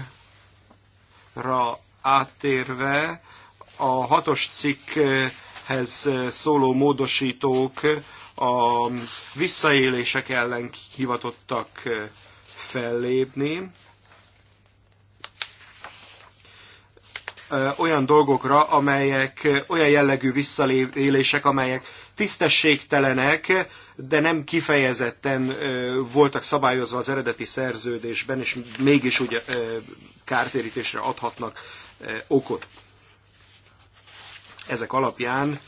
áttérve a hatos cikkhez szóló módosítók a visszaélések ellen hivatottak fellépni olyan dolgokra, amelyek olyan jellegű visszaélések, amelyek tisztességtelenek, de nem kifejezetten voltak szabályozva az eredeti szerződésben, és mégis úgy kártérítésre adhatnak okot. Ezek alapján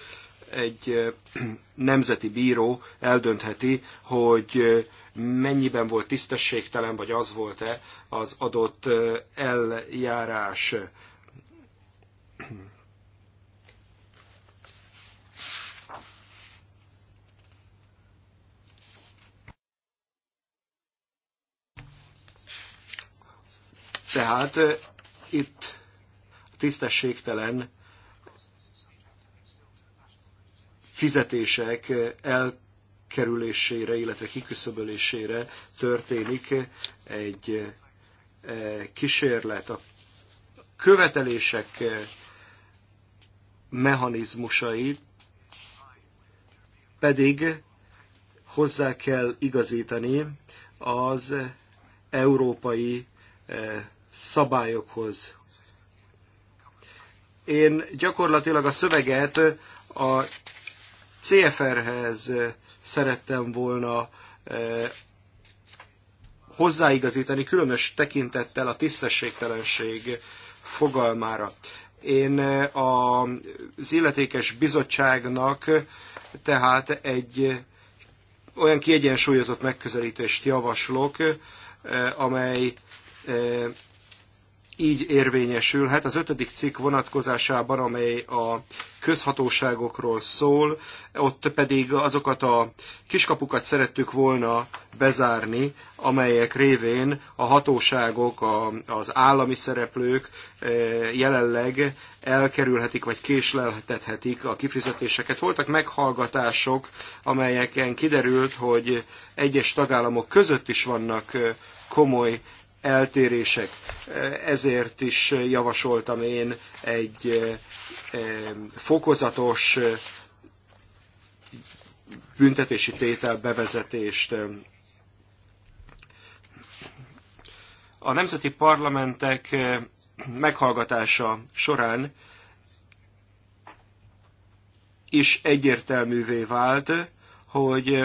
egy nemzeti bíró eldöntheti, hogy mennyiben volt tisztességtelen, vagy az volt-e az adott eljárás. Tehát itt tisztességtelen fizetések elkerülésére, illetve kiküszöbölésére történik egy eh, kísérlet. A követelések eh, mechanizmusai pedig hozzá kell igazítani az európai eh, szabályokhoz. Én gyakorlatilag a szöveget a CFR-hez szerettem volna hozzáigazítani, különös tekintettel a tisztességtelenség fogalmára. Én az illetékes bizottságnak tehát egy olyan kiegyensúlyozott megközelítést javaslok, amely így érvényesülhet. Az ötödik cikk vonatkozásában, amely a közhatóságokról szól, ott pedig azokat a kiskapukat szerettük volna bezárni, amelyek révén a hatóságok, a, az állami szereplők e, jelenleg elkerülhetik vagy késleltethetik a kifizetéseket. Voltak meghallgatások, amelyeken kiderült, hogy egyes tagállamok között is vannak e, komoly eltérések. Ezért is javasoltam én egy eh, fokozatos eh, büntetési tétel bevezetést. A nemzeti parlamentek eh, meghallgatása során is egyértelművé vált, hogy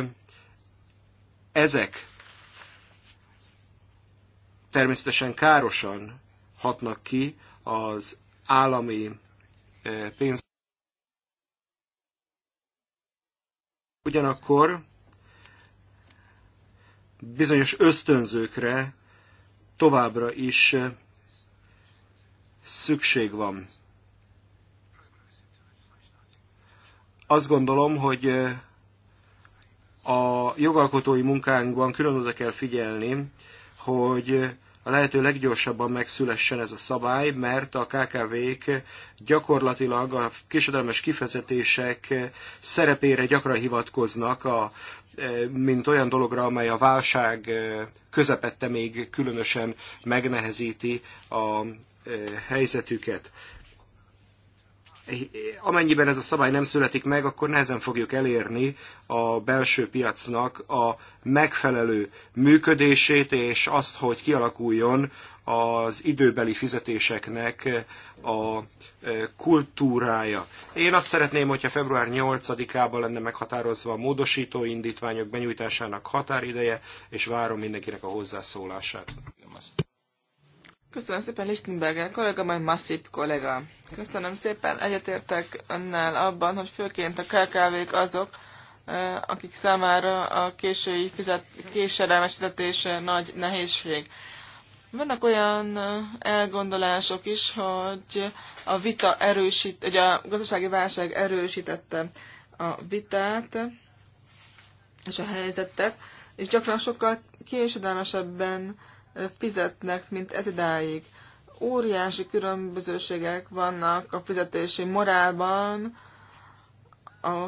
ezek természetesen károsan hatnak ki az állami eh, pénz. Ugyanakkor bizonyos ösztönzőkre továbbra is eh, szükség van. Azt gondolom, hogy eh, a jogalkotói munkánkban külön oda kell figyelni hogy a lehető leggyorsabban megszülessen ez a szabály, mert a KKV-k gyakorlatilag a kisadalmas kifezetések szerepére gyakran hivatkoznak, a, e, mint olyan dologra, amely a válság e, közepette még különösen megnehezíti a e, helyzetüket amennyiben ez a szabály nem születik meg, akkor nehezen fogjuk elérni a belső piacnak a megfelelő működését, és azt, hogy kialakuljon az időbeli fizetéseknek a e, kultúrája. Én azt szeretném, hogyha február 8-ában lenne meghatározva a módosító indítványok benyújtásának határideje, és várom mindenkinek a hozzászólását. Köszönöm szépen Lichtenberger kollega, majd Massip kollega. Köszönöm szépen, egyetértek önnel abban, hogy főként a KKV-k azok, akik számára a késői fizet, késedelmes fizetése nagy nehézség. Vannak olyan elgondolások is, hogy a vita erősít, hogy a gazdasági válság erősítette a vitát és a helyzetet, és gyakran sokkal késedelmesebben fizetnek, mint ez idáig. Óriási különbözőségek vannak a fizetési morálban, a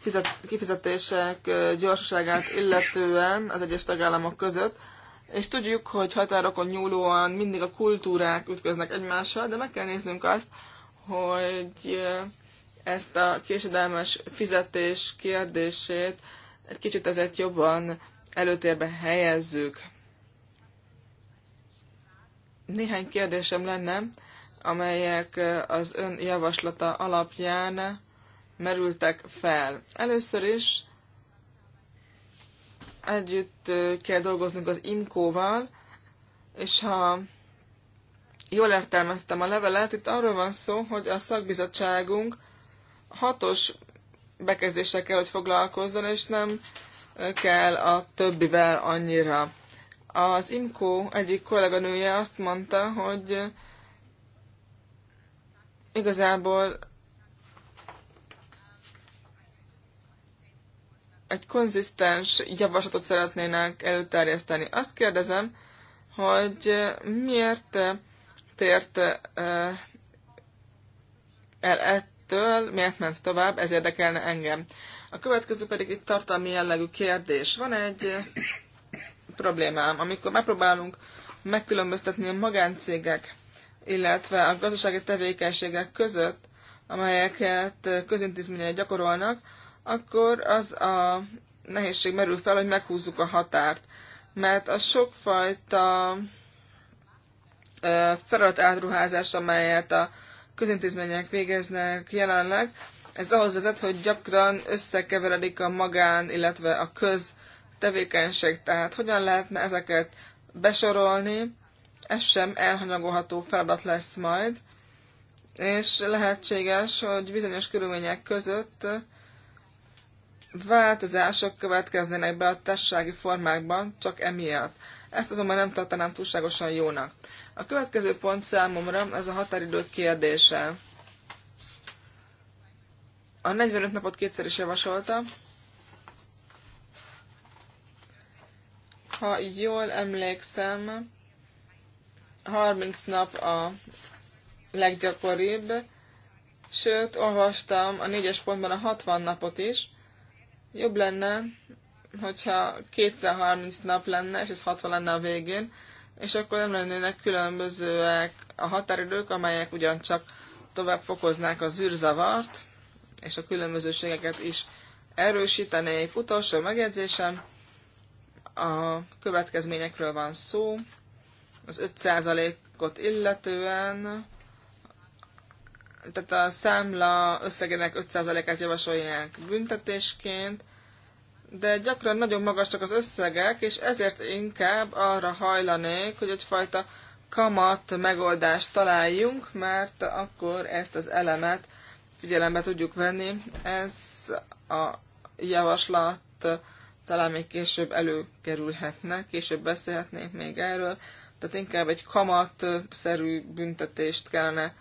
fizet, kifizetések gyorsaságát illetően az egyes tagállamok között, és tudjuk, hogy határokon nyúlóan mindig a kultúrák ütköznek egymással, de meg kell néznünk azt, hogy ezt a késedelmes fizetés kérdését egy kicsit ezért jobban előtérbe helyezzük. Néhány kérdésem lenne, amelyek az ön javaslata alapján merültek fel. Először is együtt kell dolgoznunk az IMCO-val, és ha jól értelmeztem a levelet, itt arról van szó, hogy a szakbizottságunk hatos bekezdésekkel, hogy foglalkozzon, és nem kell a többivel annyira. Az IMCO egyik kolléganője azt mondta, hogy igazából egy konzisztens javaslatot szeretnének előterjeszteni. Azt kérdezem, hogy miért tért eh, el ettől, miért ment tovább, ez érdekelne engem. A következő pedig egy tartalmi jellegű kérdés. Van egy problémám. Amikor megpróbálunk megkülönböztetni a magáncégek, illetve a gazdasági tevékenységek között, amelyeket közintézmények gyakorolnak, akkor az a nehézség merül fel, hogy meghúzzuk a határt. Mert a sokfajta feladat átruházás, amelyet a közintézmények végeznek jelenleg, ez ahhoz vezet, hogy gyakran összekeveredik a magán, illetve a köz tevékenység. Tehát hogyan lehetne ezeket besorolni, ez sem elhanyagolható feladat lesz majd, és lehetséges, hogy bizonyos körülmények között változások következnének be a társasági formákban csak emiatt. Ezt azonban nem tartanám túlságosan jónak. A következő pont számomra ez a határidő kérdése. A 45 napot kétszer is javasolta, Ha jól emlékszem, 30 nap a leggyakoribb, sőt, olvastam a négyes pontban a 60 napot is. Jobb lenne, hogyha 230 nap lenne, és ez 60 lenne a végén, és akkor nem lennének különbözőek a határidők, amelyek ugyancsak tovább fokoznák az űrzavart, és a különbözőségeket is erősítenék. Utolsó megjegyzésem, a következményekről van szó, az 5%-ot illetően, tehát a számla összegének 5%-át javasolják büntetésként, de gyakran nagyon magasak az összegek, és ezért inkább arra hajlanék, hogy egyfajta kamat megoldást találjunk, mert akkor ezt az elemet figyelembe tudjuk venni. Ez a javaslat talán még később előkerülhetne, később beszélhetnénk még erről, tehát inkább egy kamatszerű büntetést kellene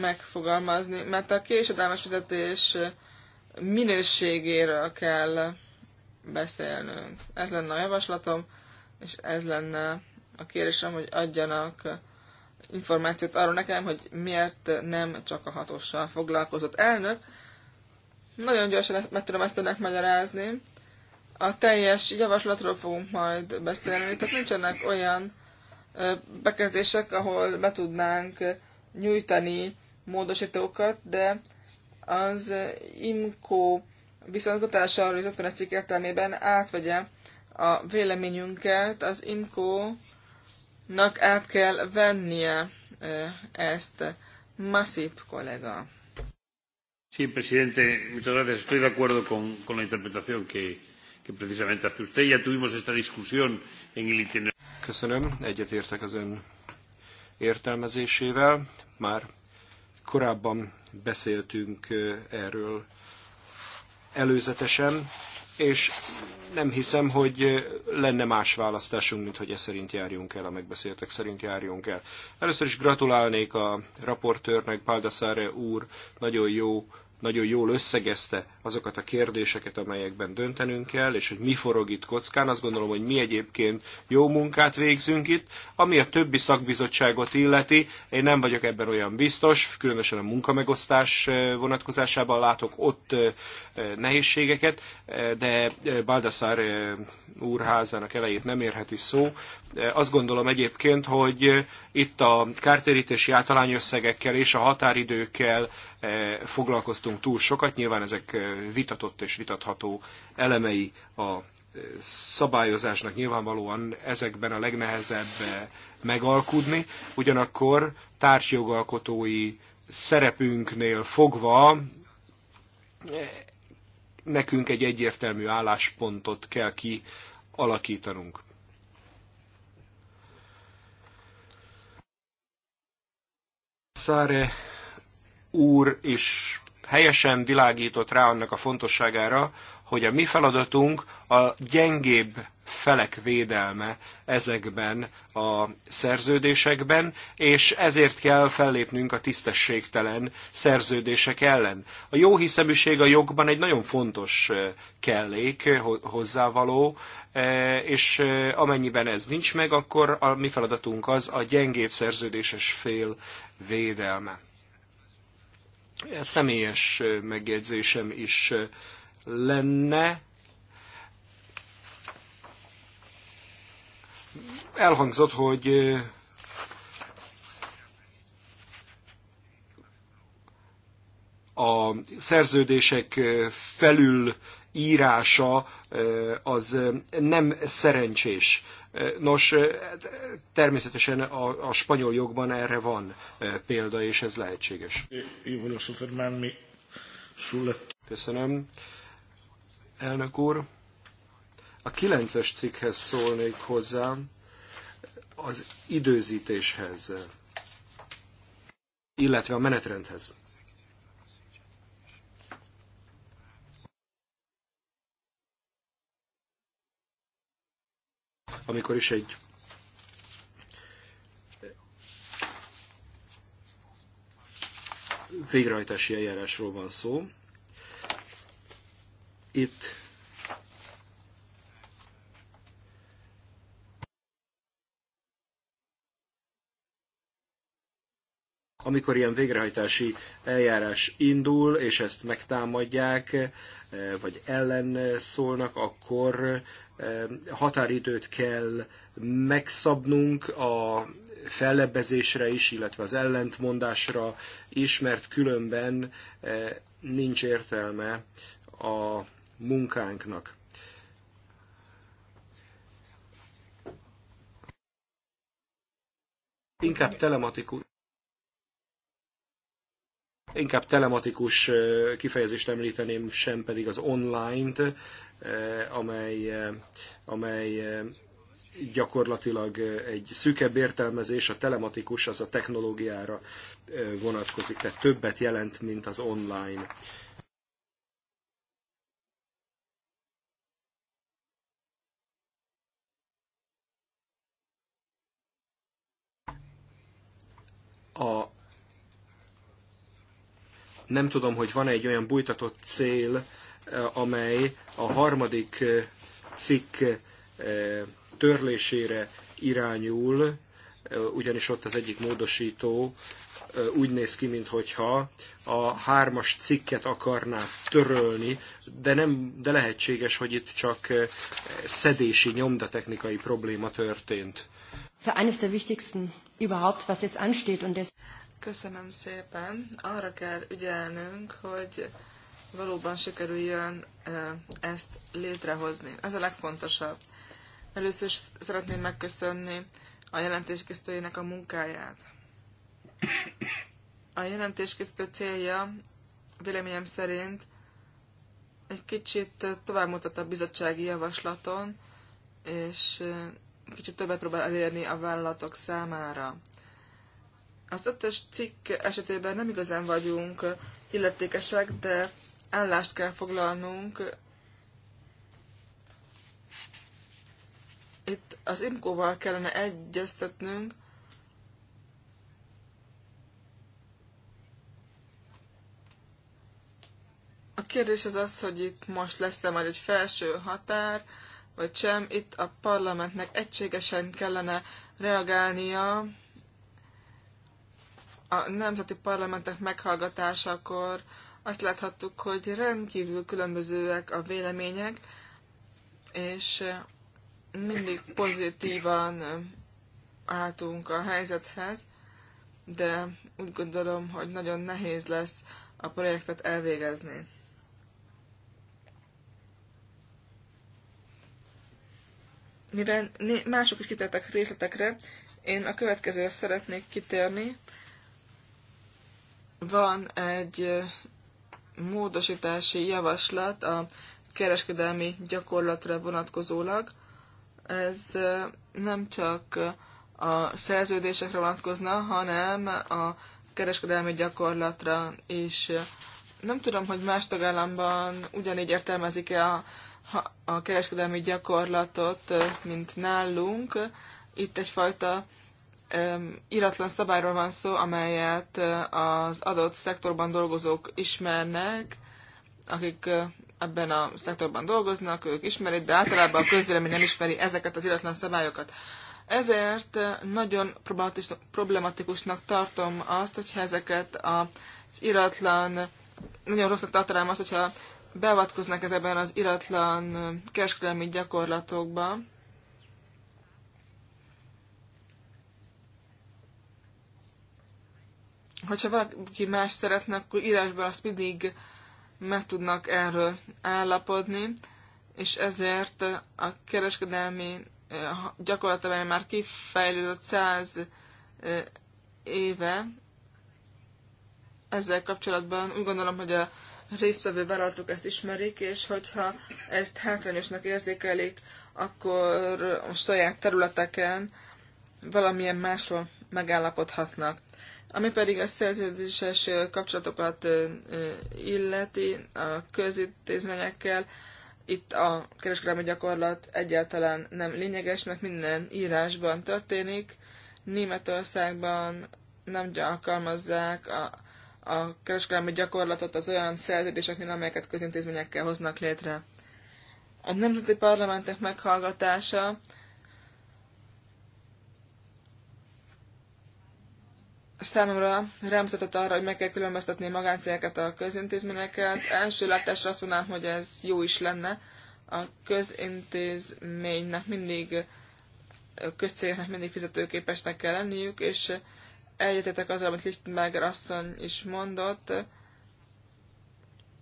megfogalmazni, mert a késedelmes fizetés minőségéről kell beszélnünk. Ez lenne a javaslatom, és ez lenne a kérésem, hogy adjanak információt arról nekem, hogy miért nem csak a hatossal foglalkozott elnök. Nagyon gyorsan meg tudom ezt önnek magyarázni a teljes javaslatról fogunk majd beszélni, tehát nincsenek olyan bekezdések, ahol be tudnánk nyújtani módosítókat, de az IMCO viszontkutatása arra, hogy 50 cikk értelmében átvegye a véleményünket, az IMCO-nak át kell vennie ezt. Masip kollega. Sí, presidente, muchas gracias. Estoy de acuerdo con, con la interpretación que, que precisamente hace usted. Ya tuvimos esta discusión en el itinerario. Köszönöm, egyetértek az ön értelmezésével. Már korábban beszéltünk erről előzetesen, és nem hiszem, hogy lenne más választásunk, mint hogy e szerint járjunk el, a megbeszéltek szerint járjunk el. Először is gratulálnék a raportőrnek, Páldaszáre úr, nagyon jó nagyon jól összegezte azokat a kérdéseket, amelyekben döntenünk kell, és hogy mi forog itt kockán. Azt gondolom, hogy mi egyébként jó munkát végzünk itt. Ami a többi szakbizottságot illeti, én nem vagyok ebben olyan biztos, különösen a munkamegosztás eh, vonatkozásában látok ott eh, eh, nehézségeket, de Baldassar úrházának elejét nem érheti szó. Eh, azt gondolom egyébként, hogy eh, itt a kártérítési általányösszegekkel és a határidőkkel eh, foglalkoztunk túl sokat. Nyilván ezek vitatott és vitatható elemei a szabályozásnak nyilvánvalóan ezekben a legnehezebb megalkudni, ugyanakkor társjogalkotói szerepünknél fogva nekünk egy egyértelmű álláspontot kell kialakítanunk. Száre úr is helyesen világított rá annak a fontosságára, hogy a mi feladatunk a gyengébb felek védelme ezekben a szerződésekben, és ezért kell fellépnünk a tisztességtelen szerződések ellen. A jó hiszeműség a jogban egy nagyon fontos kellék, hozzávaló, és amennyiben ez nincs meg, akkor a mi feladatunk az a gyengébb szerződéses fél védelme. személyes megjegyzésem is lenne. Elhangzott, hogy a szerződések felül írása az nem szerencsés. Nos, természetesen a, a spanyol jogban erre van példa, és ez lehetséges. Köszönöm elnök úr. A kilences cikkhez szólnék hozzá, az időzítéshez, illetve a menetrendhez. Amikor is egy végrehajtási eljárásról van szó, itt amikor ilyen végrehajtási eljárás indul, és ezt megtámadják, eh, vagy ellen szólnak, akkor eh, határidőt kell megszabnunk a fellebbezésre is, illetve az ellentmondásra is, mert különben eh, nincs értelme a munkánknak. Inkább telematikus inkább telematikus kifejezést említeném, sem pedig az online-t, amely, amely gyakorlatilag egy szűkebb értelmezés, a telematikus az a technológiára vonatkozik, tehát többet jelent, mint az online. a nem tudom, hogy van -e egy olyan bújtatott cél, e, amely a harmadik e, cikk e, törlésére irányul, ugyanis ott az egyik módosító úgy néz ki, mintha a hármas cikket akarná törölni, de, nem, de lehetséges, hogy itt csak szedési nyomdatechnikai probléma történt. Für eines der wichtigsten überhaupt, was jetzt ansteht. Und das Köszönöm szépen. Arra kell ügyelnünk, hogy valóban sikerüljön ezt létrehozni. Ez a legfontosabb. Először is szeretném megköszönni a jelentéskészítőjének a munkáját. A jelentéskészítő célja véleményem szerint egy kicsit továbbmutat a bizottsági javaslaton, és kicsit többet próbál elérni a vállalatok számára. Az ötös cikk esetében nem igazán vagyunk illetékesek, de állást kell foglalnunk. Itt az imkóval kellene egyeztetnünk, A kérdés az az, hogy itt most lesz-e majd egy felső határ, vagy sem, itt a parlamentnek egységesen kellene reagálnia a nemzeti parlamentek meghallgatásakor. Azt láthattuk, hogy rendkívül különbözőek a vélemények, és mindig pozitívan álltunk a helyzethez, de úgy gondolom, hogy nagyon nehéz lesz a projektet elvégezni. mivel mások is kitértek részletekre, én a következőre szeretnék kitérni. Van egy módosítási javaslat a kereskedelmi gyakorlatra vonatkozólag. Ez nem csak a szerződésekre vonatkozna, hanem a kereskedelmi gyakorlatra is. Nem tudom, hogy más tagállamban ugyanígy értelmezik-e a a kereskedelmi gyakorlatot, mint nálunk. Itt egyfajta iratlan szabályról van szó, amelyet az adott szektorban dolgozók ismernek, akik ebben a szektorban dolgoznak, ők ismerik, de általában a közvélemény nem ismeri ezeket az iratlan szabályokat. Ezért nagyon problematikusnak tartom azt, hogyha ezeket az iratlan, nagyon rosszat tartanám azt, hogyha beavatkoznak ezekben az iratlan kereskedelmi gyakorlatokba. Hogyha valaki más szeretne, akkor írásban azt mindig meg tudnak erről állapodni, és ezért a kereskedelmi gyakorlat, amely már kifejlődött száz éve, ezzel kapcsolatban úgy gondolom, hogy a résztvevő vállalatok ezt ismerik, és hogyha ezt hátrányosnak érzékelik, akkor a saját területeken valamilyen másról megállapodhatnak. Ami pedig a szerződéses kapcsolatokat illeti a közintézményekkel, itt a kereskedelmi gyakorlat egyáltalán nem lényeges, mert minden írásban történik. Németországban nem alkalmazzák a a kereskedelmi gyakorlatot az olyan szerződéseknél, amelyeket közintézményekkel hoznak létre. A nemzeti parlamentek meghallgatása számomra rámutatott arra, hogy meg kell különböztetni magáncégeket a közintézményeket. Első látásra azt mondanám, hogy ez jó is lenne. A közintézménynek mindig, a közcégeknek mindig fizetőképesnek kell lenniük, és egyetetek azzal, amit Lichtenberger asszony is mondott,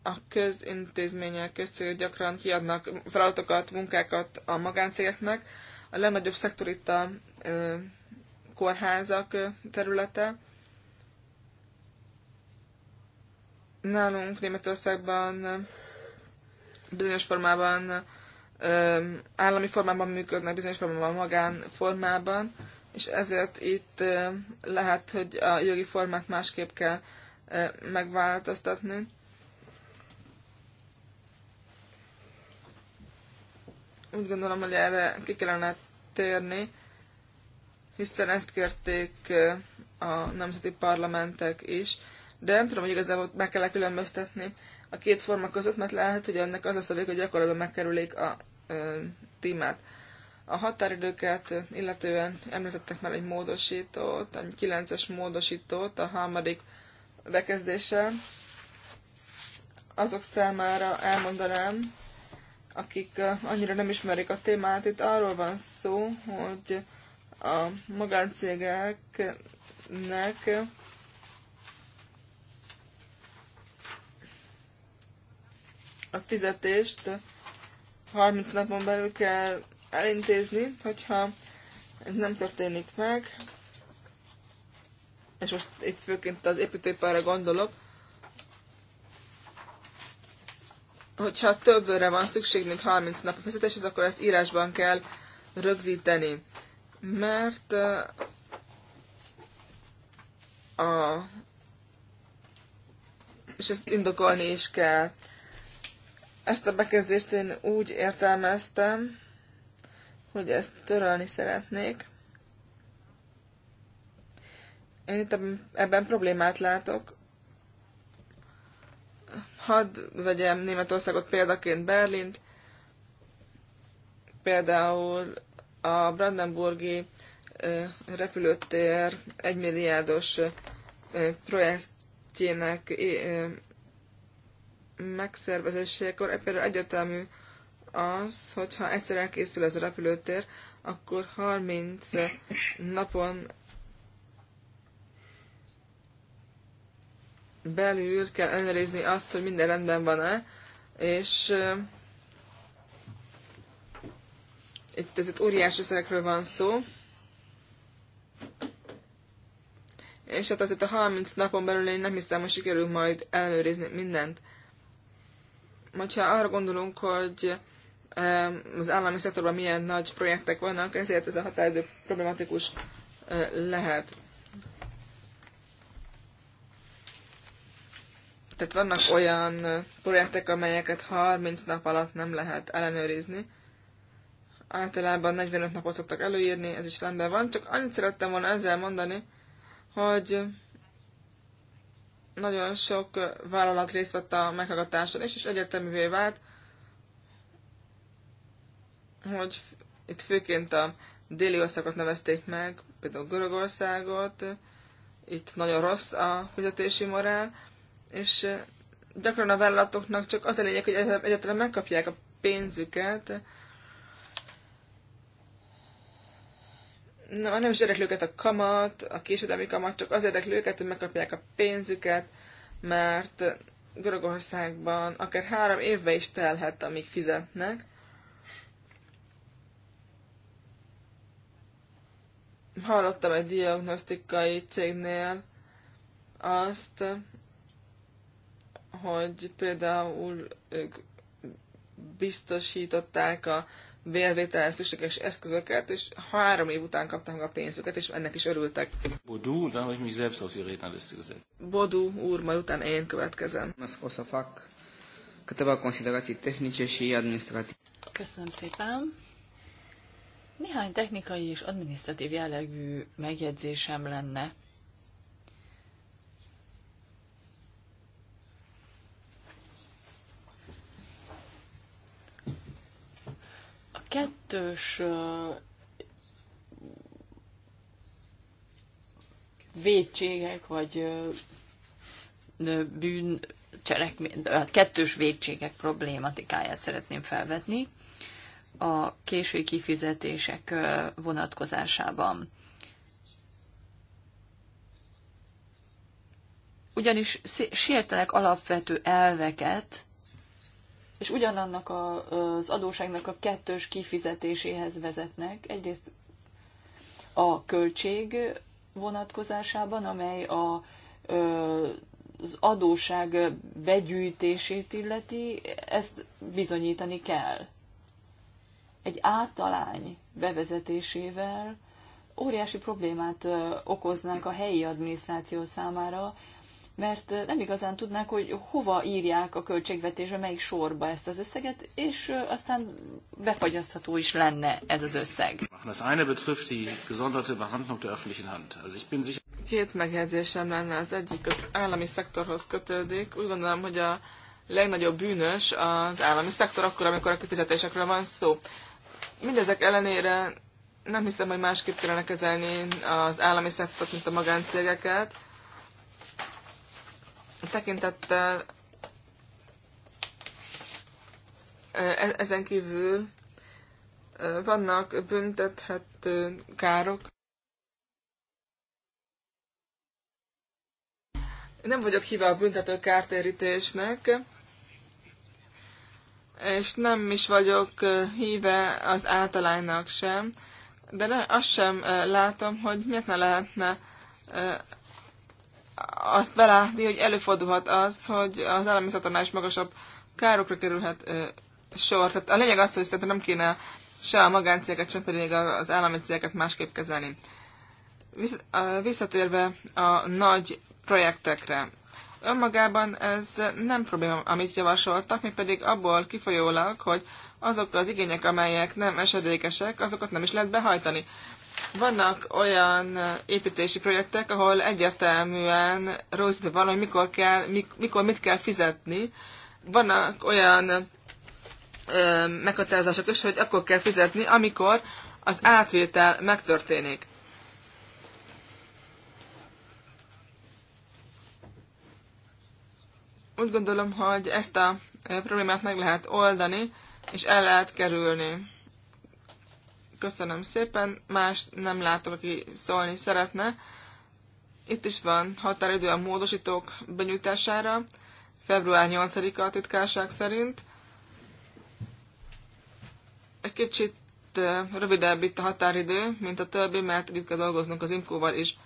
a közintézmények közcégek gyakran kiadnak feladatokat, munkákat a magáncégeknek. A legnagyobb szektor itt a ö, kórházak területe. Nálunk Németországban bizonyos formában ö, állami formában működnek, bizonyos formában magánformában és ezért itt lehet, hogy a jogi formát másképp kell megváltoztatni. Úgy gondolom, hogy erre ki kellene térni, hiszen ezt kérték a nemzeti parlamentek is, de nem tudom, hogy igazából meg kell -e különböztetni a két forma között, mert lehet, hogy ennek az a vég, hogy gyakorlatilag megkerülik a tímet. témát. A határidőket illetően említettek már egy módosítót, egy kilences módosítót a harmadik bekezdése. Azok számára elmondanám, akik uh, annyira nem ismerik a témát, itt arról van szó, hogy a magáncégeknek a fizetést 30 napon belül kell elintézni, hogyha ez nem történik meg, és most itt főként az építőipára gondolok, hogyha többre van szükség, mint 30 nap a fizetéshez, akkor ezt írásban kell rögzíteni. Mert uh, a, és ezt indokolni is kell. Ezt a bekezdést én úgy értelmeztem, hogy ezt törölni szeretnék. Én itt ebben problémát látok. Hadd vegyem Németországot példaként Berlint. Például a Brandenburgi repülőtér egymilliárdos projektjének megszervezésekor például egyetemű az, hogyha egyszer elkészül ez a repülőtér, akkor 30 napon belül kell ellenőrizni azt, hogy minden rendben van-e, és uh, itt ez itt óriási összegekről van szó. És hát azért a 30 napon belül én nem hiszem, hogy sikerül majd ellenőrizni mindent. Majd ha arra gondolunk, hogy az állami szektorban milyen nagy projektek vannak, ezért ez a határidő problematikus lehet. Tehát vannak olyan projektek, amelyeket 30 nap alatt nem lehet ellenőrizni. Általában 45 napot szoktak előírni, ez is rendben van. Csak annyit szerettem volna ezzel mondani, hogy nagyon sok vállalat részt vett a meghallgatáson is, és egyértelművé vált, hogy itt főként a déli országot nevezték meg, például Görögországot, itt nagyon rossz a fizetési morál, és gyakran a vállalatoknak csak az a lényeg, hogy egyáltalán megkapják a pénzüket, Na, nem is érdekli őket a kamat, a késődelmi kamat, csak az érdekli őket, hogy megkapják a pénzüket, mert Görögországban akár három évbe is telhet, amíg fizetnek. hallottam egy diagnosztikai cégnél azt, hogy például ők biztosították a vérvételhez szükséges eszközöket, és három év után kaptam a pénzüket, és ennek is örültek. Bodú, de hogy mi selbst auf die Rednerliste Bodú úr, majd után én következem. O oszafak, fac a considerații technikai és Köszönöm szépen. Néhány technikai és adminisztratív jellegű megjegyzésem lenne. A kettős védségek, vagy bűncselekmény, kettős védségek problématikáját szeretném felvetni a késői kifizetések vonatkozásában. Ugyanis sértenek alapvető elveket, és ugyanannak a, az adóságnak a kettős kifizetéséhez vezetnek. Egyrészt a költség vonatkozásában, amely a, az adóság begyűjtését illeti, ezt bizonyítani kell egy általány bevezetésével óriási problémát okoznánk a helyi adminisztráció számára, mert nem igazán tudnák, hogy hova írják a költségvetésre, melyik sorba ezt az összeget, és aztán befagyasztható is lenne ez az összeg. Das eine betrifft die gesonderte Behandlung der öffentlichen Hand. Also ich bin sicher... Két megjegyzésem lenne, az egyik az állami szektorhoz kötődik. Úgy gondolom, hogy a legnagyobb bűnös az állami szektor, akkor, amikor a kifizetésekről van szó. Mindezek ellenére nem hiszem, hogy másképp kellene kezelni az állami szektort, mint a magáncégeket. Tekintettel e-, ezen kívül vannak büntethető károk. Nem vagyok híve a büntető kártérítésnek, és nem is vagyok híve az általánynak sem, de azt sem látom, hogy miért ne lehetne azt belátni, hogy előfordulhat az, hogy az állami is magasabb károkra kerülhet sor. Tehát a lényeg az, hogy szerintem nem kéne se a magáncégeket, sem pedig az állami cégeket másképp kezelni. Visszatérve a nagy projektekre önmagában ez nem probléma, amit javasoltak, mi pedig abból kifolyólag, hogy azok az igények, amelyek nem esedékesek, azokat nem is lehet behajtani. Vannak olyan építési projektek, ahol egyértelműen rögzítve van, hogy mikor, kell, mikor mit kell fizetni. Vannak olyan ö, meghatározások is, hogy akkor kell fizetni, amikor az átvétel megtörténik. Úgy gondolom, hogy ezt a problémát meg lehet oldani, és el lehet kerülni. Köszönöm szépen, más nem látok, aki szólni szeretne. Itt is van határidő a módosítók benyújtására, február 8-a a titkárság szerint. Egy kicsit rövidebb itt a határidő, mint a többi, mert itt kell dolgoznunk az imkóval is.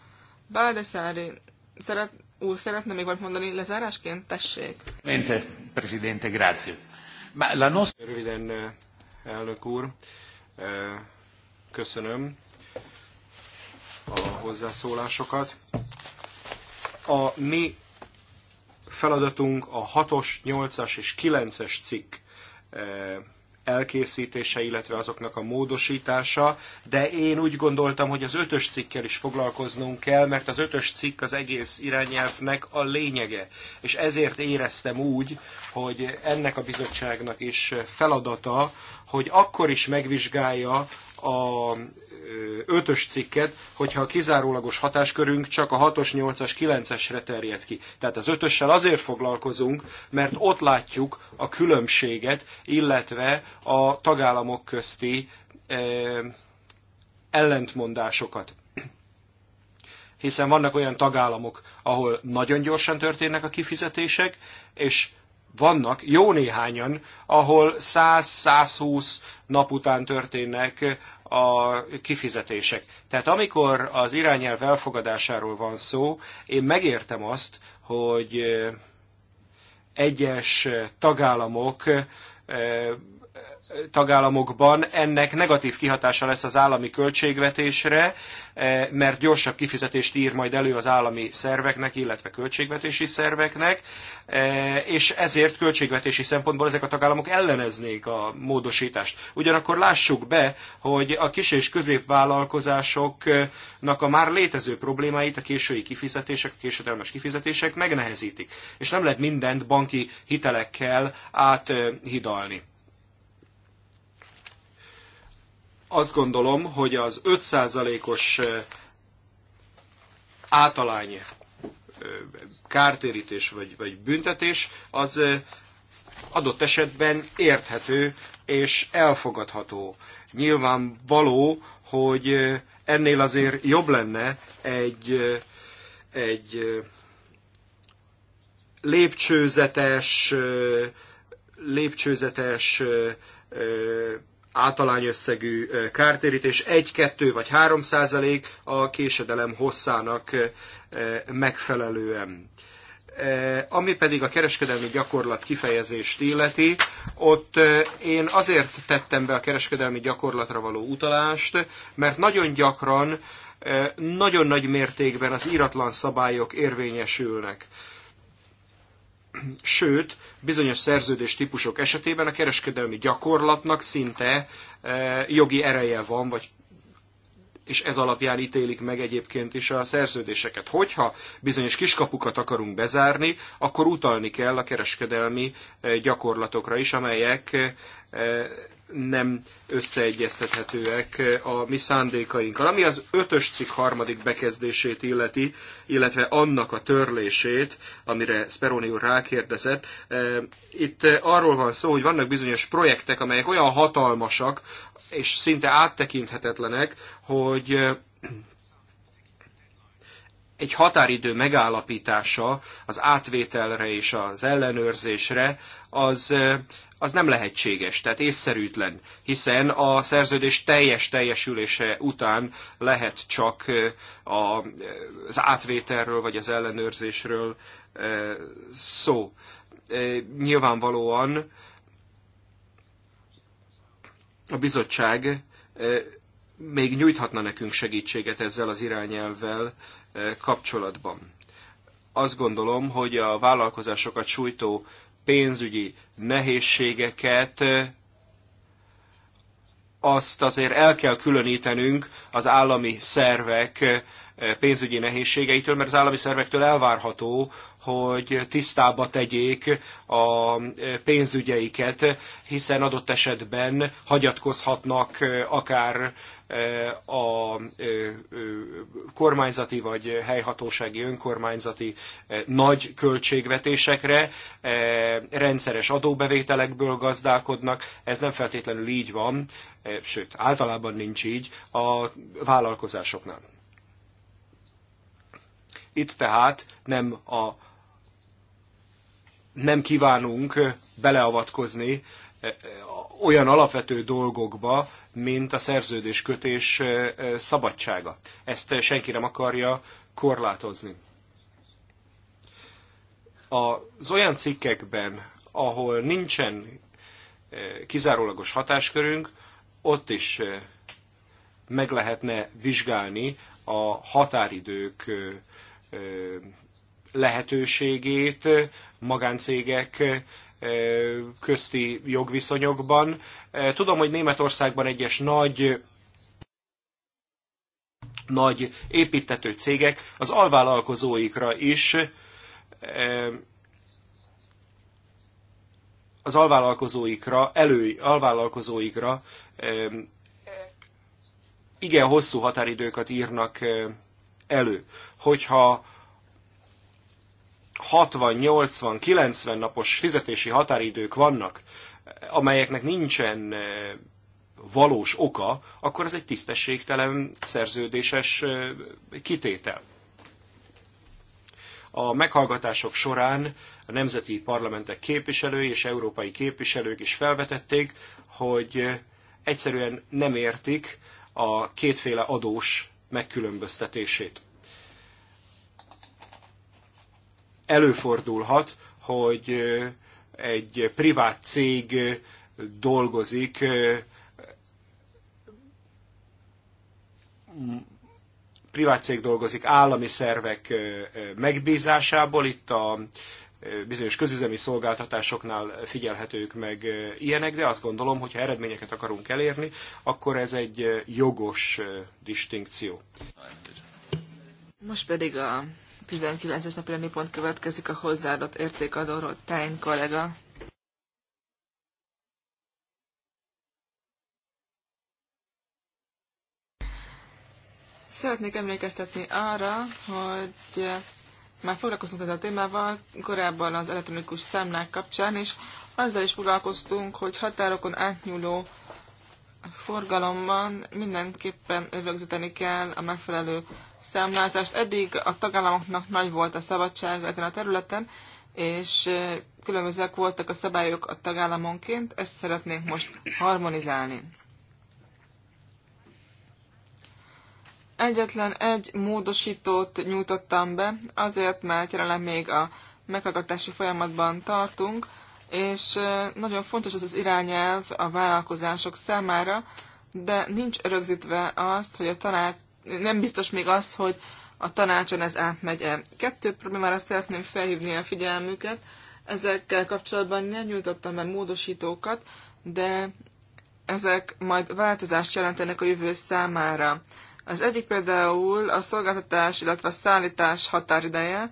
Báldeszári szeret, úr szeretne még valamit mondani lezárásként? Tessék. Mente, presidente, grazie. Ma la nostra... Röviden, eh, elnök úr, eh, köszönöm a hozzászólásokat. A mi feladatunk a 6-os, 8-as és 9-es cikk eh, elkészítése, illetve azoknak a módosítása, de én úgy gondoltam, hogy az ötös cikkkel is foglalkoznunk kell, mert az ötös cikk az egész irányelvnek a lényege. És ezért éreztem úgy, hogy ennek a bizottságnak is feladata, hogy akkor is megvizsgálja a ötös cikket, hogyha a kizárólagos hatáskörünk csak a 6-os, 8-as, 9-esre terjed ki. Tehát az ötössel azért foglalkozunk, mert ott látjuk a különbséget, illetve a tagállamok közti ellentmondásokat hiszen vannak olyan tagállamok, ahol nagyon gyorsan történnek a kifizetések, és vannak jó néhányan, ahol 100-120 nap után történnek a kifizetések. Tehát amikor az irányelv elfogadásáról van szó, én megértem azt, hogy eh, egyes tagállamok eh, tagállamokban ennek negatív kihatása lesz az állami költségvetésre, eh, mert gyorsabb kifizetést ír majd elő az állami szerveknek, illetve költségvetési szerveknek, eh, és ezért költségvetési szempontból ezek a tagállamok elleneznék a módosítást. Ugyanakkor lássuk be, hogy a kis és középvállalkozásoknak a már létező problémáit a késői kifizetések, a késedelmes kifizetések megnehezítik, és nem lehet mindent banki hitelekkel áthidalni azt gondolom, hogy az 5%-os átalány kártérítés vagy, vagy büntetés az adott esetben érthető és elfogadható. Nyilván való, hogy ennél azért jobb lenne egy, egy lépcsőzetes, lépcsőzetes általányösszegű kártérítés 1, 2 vagy 3 százalék a késedelem hosszának megfelelően. Ami pedig a kereskedelmi gyakorlat kifejezést illeti, ott én azért tettem be a kereskedelmi gyakorlatra való utalást, mert nagyon gyakran, nagyon nagy mértékben az íratlan szabályok érvényesülnek sőt, bizonyos szerződés típusok esetében a kereskedelmi gyakorlatnak szinte e, jogi ereje van, vagy és ez alapján ítélik meg egyébként is a szerződéseket. Hogyha bizonyos kiskapukat akarunk bezárni, akkor utalni kell a kereskedelmi e, gyakorlatokra is, amelyek e, nem összeegyeztethetőek eh, a mi szándékainkkal. Ami az ötös cikk harmadik bekezdését illeti, illetve annak a törlését, amire Speroni úr rákérdezett, eh, itt arról van szó, hogy vannak bizonyos projektek, amelyek olyan hatalmasak, és szinte áttekinthetetlenek, hogy eh, egy határidő megállapítása az átvételre és az ellenőrzésre, az az nem lehetséges, tehát észszerűtlen, hiszen a szerződés teljes teljesülése után lehet csak a, az átvételről vagy az ellenőrzésről szó. Nyilvánvalóan a bizottság még nyújthatna nekünk segítséget ezzel az irányelvvel kapcsolatban. Azt gondolom, hogy a vállalkozásokat sújtó pénzügyi nehézségeket, azt azért el kell különítenünk az állami szervek pénzügyi nehézségeitől, mert az állami szervektől elvárható, hogy tisztába tegyék a pénzügyeiket, hiszen adott esetben hagyatkozhatnak akár a kormányzati vagy helyhatósági önkormányzati nagy költségvetésekre, rendszeres adóbevételekből gazdálkodnak, ez nem feltétlenül így van, sőt, általában nincs így a vállalkozásoknál. Itt tehát nem a nem kívánunk beleavatkozni eh, eh, olyan alapvető dolgokba, mint a szerződéskötés eh, szabadsága. Ezt senki nem akarja korlátozni. Az olyan cikkekben, ahol nincsen kizárólagos hatáskörünk, ott is meg lehetne vizsgálni a határidők lehetőségét magáncégek közti jogviszonyokban. Tudom, hogy Németországban egyes nagy nagy építető cégek az alvállalkozóikra is az alvállalkozóikra, elő, alvállalkozóikra igen hosszú határidőket írnak elő. Hogyha 60, 80, 90 napos fizetési határidők vannak, amelyeknek nincsen e, valós oka, akkor ez egy tisztességtelen szerződéses e, kitétel. A meghallgatások során a nemzeti parlamentek képviselői és európai képviselők is felvetették, hogy egyszerűen nem értik a kétféle adós megkülönböztetését. Előfordulhat, hogy egy privát cég dolgozik privát cég dolgozik állami szervek megbízásából. Itt a bizonyos közüzemi szolgáltatásoknál figyelhetők meg ilyenek, de azt gondolom, hogy ha eredményeket akarunk elérni, akkor ez egy jogos distinkció. Most pedig a 19-es napi pont következik a hozzáadott értékadóról. Tájn kollega. Szeretnék emlékeztetni arra, hogy már foglalkoztunk ezzel a témával, korábban az elektronikus számlák kapcsán, és azzal is foglalkoztunk, hogy határokon átnyúló forgalomban mindenképpen rögzíteni kell a megfelelő számlázást. Eddig a tagállamoknak nagy volt a szabadság ezen a területen, és különbözőek voltak a szabályok a tagállamonként, ezt szeretnénk most harmonizálni. Egyetlen egy módosítót nyújtottam be, azért, mert jelenleg még a meghallgatási folyamatban tartunk, és nagyon fontos ez az irányelv a vállalkozások számára, de nincs rögzítve azt, hogy a tanács, nem biztos még az, hogy a tanácson ez átmegy-e. Kettő problémára szeretném felhívni a figyelmüket. Ezekkel kapcsolatban nem nyújtottam be módosítókat, de ezek majd változást jelentenek a jövő számára. Az egyik például a szolgáltatás, illetve a szállítás határideje,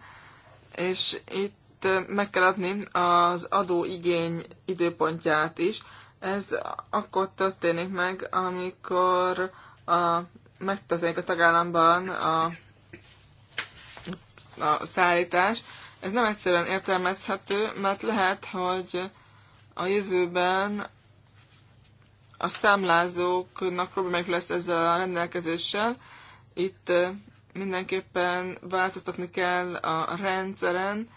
és itt meg kell adni az adóigény időpontját is. Ez akkor történik meg, amikor a, megtörténik a tagállamban a, a szállítás. Ez nem egyszerűen értelmezhető, mert lehet, hogy a jövőben a számlázóknak problémák lesz ezzel a rendelkezéssel. Itt mindenképpen változtatni kell a rendszeren.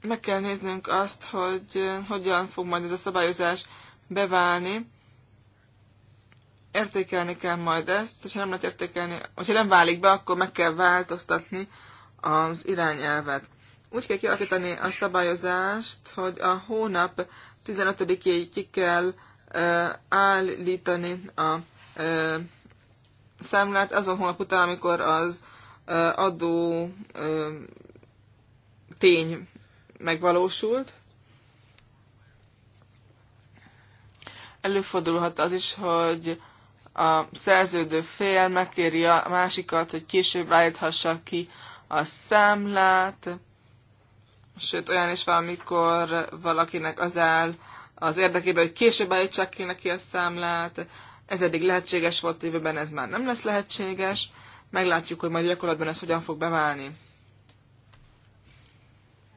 Meg kell néznünk azt, hogy hogyan fog majd ez a szabályozás beválni. Értékelni kell majd ezt, és ha nem lehet értékelni, hogyha nem válik be, akkor meg kell változtatni az irányelvet. Úgy kell kialakítani a szabályozást, hogy a hónap 15 éig ki kell állítani a számlát azon hónap után, amikor az adó tény megvalósult. Előfordulhat az is, hogy a szerződő fél megkéri a másikat, hogy később állíthassa ki a számlát, sőt olyan is van, amikor valakinek az áll az érdekében, hogy később állítsák ki neki a számlát, ez eddig lehetséges volt, jövőben ez már nem lesz lehetséges, meglátjuk, hogy majd gyakorlatban ez hogyan fog beválni.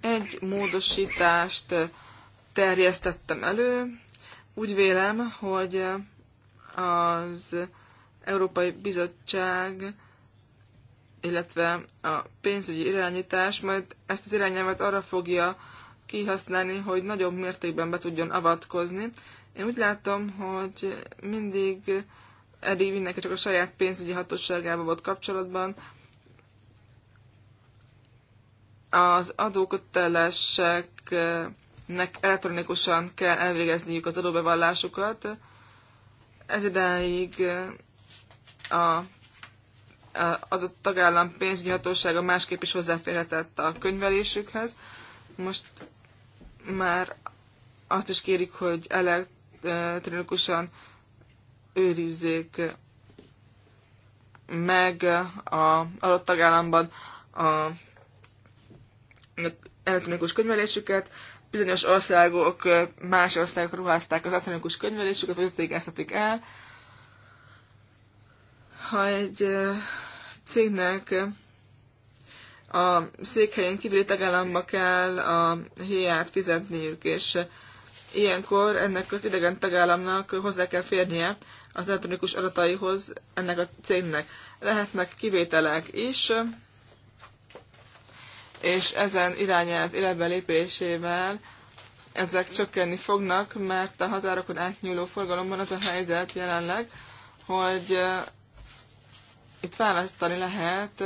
Egy módosítást terjesztettem elő, úgy vélem, hogy az Európai Bizottság illetve a pénzügyi irányítás majd ezt az irányelvet arra fogja kihasználni, hogy nagyobb mértékben be tudjon avatkozni. Én úgy látom, hogy mindig eddig mindenki csak a saját pénzügyi hatóságába volt kapcsolatban. Az adóköteleseknek elektronikusan kell elvégezniük az adóbevallásukat. Ez idáig a adott tagállam pénzügyi hatósága másképp is hozzáférhetett a könyvelésükhez. Most már azt is kérik, hogy elektronikusan őrizzék meg a adott tagállamban a elektronikus könyvelésüket. Bizonyos országok, más országok ruházták az elektronikus könyvelésüket, vagy ott végeztetik el. Ha egy cégnek a székhelyén kívüli tagállamba kell a héját fizetniük, és ilyenkor ennek az idegen tagállamnak hozzá kell férnie az elektronikus adataihoz ennek a cégnek. Lehetnek kivételek is, és ezen irányelv életbe lépésével ezek csökkenni fognak, mert a határokon átnyúló forgalomban az a helyzet jelenleg, hogy itt választani lehet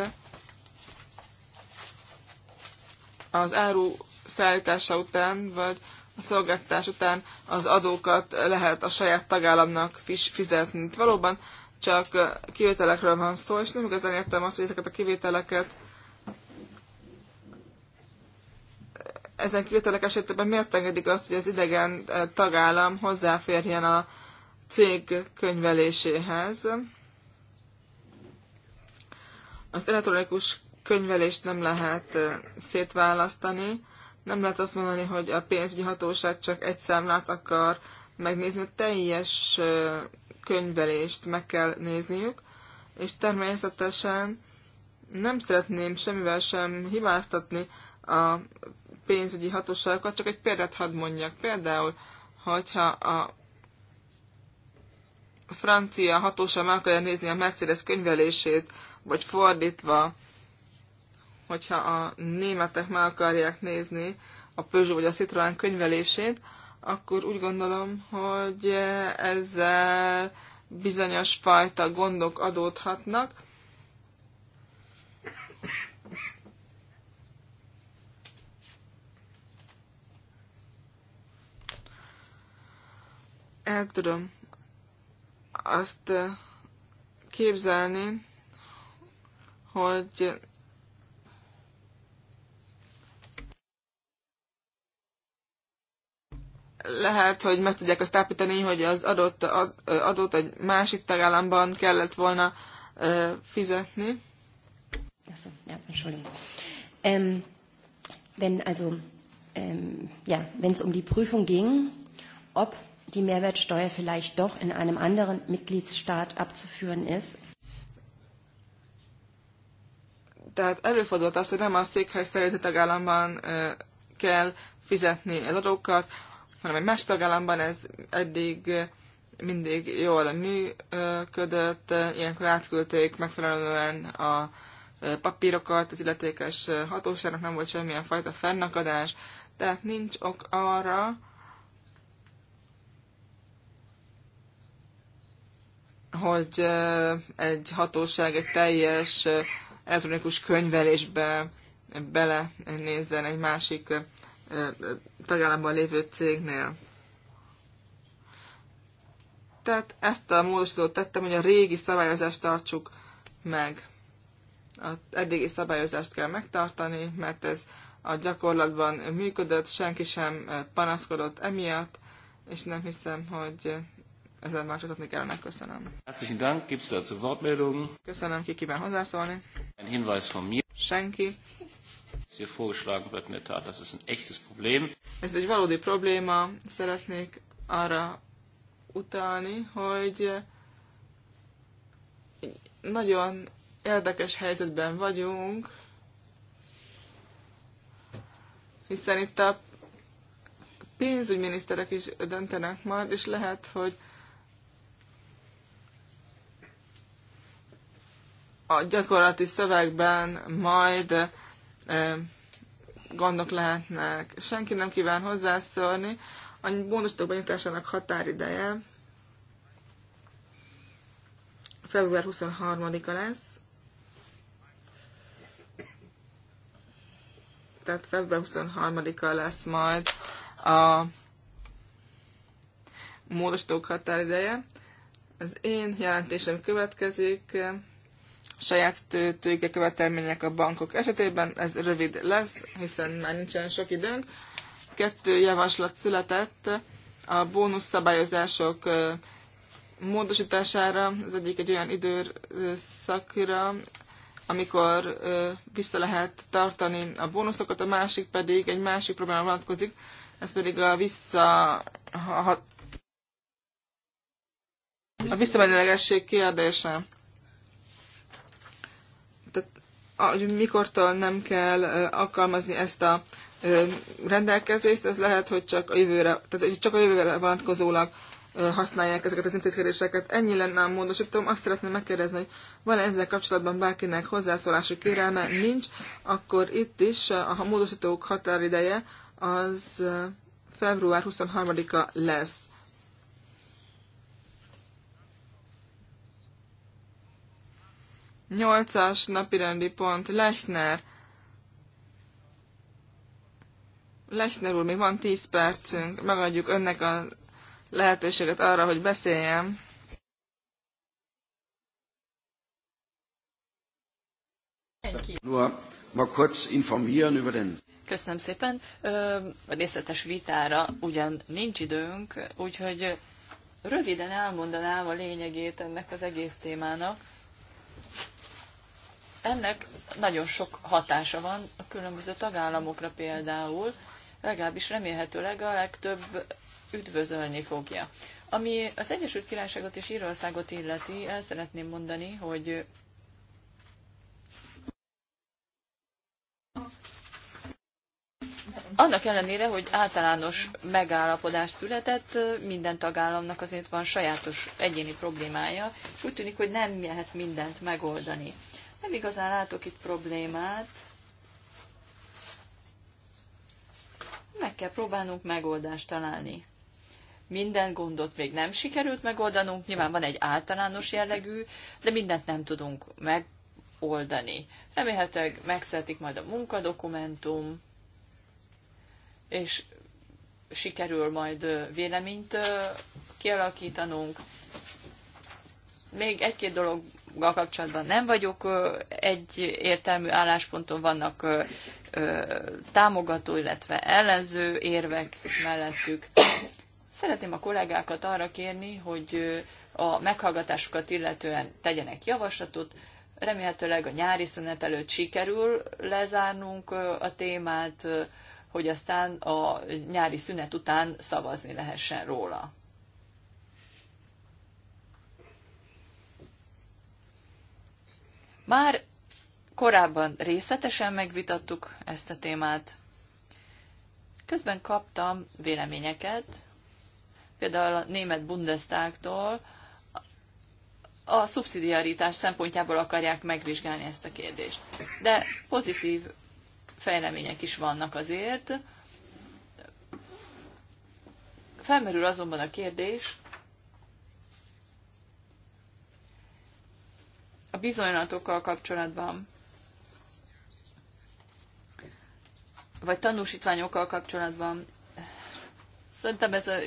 az áru szállítása után, vagy a szolgáltatás után az adókat lehet a saját tagállamnak fizetni. Itt valóban csak kivételekről van szó, és nem igazán értem azt, hogy ezeket a kivételeket ezen kivételek esetében miért engedik azt, hogy az idegen eh, tagállam hozzáférjen a cég könyveléséhez az elektronikus könyvelést nem lehet szétválasztani, nem lehet azt mondani, hogy a pénzügyi hatóság csak egy számlát akar megnézni, teljes könyvelést meg kell nézniük, és természetesen nem szeretném semmivel sem hibáztatni a pénzügyi hatóságokat, csak egy példát hadd mondjak. Például, hogyha a francia hatóság meg akarja nézni a Mercedes könyvelését vagy fordítva, hogyha a németek meg akarják nézni a Peugeot vagy a Citroën könyvelését, akkor úgy gondolom, hogy ezzel bizonyos fajta gondok adódhatnak. El tudom azt képzelni, hogy lehet, hogy meg tudják azt állapítani, hogy az adott adott egy másik tagállamban kellett volna fizetni. Ja, Entschuldigung. Ähm, wenn also, ähm, ja, wenn es um die Prüfung ging, ob die Mehrwertsteuer vielleicht doch in einem anderen Mitgliedstaat abzuführen ist, Tehát előfordult az, hogy nem a székhely szerinti tagállamban kell fizetni az adókat, hanem egy más tagállamban ez eddig mindig jól működött, ilyenkor átküldték megfelelően a papírokat, az illetékes hatóságnak nem volt semmilyen fajta fennakadás, tehát nincs ok arra, hogy egy hatóság egy teljes elektronikus könyvelésbe bele nézzen egy másik tagállamban lévő cégnél. Tehát ezt a módosítót tettem, hogy a régi szabályozást tartsuk meg. A eddigi szabályozást kell megtartani, mert ez a gyakorlatban működött, senki sem panaszkodott emiatt, és nem hiszem, hogy ezen változtatni kellene. Köszönöm. Herzlichen Dank. Gibt's dazu Wortmeldungen? Köszönöm, ki kíván hozzászólni. Ein Hinweis von mir. Senki. Hier vorgeschlagen wird in der Tat, das ist ein echtes Problem. Ez egy valódi probléma. Szeretnék arra utalni, hogy nagyon érdekes helyzetben vagyunk, hiszen itt a pénzügyminiszterek is döntenek majd, és lehet, hogy a gyakorlati szövegben majd gondok lehetnek. Senki nem kíván hozzászólni. A bónusztok benyitásának határideje február 23-a lesz. Tehát február 23-a lesz majd a módosítók határideje. Az én jelentésem következik saját tőke követelmények a bankok esetében. Ez rövid lesz, hiszen már nincsen sok időnk. Kettő javaslat született a bónusz szabályozások módosítására, az egyik egy olyan időszakra, amikor vissza lehet tartani a bónuszokat, a másik pedig egy másik probléma vonatkozik, ez pedig a vissza a visszamenőlegesség kérdése hogy mikortól nem kell alkalmazni ezt a rendelkezést, ez lehet, hogy csak a jövőre, tehát csak a jövőre vonatkozólag használják ezeket az intézkedéseket. Ennyi lenne a módosítom. Azt szeretném megkérdezni, hogy van -e ezzel kapcsolatban bárkinek hozzászólási kérelme? Nincs. Akkor itt is a módosítók határideje az február 23-a lesz. Nyolcas napirendi pont, Lechner. Lechner úr, még van 10 percünk, megadjuk önnek a lehetőséget arra, hogy beszéljem. Köszönöm szépen. A részletes vitára ugyan nincs időnk, úgyhogy röviden elmondanám a lényegét ennek az egész témának ennek nagyon sok hatása van a különböző tagállamokra például, legalábbis remélhetőleg a legtöbb üdvözölni fogja. Ami az Egyesült Királyságot és Írországot illeti, el szeretném mondani, hogy annak ellenére, hogy általános megállapodás született, minden tagállamnak azért van sajátos egyéni problémája, és úgy tűnik, hogy nem lehet mindent megoldani. Nem igazán látok itt problémát. Meg kell próbálnunk megoldást találni. Minden gondot még nem sikerült megoldanunk, nyilván van egy általános jellegű, de mindent nem tudunk megoldani. Remélhetőleg megszületik majd a munkadokumentum, és sikerül majd véleményt kialakítanunk. Még egy-két dolog kapcsolatban nem vagyok egy értelmű állásponton, vannak támogató, illetve ellenző érvek mellettük. Szeretném a kollégákat arra kérni, hogy a meghallgatásokat illetően tegyenek javaslatot, remélhetőleg a nyári szünet előtt sikerül lezárnunk a témát, hogy aztán a nyári szünet után szavazni lehessen róla. Már korábban részletesen megvitattuk ezt a témát. Közben kaptam véleményeket, például a német Bundestagtól, a szubszidiaritás szempontjából akarják megvizsgálni ezt a kérdést. De pozitív fejlemények is vannak azért. Felmerül azonban a kérdés, a bizonylatokkal kapcsolatban, vagy tanúsítványokkal kapcsolatban. Szerintem ez a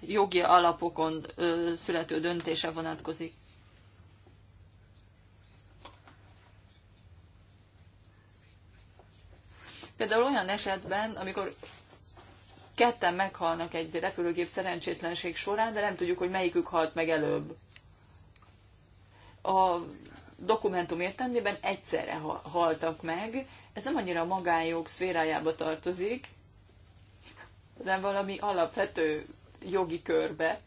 jogi alapokon ö, születő döntése vonatkozik. Például olyan esetben, amikor ketten meghalnak egy repülőgép szerencsétlenség során, de nem tudjuk, hogy melyikük halt meg előbb. A dokumentum értelmében egyszerre haltak meg. Ez nem annyira a magánjog szférájába tartozik, de valami alapvető jogi körbe.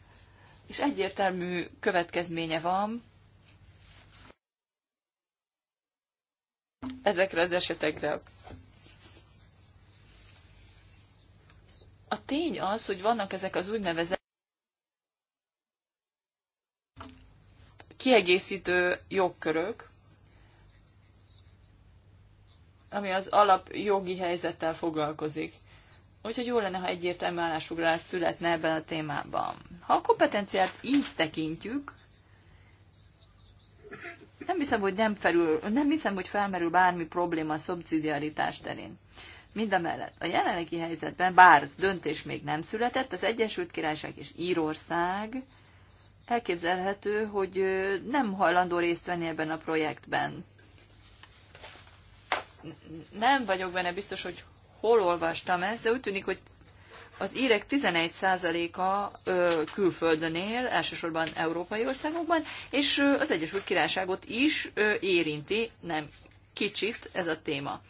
És egyértelmű következménye van ezekre az esetekre. A tény az, hogy vannak ezek az úgynevezett kiegészítő jogkörök, ami az alap jogi helyzettel foglalkozik. Úgyhogy jó lenne, ha egyértelmű állásfoglalás születne ebben a témában. Ha a kompetenciát így tekintjük, nem hiszem, hogy nem, felül, nem hiszem, hogy felmerül bármi probléma a szubszidiaritás terén. mellett, a jelenlegi helyzetben, bár döntés még nem született, az Egyesült Királyság és Írország elképzelhető, hogy nem hajlandó részt venni ebben a projektben. Nem vagyok benne biztos, hogy hol olvastam ezt, de úgy tűnik, hogy az írek 11%-a külföldön él, elsősorban európai országokban, és az Egyesült Királyságot is érinti, nem kicsit ez a téma.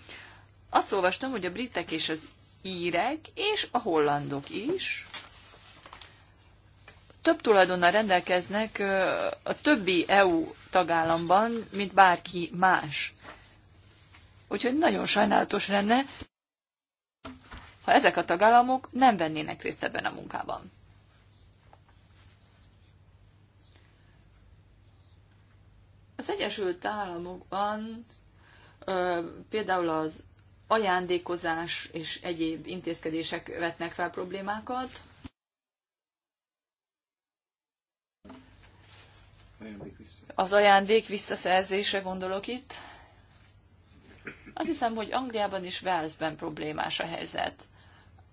Azt olvastam, hogy a britek és az írek, és a hollandok is, több tulajdonnal rendelkeznek a többi EU tagállamban, mint bárki más. Úgyhogy nagyon sajnálatos lenne, ha ezek a tagállamok nem vennének részt ebben a munkában. Az Egyesült Államokban például az ajándékozás és egyéb intézkedések vetnek fel problémákat, az ajándék visszaszerzése gondolok itt. Azt hiszem, hogy Angliában és Walesben problémás a helyzet.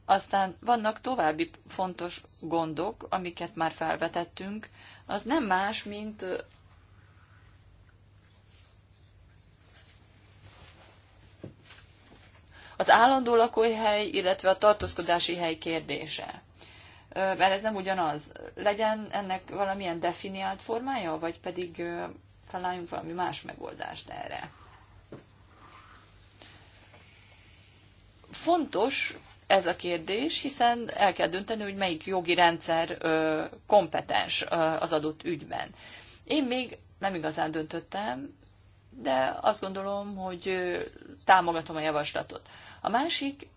Aztán vannak további fontos gondok, amiket már felvetettünk. Az nem más, mint az állandó lakóhely, illetve a tartózkodási hely kérdése mert ez nem ugyanaz. Legyen ennek valamilyen definiált formája, vagy pedig találjunk valami más megoldást erre. Fontos ez a kérdés, hiszen el kell dönteni, hogy melyik jogi rendszer kompetens az adott ügyben. Én még nem igazán döntöttem, de azt gondolom, hogy támogatom a javaslatot. A másik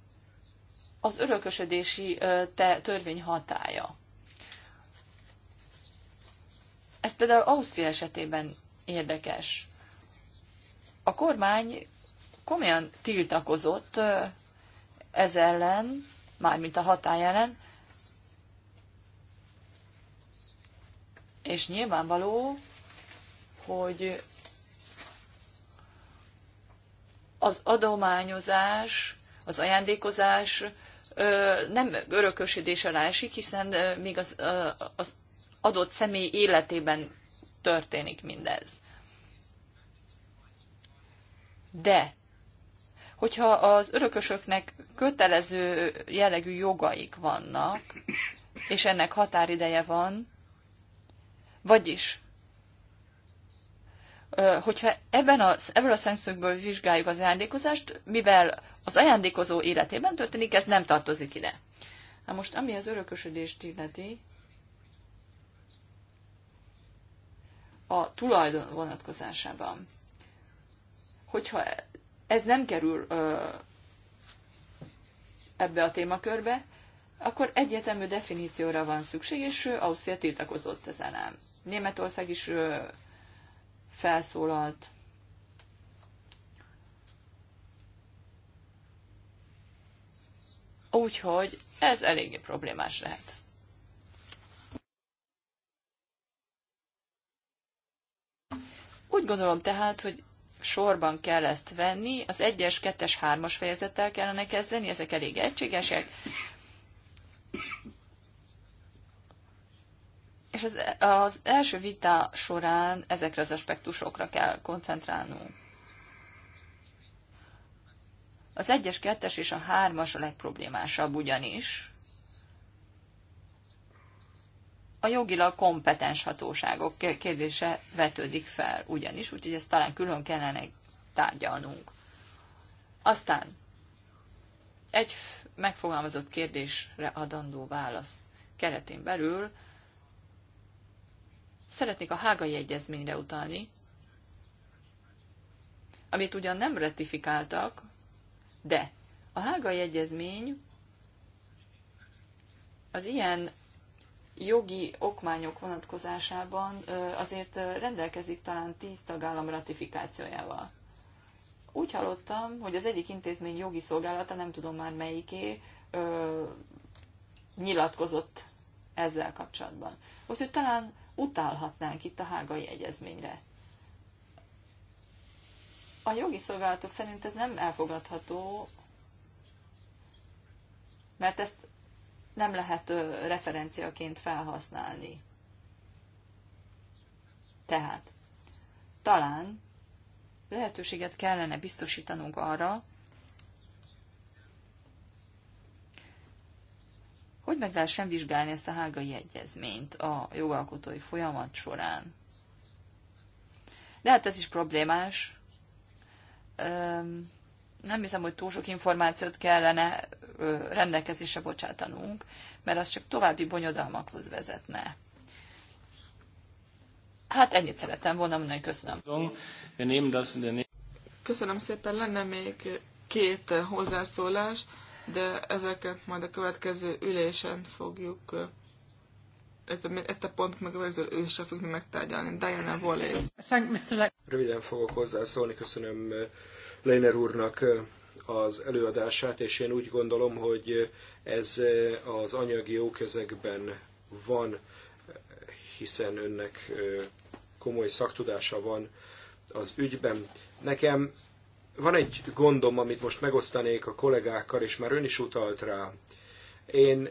az örökösödési törvény hatája. Ez például Ausztria esetében érdekes. A kormány komolyan tiltakozott ez ellen, mármint a hatály ellen, és nyilvánvaló, hogy az adományozás, az ajándékozás nem örökösödés alá esik, hiszen még az, az adott személy életében történik mindez. De, hogyha az örökösöknek kötelező jellegű jogaik vannak, és ennek határideje van, vagyis, hogyha ebben a, ebből a szemszögből vizsgáljuk az ajándékozást, mivel az ajándékozó életében történik, ez nem tartozik ide. Na hát most, ami az örökösödést illeti, a tulajdon vonatkozásában, hogyha ez nem kerül ö, ebbe a témakörbe, akkor egyetemű definícióra van szükség, és Ausztria tiltakozott ezen ám. Németország is ö, felszólalt Úgyhogy ez eléggé problémás lehet. Úgy gondolom tehát, hogy sorban kell ezt venni, az 1-es, 2-es, 3-as fejezettel kellene kezdeni, ezek elég egységesek. És az, az első vita során ezekre az aspektusokra kell koncentrálnunk. Az egyes, kettes és a hármas a legproblémásabb ugyanis. A jogilag kompetens hatóságok kérdése vetődik fel ugyanis, úgyhogy ezt talán külön kellene tárgyalnunk. Aztán egy megfogalmazott kérdésre adandó válasz keretén belül szeretnék a hágai egyezményre utalni, amit ugyan nem ratifikáltak, de a hágai egyezmény az ilyen jogi okmányok vonatkozásában azért rendelkezik talán tíz tagállam ratifikációjával. Úgy hallottam, hogy az egyik intézmény jogi szolgálata, nem tudom már melyiké, nyilatkozott ezzel kapcsolatban. Úgyhogy talán utálhatnánk itt a hágai egyezményre. A jogi szolgálatok szerint ez nem elfogadható, mert ezt nem lehet referenciaként felhasználni. Tehát talán lehetőséget kellene biztosítanunk arra, hogy meg lehessen vizsgálni ezt a hágai egyezményt a jogalkotói folyamat során. De hát ez is problémás, nem hiszem, hogy túl sok információt kellene rendelkezésre bocsátanunk, mert az csak további bonyodalmakhoz vezetne. Hát ennyit szerettem volna mondani, köszönöm. Köszönöm szépen, lenne még két hozzászólás, de ezeket majd a következő ülésen fogjuk ezt a pontot meg az őssel fogjuk megtárgyalni. Diana Wallace. Röviden fogok hozzászólni, köszönöm eh, Leiner úrnak eh, az előadását, és én úgy gondolom, hogy ez eh, az anyagi jó kezekben van, hiszen önnek komoly szaktudása van az ügyben. Nekem van egy gondom, amit most megosztanék a kollégákkal, és már ön is utalt rá. Én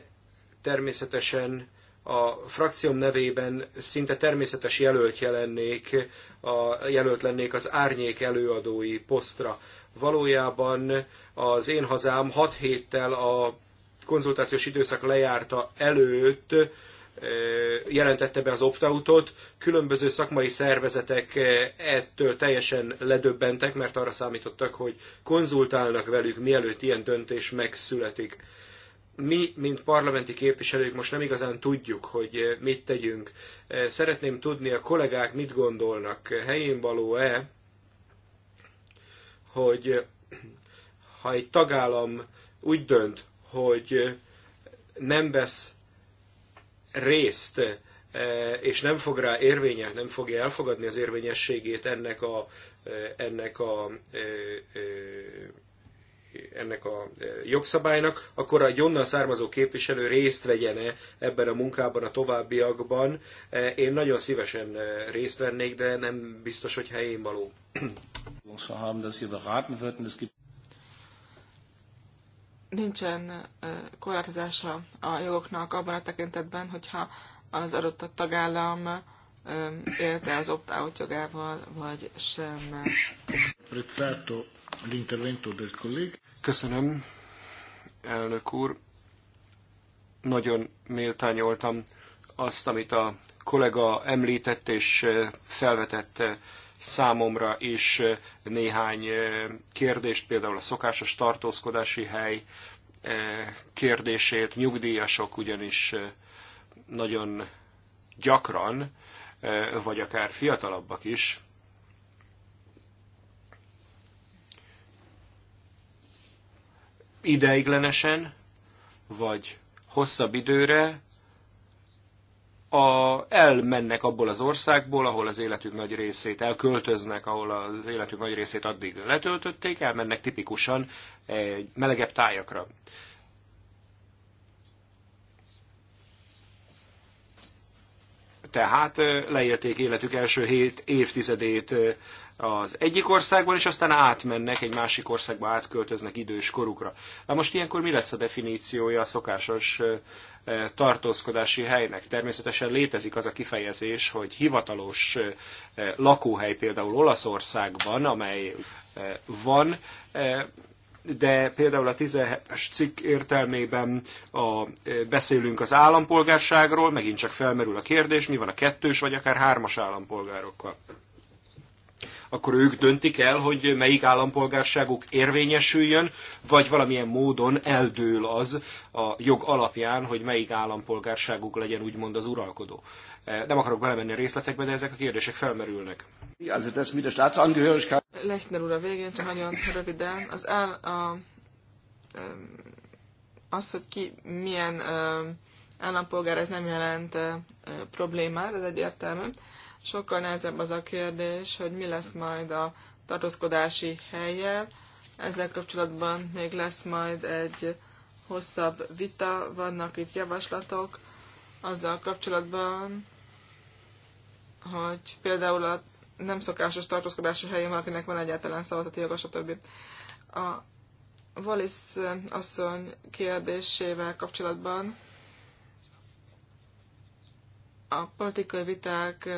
természetesen a frakcióm nevében szinte természetes jelölt, jelennék, a, jelölt lennék az árnyék előadói posztra. Valójában az én hazám hat héttel a konzultációs időszak lejárta előtt jelentette be az opt-outot, különböző szakmai szervezetek ettől teljesen ledöbbentek, mert arra számítottak, hogy konzultálnak velük, mielőtt ilyen döntés megszületik mi, mint parlamenti képviselők most nem igazán tudjuk, hogy eh, mit tegyünk. Eh, szeretném tudni, a kollégák mit gondolnak, helyén való-e, hogy eh, ha egy tagállam úgy dönt, hogy nem vesz részt, és nem fog rá érvénye, nem fogja elfogadni az érvényességét ennek a, ennek a ennek a e, jogszabálynak, akkor a onnan származó képviselő részt vegyene ebben a munkában a továbbiakban. E, én nagyon szívesen e, részt vennék, de nem biztos, hogy helyén való. Nincsen korlátozása a jogoknak abban a tekintetben, hogyha az adott tagállam élte az opt-out jogával, vagy sem. l'intervento del collega. Köszönöm, elnök úr. Nagyon méltányoltam azt, amit a kollega említett és felvetett számomra is néhány kérdést, például a szokásos tartózkodási hely kérdését. Nyugdíjasok ugyanis nagyon gyakran, vagy akár fiatalabbak is ideiglenesen, vagy hosszabb időre a, elmennek abból az országból, ahol az életük nagy részét elköltöznek, ahol az életük nagy részét addig letöltötték, elmennek tipikusan egy melegebb tájakra. Tehát leélték életük első hét évtizedét az egyik országban, és aztán átmennek, egy másik országba átköltöznek idős korukra. Na most ilyenkor mi lesz a definíciója a szokásos tartózkodási helynek? Természetesen létezik az a kifejezés, hogy hivatalos lakóhely például Olaszországban, amely van, de például a 17-es cikk értelmében a, e, beszélünk az állampolgárságról, megint csak felmerül a kérdés, mi van a kettős vagy akár hármas állampolgárokkal. Akkor ők döntik el, hogy melyik állampolgárságuk érvényesüljön, vagy valamilyen módon eldől az a jog alapján, hogy melyik állampolgárságuk legyen úgymond az uralkodó. E, nem akarok belemenni a részletekbe, de ezek a kérdések felmerülnek. Also das mit der Staatsangehörigkeit. Lechner úr a végén, csak nagyon röviden. Az el, a, az, hogy ki milyen állampolgár, ez nem jelent eh, problémát, ez egyértelmű. Sokkal nehezebb az a kérdés, hogy mi lesz majd a tartózkodási helyjel. Ezzel kapcsolatban még lesz majd egy hosszabb vita, vannak itt javaslatok azzal kapcsolatban, hogy például a nem szokásos tartózkodási helyén valakinek van egyáltalán szavazati joga, stb. A Wallis asszony kérdésével kapcsolatban a politikai viták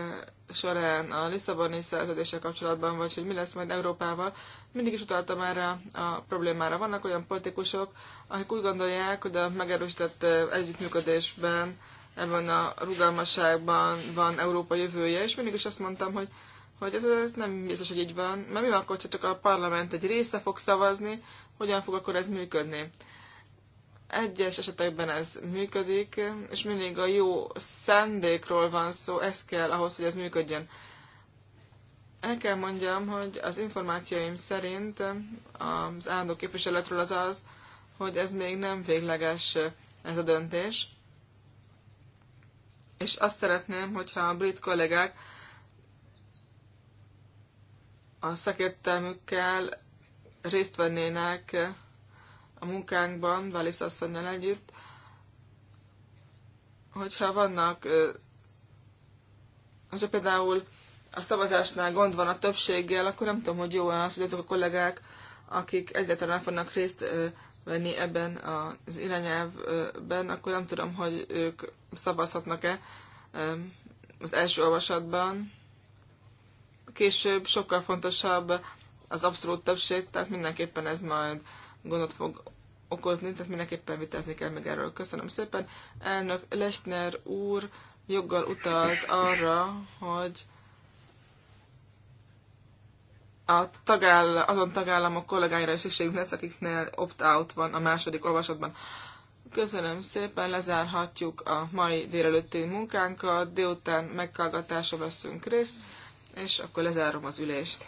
során a Lisszaboni szerződéssel kapcsolatban, vagy hogy mi lesz majd Európával, mindig is utaltam erre a problémára. Vannak olyan politikusok, akik úgy gondolják, hogy a megerősített együttműködésben, ebben a rugalmasságban van Európa jövője, és mindig is azt mondtam, hogy hogy ez, ez nem biztos, hogy így van. Mert mi van akkor, csak a parlament egy része fog szavazni, hogyan fog akkor ez működni? Egyes esetekben ez működik, és mindig a jó szendékról van szó, ez kell ahhoz, hogy ez működjön. El kell mondjam, hogy az információim szerint az állandó képviseletről az az, hogy ez még nem végleges ez a döntés. És azt szeretném, hogyha a brit kollégák a szakértelmükkel részt vennének a munkánkban, Valisz asszonynal együtt, hogyha vannak, hogyha például a szavazásnál gond van a többséggel, akkor nem tudom, hogy jó-e az, hogy azok a kollégák, akik egyáltalán fognak részt venni ebben az irányelvben, akkor nem tudom, hogy ők szavazhatnak-e az első olvasatban később sokkal fontosabb az abszolút többség, tehát mindenképpen ez majd gondot fog okozni, tehát mindenképpen vitázni kell meg erről. Köszönöm szépen. Elnök Lesner úr joggal utalt arra, hogy a tagáll- azon tagállamok kollégáira is szükségünk lesz, akiknél opt-out van a második olvasatban. Köszönöm szépen, lezárhatjuk a mai délelőtti munkánkat, délután meghallgatásra veszünk részt és akkor lezárom az ülést.